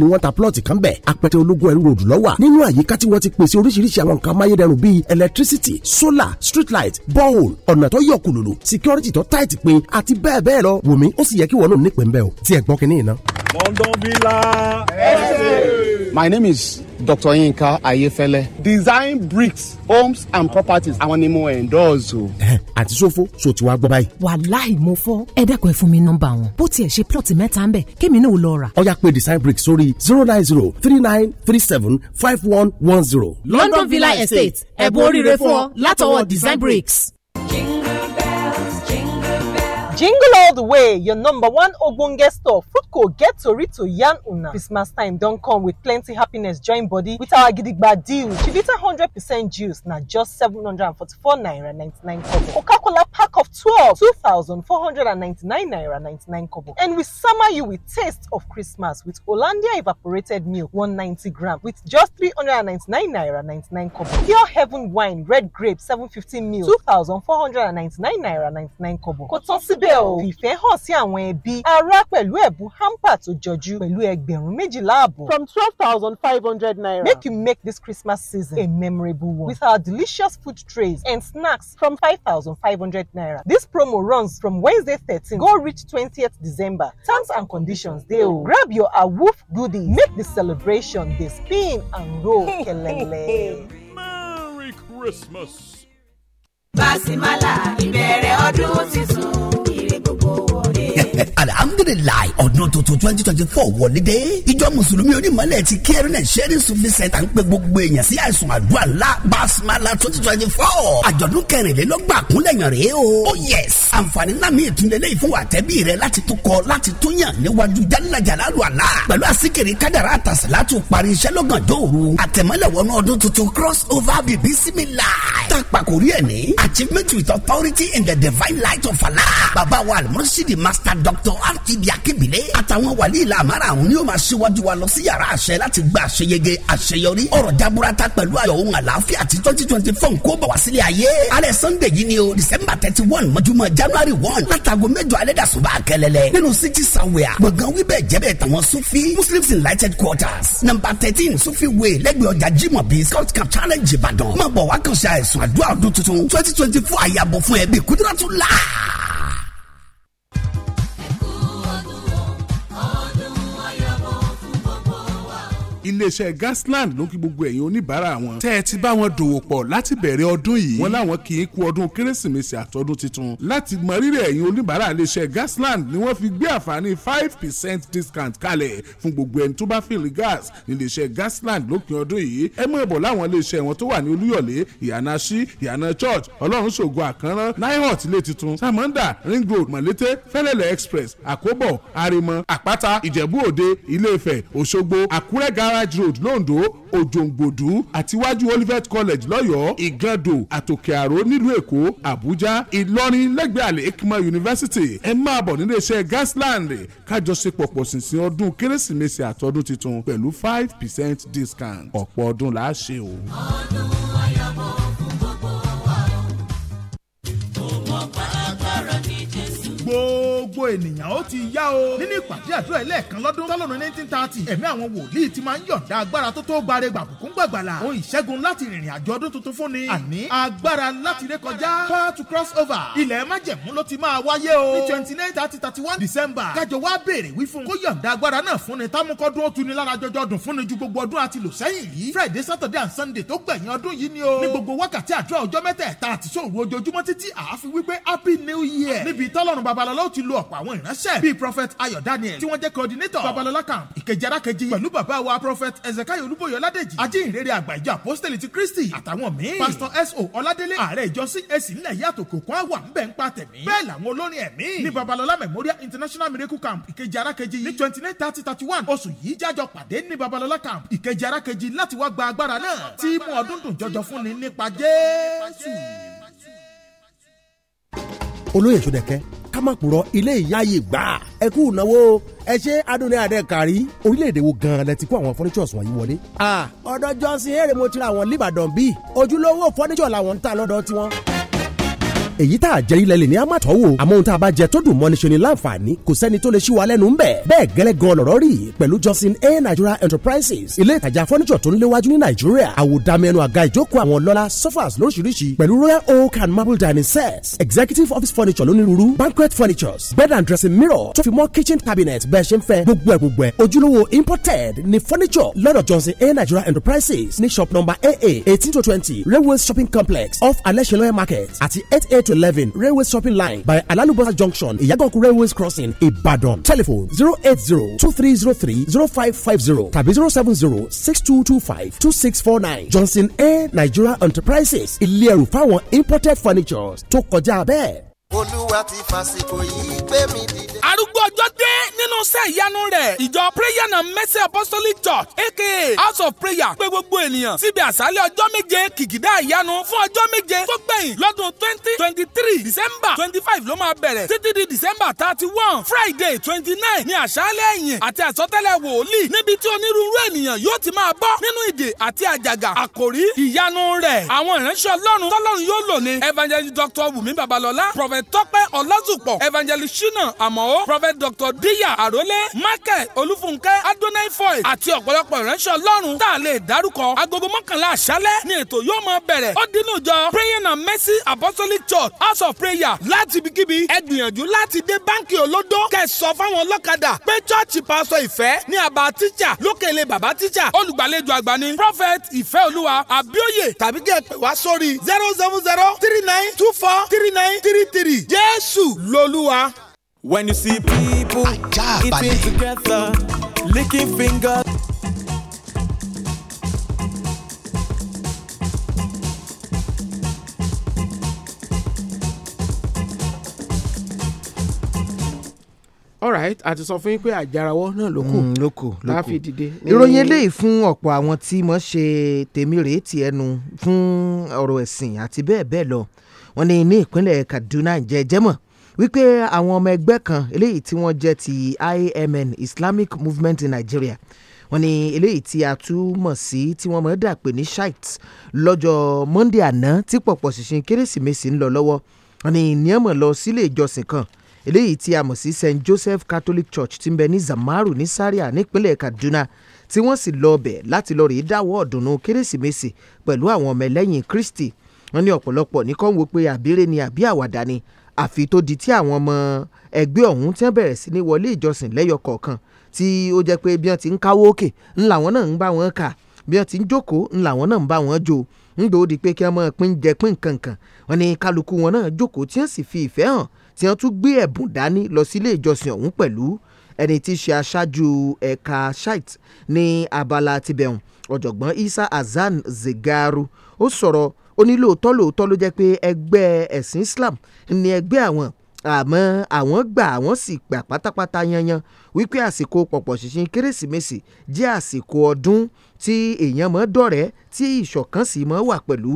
ni wọ́n ta plọ́ọ̀tì kan bẹ̀ apẹtẹ ológun ẹ̀rú ròdù lọ́wà nínú àyíká tí wọ́n ti pèsè oríṣiríṣi àwọn nǹkan amáyédẹrùn bíi electricity solar street borehole ọ̀nà tó yọ kùlùlù security tó tight pin àti bẹ́ẹ̀ bẹ́ẹ̀ lọ wùmí ó sì yẹ kí wọ́n My name is Dr. Yinka Ayefele design bricks homes and properties àwọn ni mo endorse o. àti sófo so ti wá gbọ́ báyìí. wàláì mo fọ́ ẹ dẹ́kun ẹ fún mi nọ́mbà wọn bó tiẹ̀ ṣe plọ̀tì mẹ́ta ń bẹ̀ kémi náà lọ rà. ọ̀yá pé design bricks sórí zero nine zero three nine three seven five one one zero. London Villa Estate ẹ̀bùn oríire fún ọ látọwọ́ design bricks jingle all the way your number one ogbonge store foodco get tori to yarn una christmas time don't come with plenty happiness join body with our gidigba deal chivita hundred percent juice na just 744 naira ninety-nine kobo coca-cola pack of twelve two thousand four hundred ninety-nine naira ninety-nine kobo and we summer you with taste of christmas with Olandia evaporated milk one ninety gram with just three hundred ninety-nine naira ninety-nine kobo pure heaven wine red grape seven fifty ml two thousand four hundred ninety-nine naira ninety-nine kobo kò tán ò hàn sí àwọn ẹbí ará pẹ̀lú ẹ̀bùn hamper tó jọjú pẹ̀lú ẹgbẹ̀rún méjìlá àbọ̀. from twelve thousand five hundred naira. make you make this Christmas season a memorable one with our delicious food trays and snacks from five thousand five hundred naira. this promo runs from Wednesday thirteen go reach twentieth December terms and conditions dey o. grab your awoof goodies make the celebration dey spin and roll kelele. Merry Christmas. Basimala ìbẹ̀rẹ̀ ọdún tuntun the sílẹ̀ alihamudulilayi ọdún tuntun twenty twenty four wọlé dé ìjọ mùsùlùmí onímọ̀lẹ̀ ti kẹrin náà ṣẹ́rí sùfisẹ̀ tà ń pe gbogbo èèyàn sí àìsùn àdúrà la basimala twenty twenty four àjọ̀dún kẹrìnlélọ́gbà kúnlẹ̀yàn rèé o oh yes àǹfààní náà mi ìtúndẹ̀lẹ́ ìfún àtẹ́bí rẹ láti tún kọ láti tún yàn níwájú jálàjàlá lu àlá pẹ̀lú àsìkiri kádàrá àtàsí láti parí iṣẹ́ lọ́gànjọ́ òru àtẹ̀mọ́lẹ̀ wọnú ọdún tuntun cross over bìbí sími láì tá a pàkórí ẹ̀ ní achievement with authority in the divine light of Allah bàbá wa àlùmọ́sídìí master dog dr rtd akébílé àtàwọn wàlíì làmárà àwọn ni ó máa ṣíwájú wa lọ sí yàrá àṣẹ láti gba àṣeyege àṣeyọrí ọ̀rọ̀ jaburata pẹ̀lú ayọ̀ ohun àlàáfíà ti twenty twenty four nǹkó bọ̀ wá sílé ayé alẹ́ sunday yìí ni o december thirty one mọ́júmọ́ january one látago mẹ́jọ alẹ́ dàsùnbà kẹlẹ́lẹ́ nínú city sawia gbọ̀ngàn wíbẹ̀ jẹ́bẹ̀ tàwọn sufi muslims enlightened quarters number thirteen sufi way lẹ́gbẹ̀ẹ́ ọjà jimobi scott camp challenge ìbàdàn máa bọ̀ wá kàn ṣe àìsàn àdúrà ọdún tuntun twenty twenty four àyàbọ̀ fún ẹbí kúndúrà tún láà. iléeṣẹ́ Gasland ló kí gbogbo ẹ̀yin oníbàárà wọn tẹ́ ẹ ti bá wọn dòwò pọ̀ láti bẹ̀rẹ̀ ọdún yìí wọn láwọn kì í kú ọdún kérésìmesì àtọdún tuntun láti mọ rírì ẹ̀yin oníbàárà iléeṣẹ́ Gasland ni wọ́n fi gbé àǹfààní five percent discount kalẹ̀ fún gbogbo ẹni tó bá fìlì gas ní iléeṣẹ́ Gasland lópin ọdún yìí ẹ mọ̀ bọ̀ láwọn iléeṣẹ́ wọn tó wà ní Olúyọ̀lé ìyànà sí ìyànà church ọlọ́run ṣògo ring road mọ̀lété fẹ́lẹ́lẹ̀ express àkóbọ̀ àrèmọ àpáta ìjẹ̀bú òde ilé Ifẹ̀ òṣogbo garage road londo òjòǹgbòdú àtiwájú olivet college lọ́yọ̀ọ́ ìgàndò àtòkè àró nílùú èkó àbújá ìlọrin lẹ́gbẹ̀ẹ́ àlè ekima university ẹ máa bọ̀ nílé iṣẹ́ gasland kájọṣepọ̀ pọ̀ ṣìnṣìn ọdún kérésìmesì àtọdún tuntun pẹ̀lú five percent discount ọ̀pọ̀ ọdún la ṣe o. ọdún ayọ̀bọ̀. gbogbo ènìyàn ó ti yá o. nínú ìpàdé àdúrà ẹlẹ́ẹ̀kan lọ́dún tọ́lọ́run nineteen thirty ẹ̀mí àwọn wòlíì ti máa ń yọ̀ǹda agbára tó tó gbare gbàbùkún gbàgbàlà ohun ìṣẹ́gun láti rìnrìn àjò ọdún tuntun fún ni àní agbára láti rékọjá power to cross over ilẹ̀ májẹ̀mú ló ti máa wáyé o ní twenty nine thirty thirty one december kájọ wá béèrè wí fún kó yọ̀ǹda agbára náà fún ni támúkọ́dún ó tu ni lára jọjọ dùn fún ni ju gbogbo ọdún àti lò sẹ́yìn yìí friday saturday and sunday tó gbẹ̀yìn ọdún yìí ni o ní gbogbo wákàtí àdúrà ọjọ́ mẹ́tẹ̀ẹ̀ta àti sóòrù ojoojúmọ́ títí àáfi wípé happy new year níbi tọ́lọ́run babalọ́lá ti l lo ọ̀pọ̀ àwọn ìránṣẹ́ bíi prophet ayọ̀ daniel tí wọ́n jẹ́ coordinator babalọlá camp ìkejì arákejì pẹ̀lú bàbá wa prophet ezekiel olúbóyè ọládèjì ajínrere àgbà ìjọ apostoli ti kristi àtàwọn míì pastor so ọládélé ààrẹ ìjọ cac nílẹ̀ yàtọ̀ kòkó àwà ń bẹ̀ ń pa tẹ̀mí bẹ́ẹ̀ làwọn olórin ẹ̀mí ní babalọlá memorial international miracle camp ìkejì arákejì ní twenty nine thirty thirty one oṣù yìí jájọ pàdé ní babalọlá camp ìkejì arákejì láti wá gba agbára náà tí mú ọdún dùn jọjọ fúnni nípa jésù olóyè sódẹ̀kẹ́ kámàkùrọ̀ ilé ìyáyè gbà ẹ kú ìnáwó ẹ ṣe adúlé adé kárí orílẹ̀-èdè wo gan-an lẹ ti kó àwọn fọ́nísọ̀sì wọ̀nyí wọlé. ọ̀dọ̀ Johnson eré mo ti ra àwọn l'Íbàdàn bíi ojúlówó fọ́nísọ̀ làwọn ń ta lọ́dọ̀ tiwọn èyí tá a jẹ ilẹ̀ lè ní a má tọ́ wò àmọ́ ohun tá a bá jẹ tó dùn mọ́ni ṣe ni láǹfààní kò sẹ́ni tó lè ṣí wa lẹ́nu ń bẹ́ẹ̀ gẹ́lẹ́ gan rí pẹ̀lú Johnson A Nigeria Enterprises ilé ìtajà fọ́nísọ̀ tó ń léwájú ní Nàìjíríà àwòdàmẹ́nu àga ìjókòó àwọn lọ́lá sofas lóríṣiríṣi pẹ̀lú royal oak and marble dining sets executive office furniture lónírúurú banquet furnitures bed and dressing mirror tó fi mọ́ kitchen cabinet bẹ́ẹ̀ ṣe ń fẹ́ gbogbo ẹ̀ gbogbo ẹ̀ ojúlówó imported ni furniture lọ́dọ̀ Johnson A Nigeria Enterprises ní shop number AA eighteen to twenty railway shopping complex off alẹ́ṣẹ̀lọ́yẹ̀ market àti eight eight Eleven railway shopping line by Alalubasa Junction, Iyagonku Railways Crossing, Ibadan. Telephone zero zero zero zero eight two three three 080-2303-0550 tàbí 070-6225-2649. Johnson A. Nigeria Enterprises ilé ẹrù fáwọn imported furnitures tó kọjá bẹ́ẹ̀. Olúwa ti fàsìkò yìí gbé mi dìde arúgbó ọjọ́ dé nínú iṣẹ́ ìyanu rẹ̀ ìjọ prayer na mercy apostolic church aka house of prayer pé gbogbo ènìyàn síbi àṣálẹ̀ ọjọ́ méje kìkìdá ìyanu fún ọjọ́ méje tó gbẹ̀yìn lọ́dún twenty twenty three december twenty five ló máa bẹ̀rẹ̀ títí di december thirty one friday twenty nine ni àṣálẹ̀ ẹ̀yìn àti àsọtẹ́lẹ̀ wòlíì níbi tí onírúurú ènìyàn yóò ti máa bọ́ nínú ìdè àti àjàgà àkòrí ìyanu rẹ̀ àwọn ìránṣẹ́ ọlọ́run tọ́lọ́run yóò lò ní evangelist dr wumi babalọlá prophet tọ́pẹ́ ọlázùpọ̀ evangelist shina àmọ́ prophet dr diya arole michael Olufunke adonai foy àti ọ̀pọ̀lọpọ̀ ìránṣẹ́ ọlọ́run tá a lè dárúkọ agogo mọ́kànlá àṣálẹ́ ni ètò yóò máa bẹ̀rẹ̀ ó dínú jọ praying and mercy apostolic church house of prayer láti ibikíbi ẹ gbìyànjú láti dé báńkì olódó kẹsọ fáwọn ọlọ́kadà pé chọ́ọ̀chì pásọ ìfẹ́ ní àbá tíjà lókèlè bàbá tíjà olùgbàlejò àgbà ni prophet ìfẹ́ olúwa àbíòye tàbí kí ẹ pè wá sórí zero seven zero three nine two four three nine three three jésù lolúwa. When you see people Ajá, eating balẹ̀. together, licking fingers. alright àti sọ fún yín pé àjàrawọ́ náà ló kù mm, ló kù ló kù dìde. ìròyìn eléyìí fún ọ̀pọ̀ àwọn tí mo ṣe tèmi rèé ti ẹnu fún ọ̀rọ̀ ẹ̀sìn àti bẹ́ẹ̀ bẹ́ẹ̀ lọ wọ́n ní ní ìpínlẹ̀ Kaduna jẹjẹmọ̀ wípé àwọn ọmọ ẹgbẹ́ kan eléyìí tí wọ́n jẹ́ ti IMN Islamic Movement in Nigeria wọ́n ní eléyìí tí a tún mọ̀ sí tí wọ́n mọ̀ dà pé ní shite lọ́jọ́ Monday àná tí pọ̀pọ̀ ṣìnṣìn kérésìmesì ń lọ lọ́wọ́ wọ́n ní ìníọ̀mọ̀ lọ sílé ìjọsìn kan eléyìí tí a mọ̀ sí St Joseph Catholic Church ti ń bẹ ní Zamaru ní Zaria nípínlẹ̀ Kaduna tí wọ́n sì lọ bẹ̀ láti lọ rèé dáwọ́ ọ̀dùnnú kérésìmesì pẹ̀lú àwọn ọmọ ẹlẹ́yìn Kristi wọ́n ní ọ̀pọ̀lọpọ̀ ní kọ́ pé àbíré ni àbí àwàdà ni àfi tó di tí àwọn ọmọ ẹgbẹ́ ọ̀hún ti bẹ̀rẹ̀ sí ní wọlé ìjọsìn lẹ́yọ kọ̀ọ̀kan tí ó jẹ́ pé bí wọ́n ti ń káwó òkè ńlá wọn náà ń bá wọn kà bí wọ́n ti ń jókòó ńlá wọn náà ń bá wọn jó ńdòdì pé kí wọ́n máa pín jẹ pín kankan wọn ni kálukú wọn náà jókòó tí wọ́n sì fi ìfẹ́ hàn tí wọ́n tún gbé ẹ̀bùn dání lọ sílé ìjọsìn ọ̀hún pẹ̀lú ẹni tí í ṣe aṣáájú ẹ̀ka Shite ní abala tibẹ̀hùn ọ̀jọ̀gbọ́n Isa Azan Zegaru ó sọ̀rọ̀ ó ní lóòótọ́ lóòótọ́ ló jẹ́ pé ẹgbẹ́ ẹ̀sìn Islam ni ẹgbẹ́ àwọn àmọ́ àwọn gbà àwọn sì gbà pátápátá yanyan wípé àsìkò pọ̀pọ̀ ṣìnṣìn kérésìmesì jẹ́ àsìkò ọdún tí èèyàn mọ́ dọ̀rẹ́ tí ìṣọ̀kan sì mọ́ wà pẹ̀lú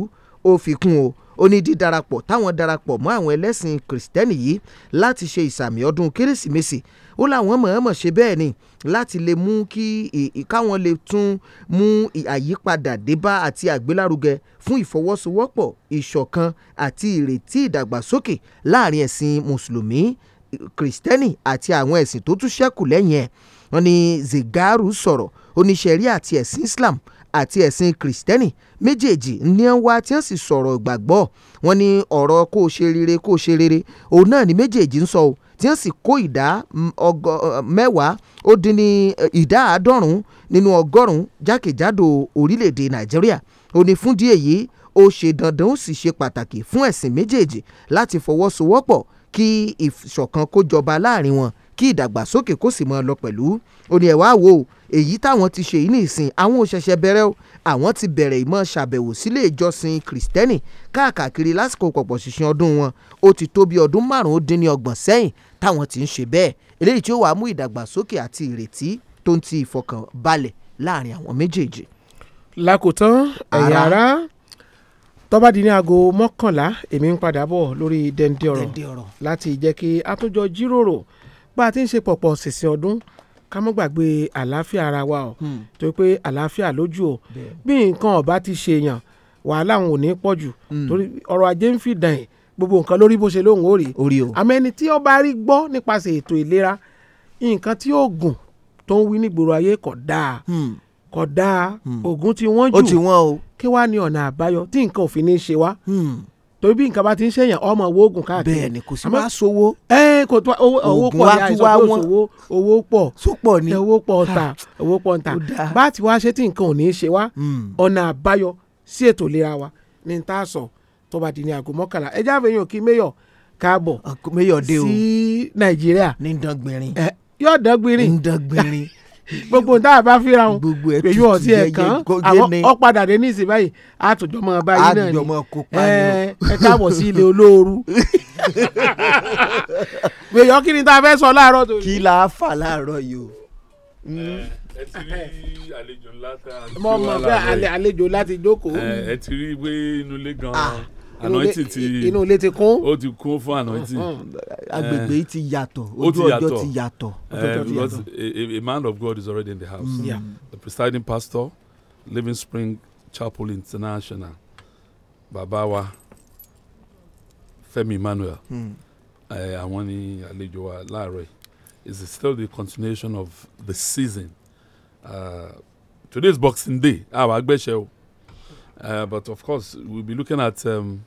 ó fi kún o ó ní dídarapọ̀ táwọn darapọ̀ mọ́ àwọn ẹlẹ́sìn kìrìsìtẹ́nì yìí láti ṣe ìsàmì ọdún kérésìmesì ó láwọn mọ̀ọ́mọ̀ ṣe bẹ́ẹ̀ ni láti lè mú kí káwọn lè tún mú àyípadà débá àti àgbélárugẹ fún ìfọwọ́sowọ́pọ̀ ìṣọ̀kan àti ìrètí ìdàgbàsókè láàrin ẹ̀sìn mùsùlùmí kìrìsìtẹ́nì àti àwọn ẹ̀sìn tó tún ṣẹ́kù lẹ́yìn ẹ̀ wọ́n ní Zegaru sọ̀rọ̀ oníṣẹ́rí àti ẹ̀sìn Islam àti ẹ̀sìn kìrìsìtẹ́nì méjèèjì ní ń wá tí wọ́n sì sọ̀rọ̀ ìgbàgbọ́ wọn ní ọ̀rọ̀ kó o ṣe rere kó o ṣe rere òun náà ni méjèèjì ń sọ o tí wọ́n sì kó ìdá mm, uh, mẹ́wàá ó dín ní uh, ìdá àádọ́rùn-ún nínú ọgọ́rùn-ún jákèjádò orílẹ̀-èdè nàìjíríà ó ní fún díẹ̀ yìí ó ṣe dandan ó sì ṣe pàtàkì fún ẹ̀sìn méjèèjì láti fọwọ́sowọ́pọ̀ kí ìṣọ̀kan kó jọba láàrin wọn kí ìdàgbàsókè kó sì mọ́ ọ lọ pẹ̀lú ó ní ẹ̀ wá wò ó èyí táwọn ti ṣe yìí nìsín àwọn ò ṣẹ̀ṣẹ̀ bẹ̀rẹ̀ o àwọn ti bẹ̀rẹ̀ ìmọ̀ ṣàbẹ̀wò sílé ìjọsìn kìrìsìtẹ́nì káàkiri lásìkò pọ̀pọ̀ ṣìnṣìn ọdún wọn ó ti tó bí ọdún márùn-ún dín ní ọgbọ̀n sẹ́yìn táwọn ti ń ṣe bẹ́ẹ̀ eléyìí tí ó wàá mú ìdàgbàsókè àti ìrètí tó ń ti ìfọkànbalẹ̀ láàrin àwọn méjèèjì. lákòótán ẹ̀yà ara tọ́ba di ní aago mọ́kànlá èmi ń padà bọ̀ lórí dẹ́ndé ọ̀rọ̀ láti jẹ́ kí a tún jọ jíròrò bá a ti ń ṣe pọ̀pọ̀ ṣìnṣìn ọdún ká mọ́ gbàgbé àlàáfíà ara wa o hmm. tó pé àlàáfíà lójú o bí nǹkan ọ̀bá ti ṣèyàn wàhálà òun ò ní pọ̀ jù hmm. torí ọrọ̀ ajé ń fìdàn ẹ̀ gbogbo nǹkan lórí bó ṣe lóun ó rí orí o àmọ́ ẹni tí ó bá rí gbọ́ nípasẹ̀ ètò ìlera nǹkan tí ó gùn tó ń wí nígboro ayé kò dáa hmm. kò dáa oògùn ti wọ́n jù o kí wàá ní ọ̀nà àbáyọ tí nǹkan òfin ní ṣe wá torí bí nǹkan bá ti ń ṣèyàn ọmọ owó oògùn káàkiri bẹ́ẹ̀ ni kò sí wàá sowó kò tó owó pọ̀ ní àìsàn tó sowó owó pọ̀ sopọ̀ ni owó pọ̀ ntà owó pọ̀ ntà bá ti wá ṣe tí nǹkan ò ní í ṣe wá hmm. ọ̀nà àbáyọ sí ètò ìlera wa ní n ta sọ tó bá di ní aago mọ́kànlá ẹ jáwé yín òkì mayor káàbọ̀ sí nàìjíríà ní dangbinrin yóò dangbinrin gbogbo tá a bá fira wọn pẹ̀lú ọtí ẹ̀ kan àwọn ọ̀padà dé ní ìsìn báyìí àtòjọ́ mọ báyìí náà ni ẹ káàbọ̀ sí ilé olóoru. pèyọ́ kí ni tá a fẹ́ sọ láàárọ̀ tó yìí. kí la fà láàárọ̀ yìí o. Hmm? ẹ ti rí àlejò ńlá tá a. mo mọ̀ pé àlejò láti jókòó. ẹ ti rí i pé inú ilé gan-an. Ah, anointing ti inú ilé ti kún ó ti kún fún anointing. Ah, ah, agbègbè yìí ti yàtọ̀ ojú ọjọ́ ti yàtọ̀. Eh, because a, a man of God is already in the house. Mm. Yeah. the presiding pastor Living Spring Chapel International bàbá wa Fẹ́mi Emmanuel hmm. eh, àwọn mm. ni àlejò wa láàárọ̀ yìí is still the continuation of the season uh, today is Boxing Day àwọn agbẹ́sẹ̀ o. Uh, but of course, we'll be looking at um,